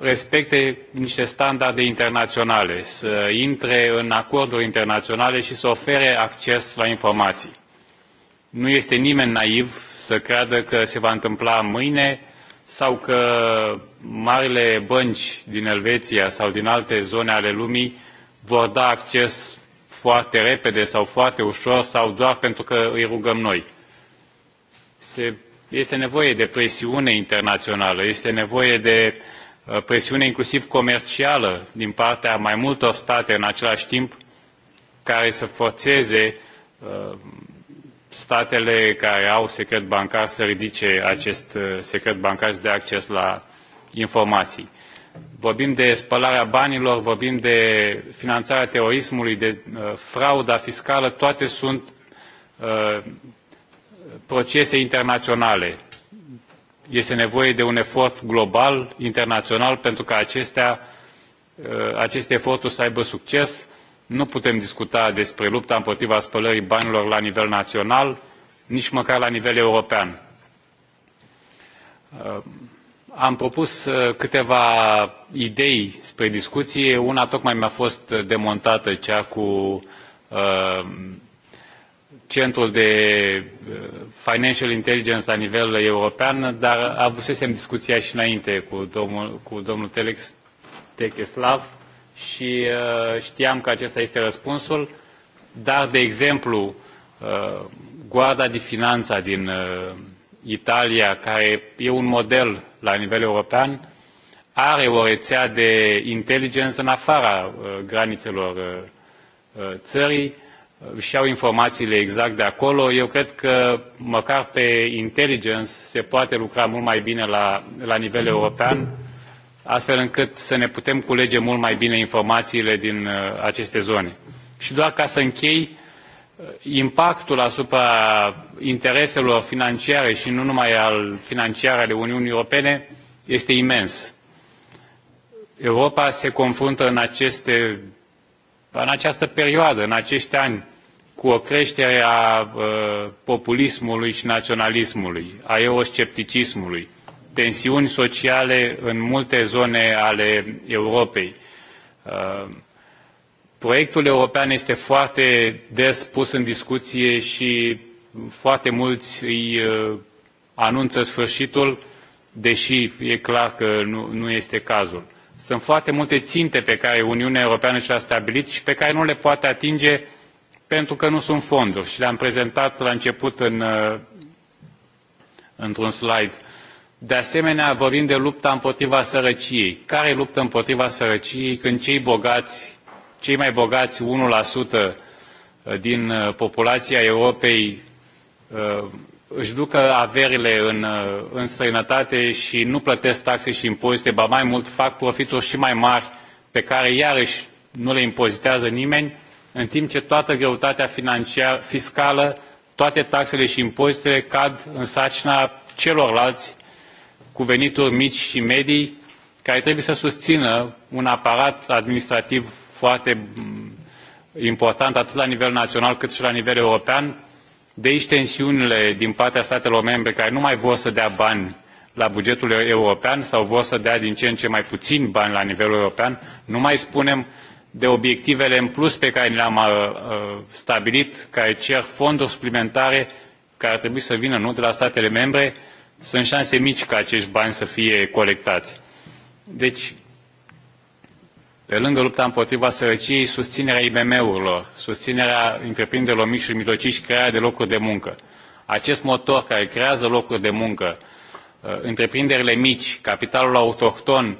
respecte niște standarde internaționale, să intre în acorduri internaționale și să ofere acces la informații. Nu este nimeni naiv să creadă că se va întâmpla mâine sau că marile bănci din Elveția sau din alte zone ale lumii vor da acces foarte repede sau foarte ușor sau doar pentru că îi rugăm noi. Se este nevoie de presiune internațională, este nevoie de uh, presiune inclusiv comercială din partea mai multor state în același timp care să forțeze uh, statele care au secret bancar să ridice acest uh, secret bancar și de acces la informații. Vorbim de spălarea banilor, vorbim de finanțarea terorismului, de frauda fiscală, toate sunt procese internaționale. Este nevoie de un efort global, internațional, pentru ca acestea, uh, aceste eforturi să aibă succes. Nu putem discuta despre lupta împotriva spălării banilor la nivel național, nici măcar la nivel european. Uh, am propus uh, câteva idei spre discuție. Una tocmai mi-a fost demontată, cea cu centrul de uh, financial intelligence la nivel european, dar avusesem discuția și înainte cu domnul, cu domnul Telex Techeslav și uh, știam că acesta este răspunsul, dar, de exemplu, uh, Guarda de Finanța din Italia, care e un model la nivel european, are o rețea de inteligență în afara granițelor țării, Uh, își iau informațiile exact de acolo. Eu cred că măcar pe intelligence se poate lucra mult mai bine la, la nivel european, astfel încât să ne putem culege mult mai bine informațiile din uh, aceste zone. Și doar ca să închei, uh, impactul asupra intereselor financiare și nu numai al financiare ale Uniunii Europene este imens. Europa se confruntă în aceste în această perioadă, în acești ani, cu o creștere a uh, populismului și naționalismului, a euroscepticismului, tensiuni sociale în multe zone ale Europei. Uh, proiectul european este foarte des pus în discuție și foarte mulți îi uh, anunță sfârșitul, deși e clar că nu, nu este cazul sunt foarte multe ținte pe care Uniunea Europeană și le-a stabilit și pe care nu le poate atinge pentru că nu sunt fonduri. Și le-am prezentat la început în, uh, într-un slide. De asemenea, vorbim de lupta împotriva sărăciei. Care luptă împotriva sărăciei când cei bogați, cei mai bogați 1% uh, din uh, populația Europei își ducă averile în, uh, în străinătate și nu plătesc taxe și impozite, ba mai mult fac profituri și mai mari pe care iarăși nu le impozitează nimeni, în timp ce toată greutatea financiară, fiscală, toate taxele și impozitele cad în sacina celorlalți cu venituri mici și medii, care trebuie să susțină un aparat administrativ foarte mm, important atât la nivel național cât și la nivel european, de aici tensiunile din partea statelor membre care nu mai vor să dea bani la bugetul european sau vor să dea din ce în ce mai puțin bani la nivel european, nu mai spunem de obiectivele în plus pe care le-am uh, uh, stabilit, care cer fonduri suplimentare care ar trebui să vină nu de la statele membre, sunt șanse mici ca acești bani să fie colectați. Deci pe lângă lupta împotriva sărăciei, susținerea IMM-urilor, susținerea întreprinderilor mici și mijlocii și crearea de locuri de muncă. Acest motor care creează locuri de muncă, uh, întreprinderile mici, capitalul autohton,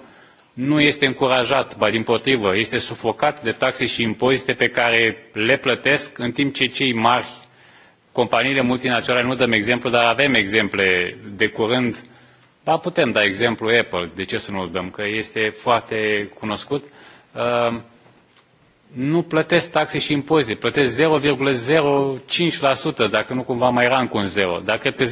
nu este încurajat, ba din potrivă, este sufocat de taxe și impozite pe care le plătesc, în timp ce cei mari, companiile multinaționale, nu dăm exemplu, dar avem exemple de curând, ba putem da exemplu Apple, de ce să nu-l dăm, că este foarte cunoscut, Ehm, nu plătesc taxe și impozite, plătesc 0,05%, dacă nu cumva mai ranc un 0, dar cred că 0,05%,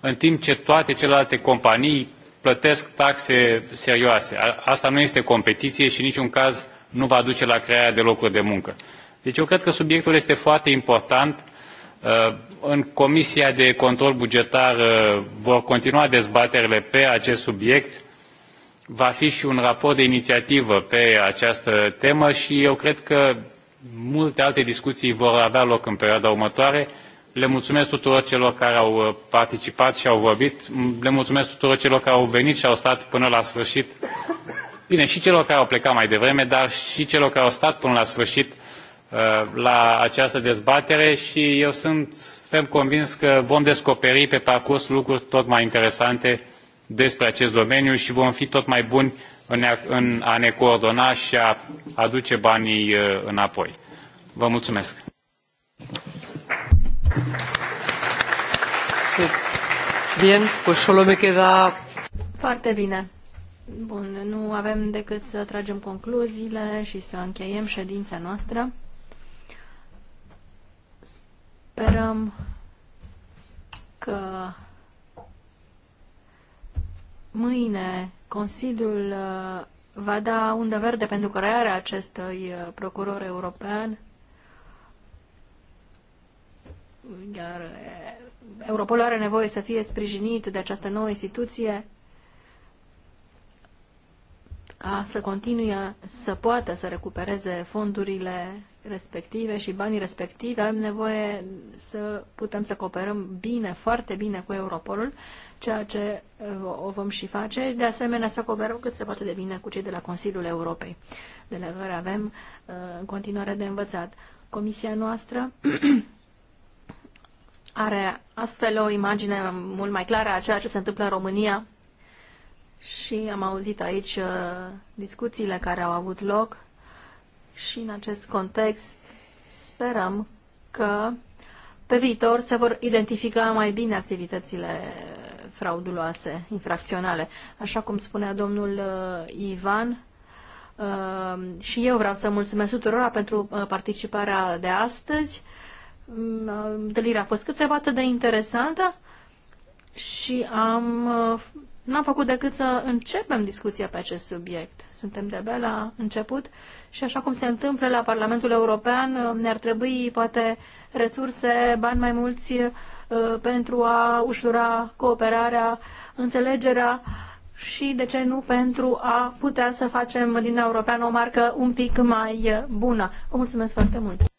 în timp ce toate celelalte companii plătesc taxe serioase. Asta nu este competiție și niciun caz nu va duce la crearea de locuri de muncă. Deci eu cred că subiectul este foarte important. Ehm, în Comisia de Control Bugetar ehm, vor continua dezbaterile pe acest subiect va fi și un raport de inițiativă pe această temă și eu cred că multe alte discuții vor avea loc în perioada următoare. Le mulțumesc tuturor celor care au uh, participat și au vorbit. Le mulțumesc tuturor celor care au venit și au stat până la sfârșit. Bine, și celor care au plecat mai devreme, dar și celor care au stat până la sfârșit uh, la această dezbatere și eu sunt ferm convins că vom descoperi pe parcurs lucruri tot mai interesante despre acest domeniu și vom fi tot mai buni în a ne coordona și a aduce banii uh, înapoi. Vă mulțumesc! Bien, pues solo me queda... Foarte bine. Bun, nu avem decât să tragem concluziile și să încheiem ședința noastră. Sperăm că Mâine Consiliul uh, va da undă verde pentru crearea acestui uh, procuror european, iar uh, Europol are nevoie să fie sprijinit de această nouă instituție ca să continue să poată să recupereze fondurile respective și banii respective, avem nevoie să putem să cooperăm bine, foarte bine cu Europolul, ceea ce uh, o vom și face. De asemenea, să cooperăm cât se poate de bine cu cei de la Consiliul Europei, de la care avem uh, în continuare de învățat. Comisia noastră [CLEARS THROAT] are astfel o imagine mult mai clară a ceea ce se întâmplă în România și am auzit aici uh, discuțiile care au avut loc și în acest context sperăm că pe viitor se vor identifica mai bine activitățile frauduloase, infracționale. Așa cum spunea domnul uh, Ivan, uh, și eu vreau să mulțumesc tuturor pentru uh, participarea de astăzi. Mm, întâlnirea a fost cât se poate de interesantă și am N-am făcut decât să începem discuția pe acest subiect. Suntem de-abia la început și așa cum se întâmplă la Parlamentul European, ne-ar trebui poate resurse, bani mai mulți uh, pentru a ușura cooperarea, înțelegerea și, de ce nu, pentru a putea să facem din Europeană o marcă un pic mai bună. Vă mulțumesc foarte mult!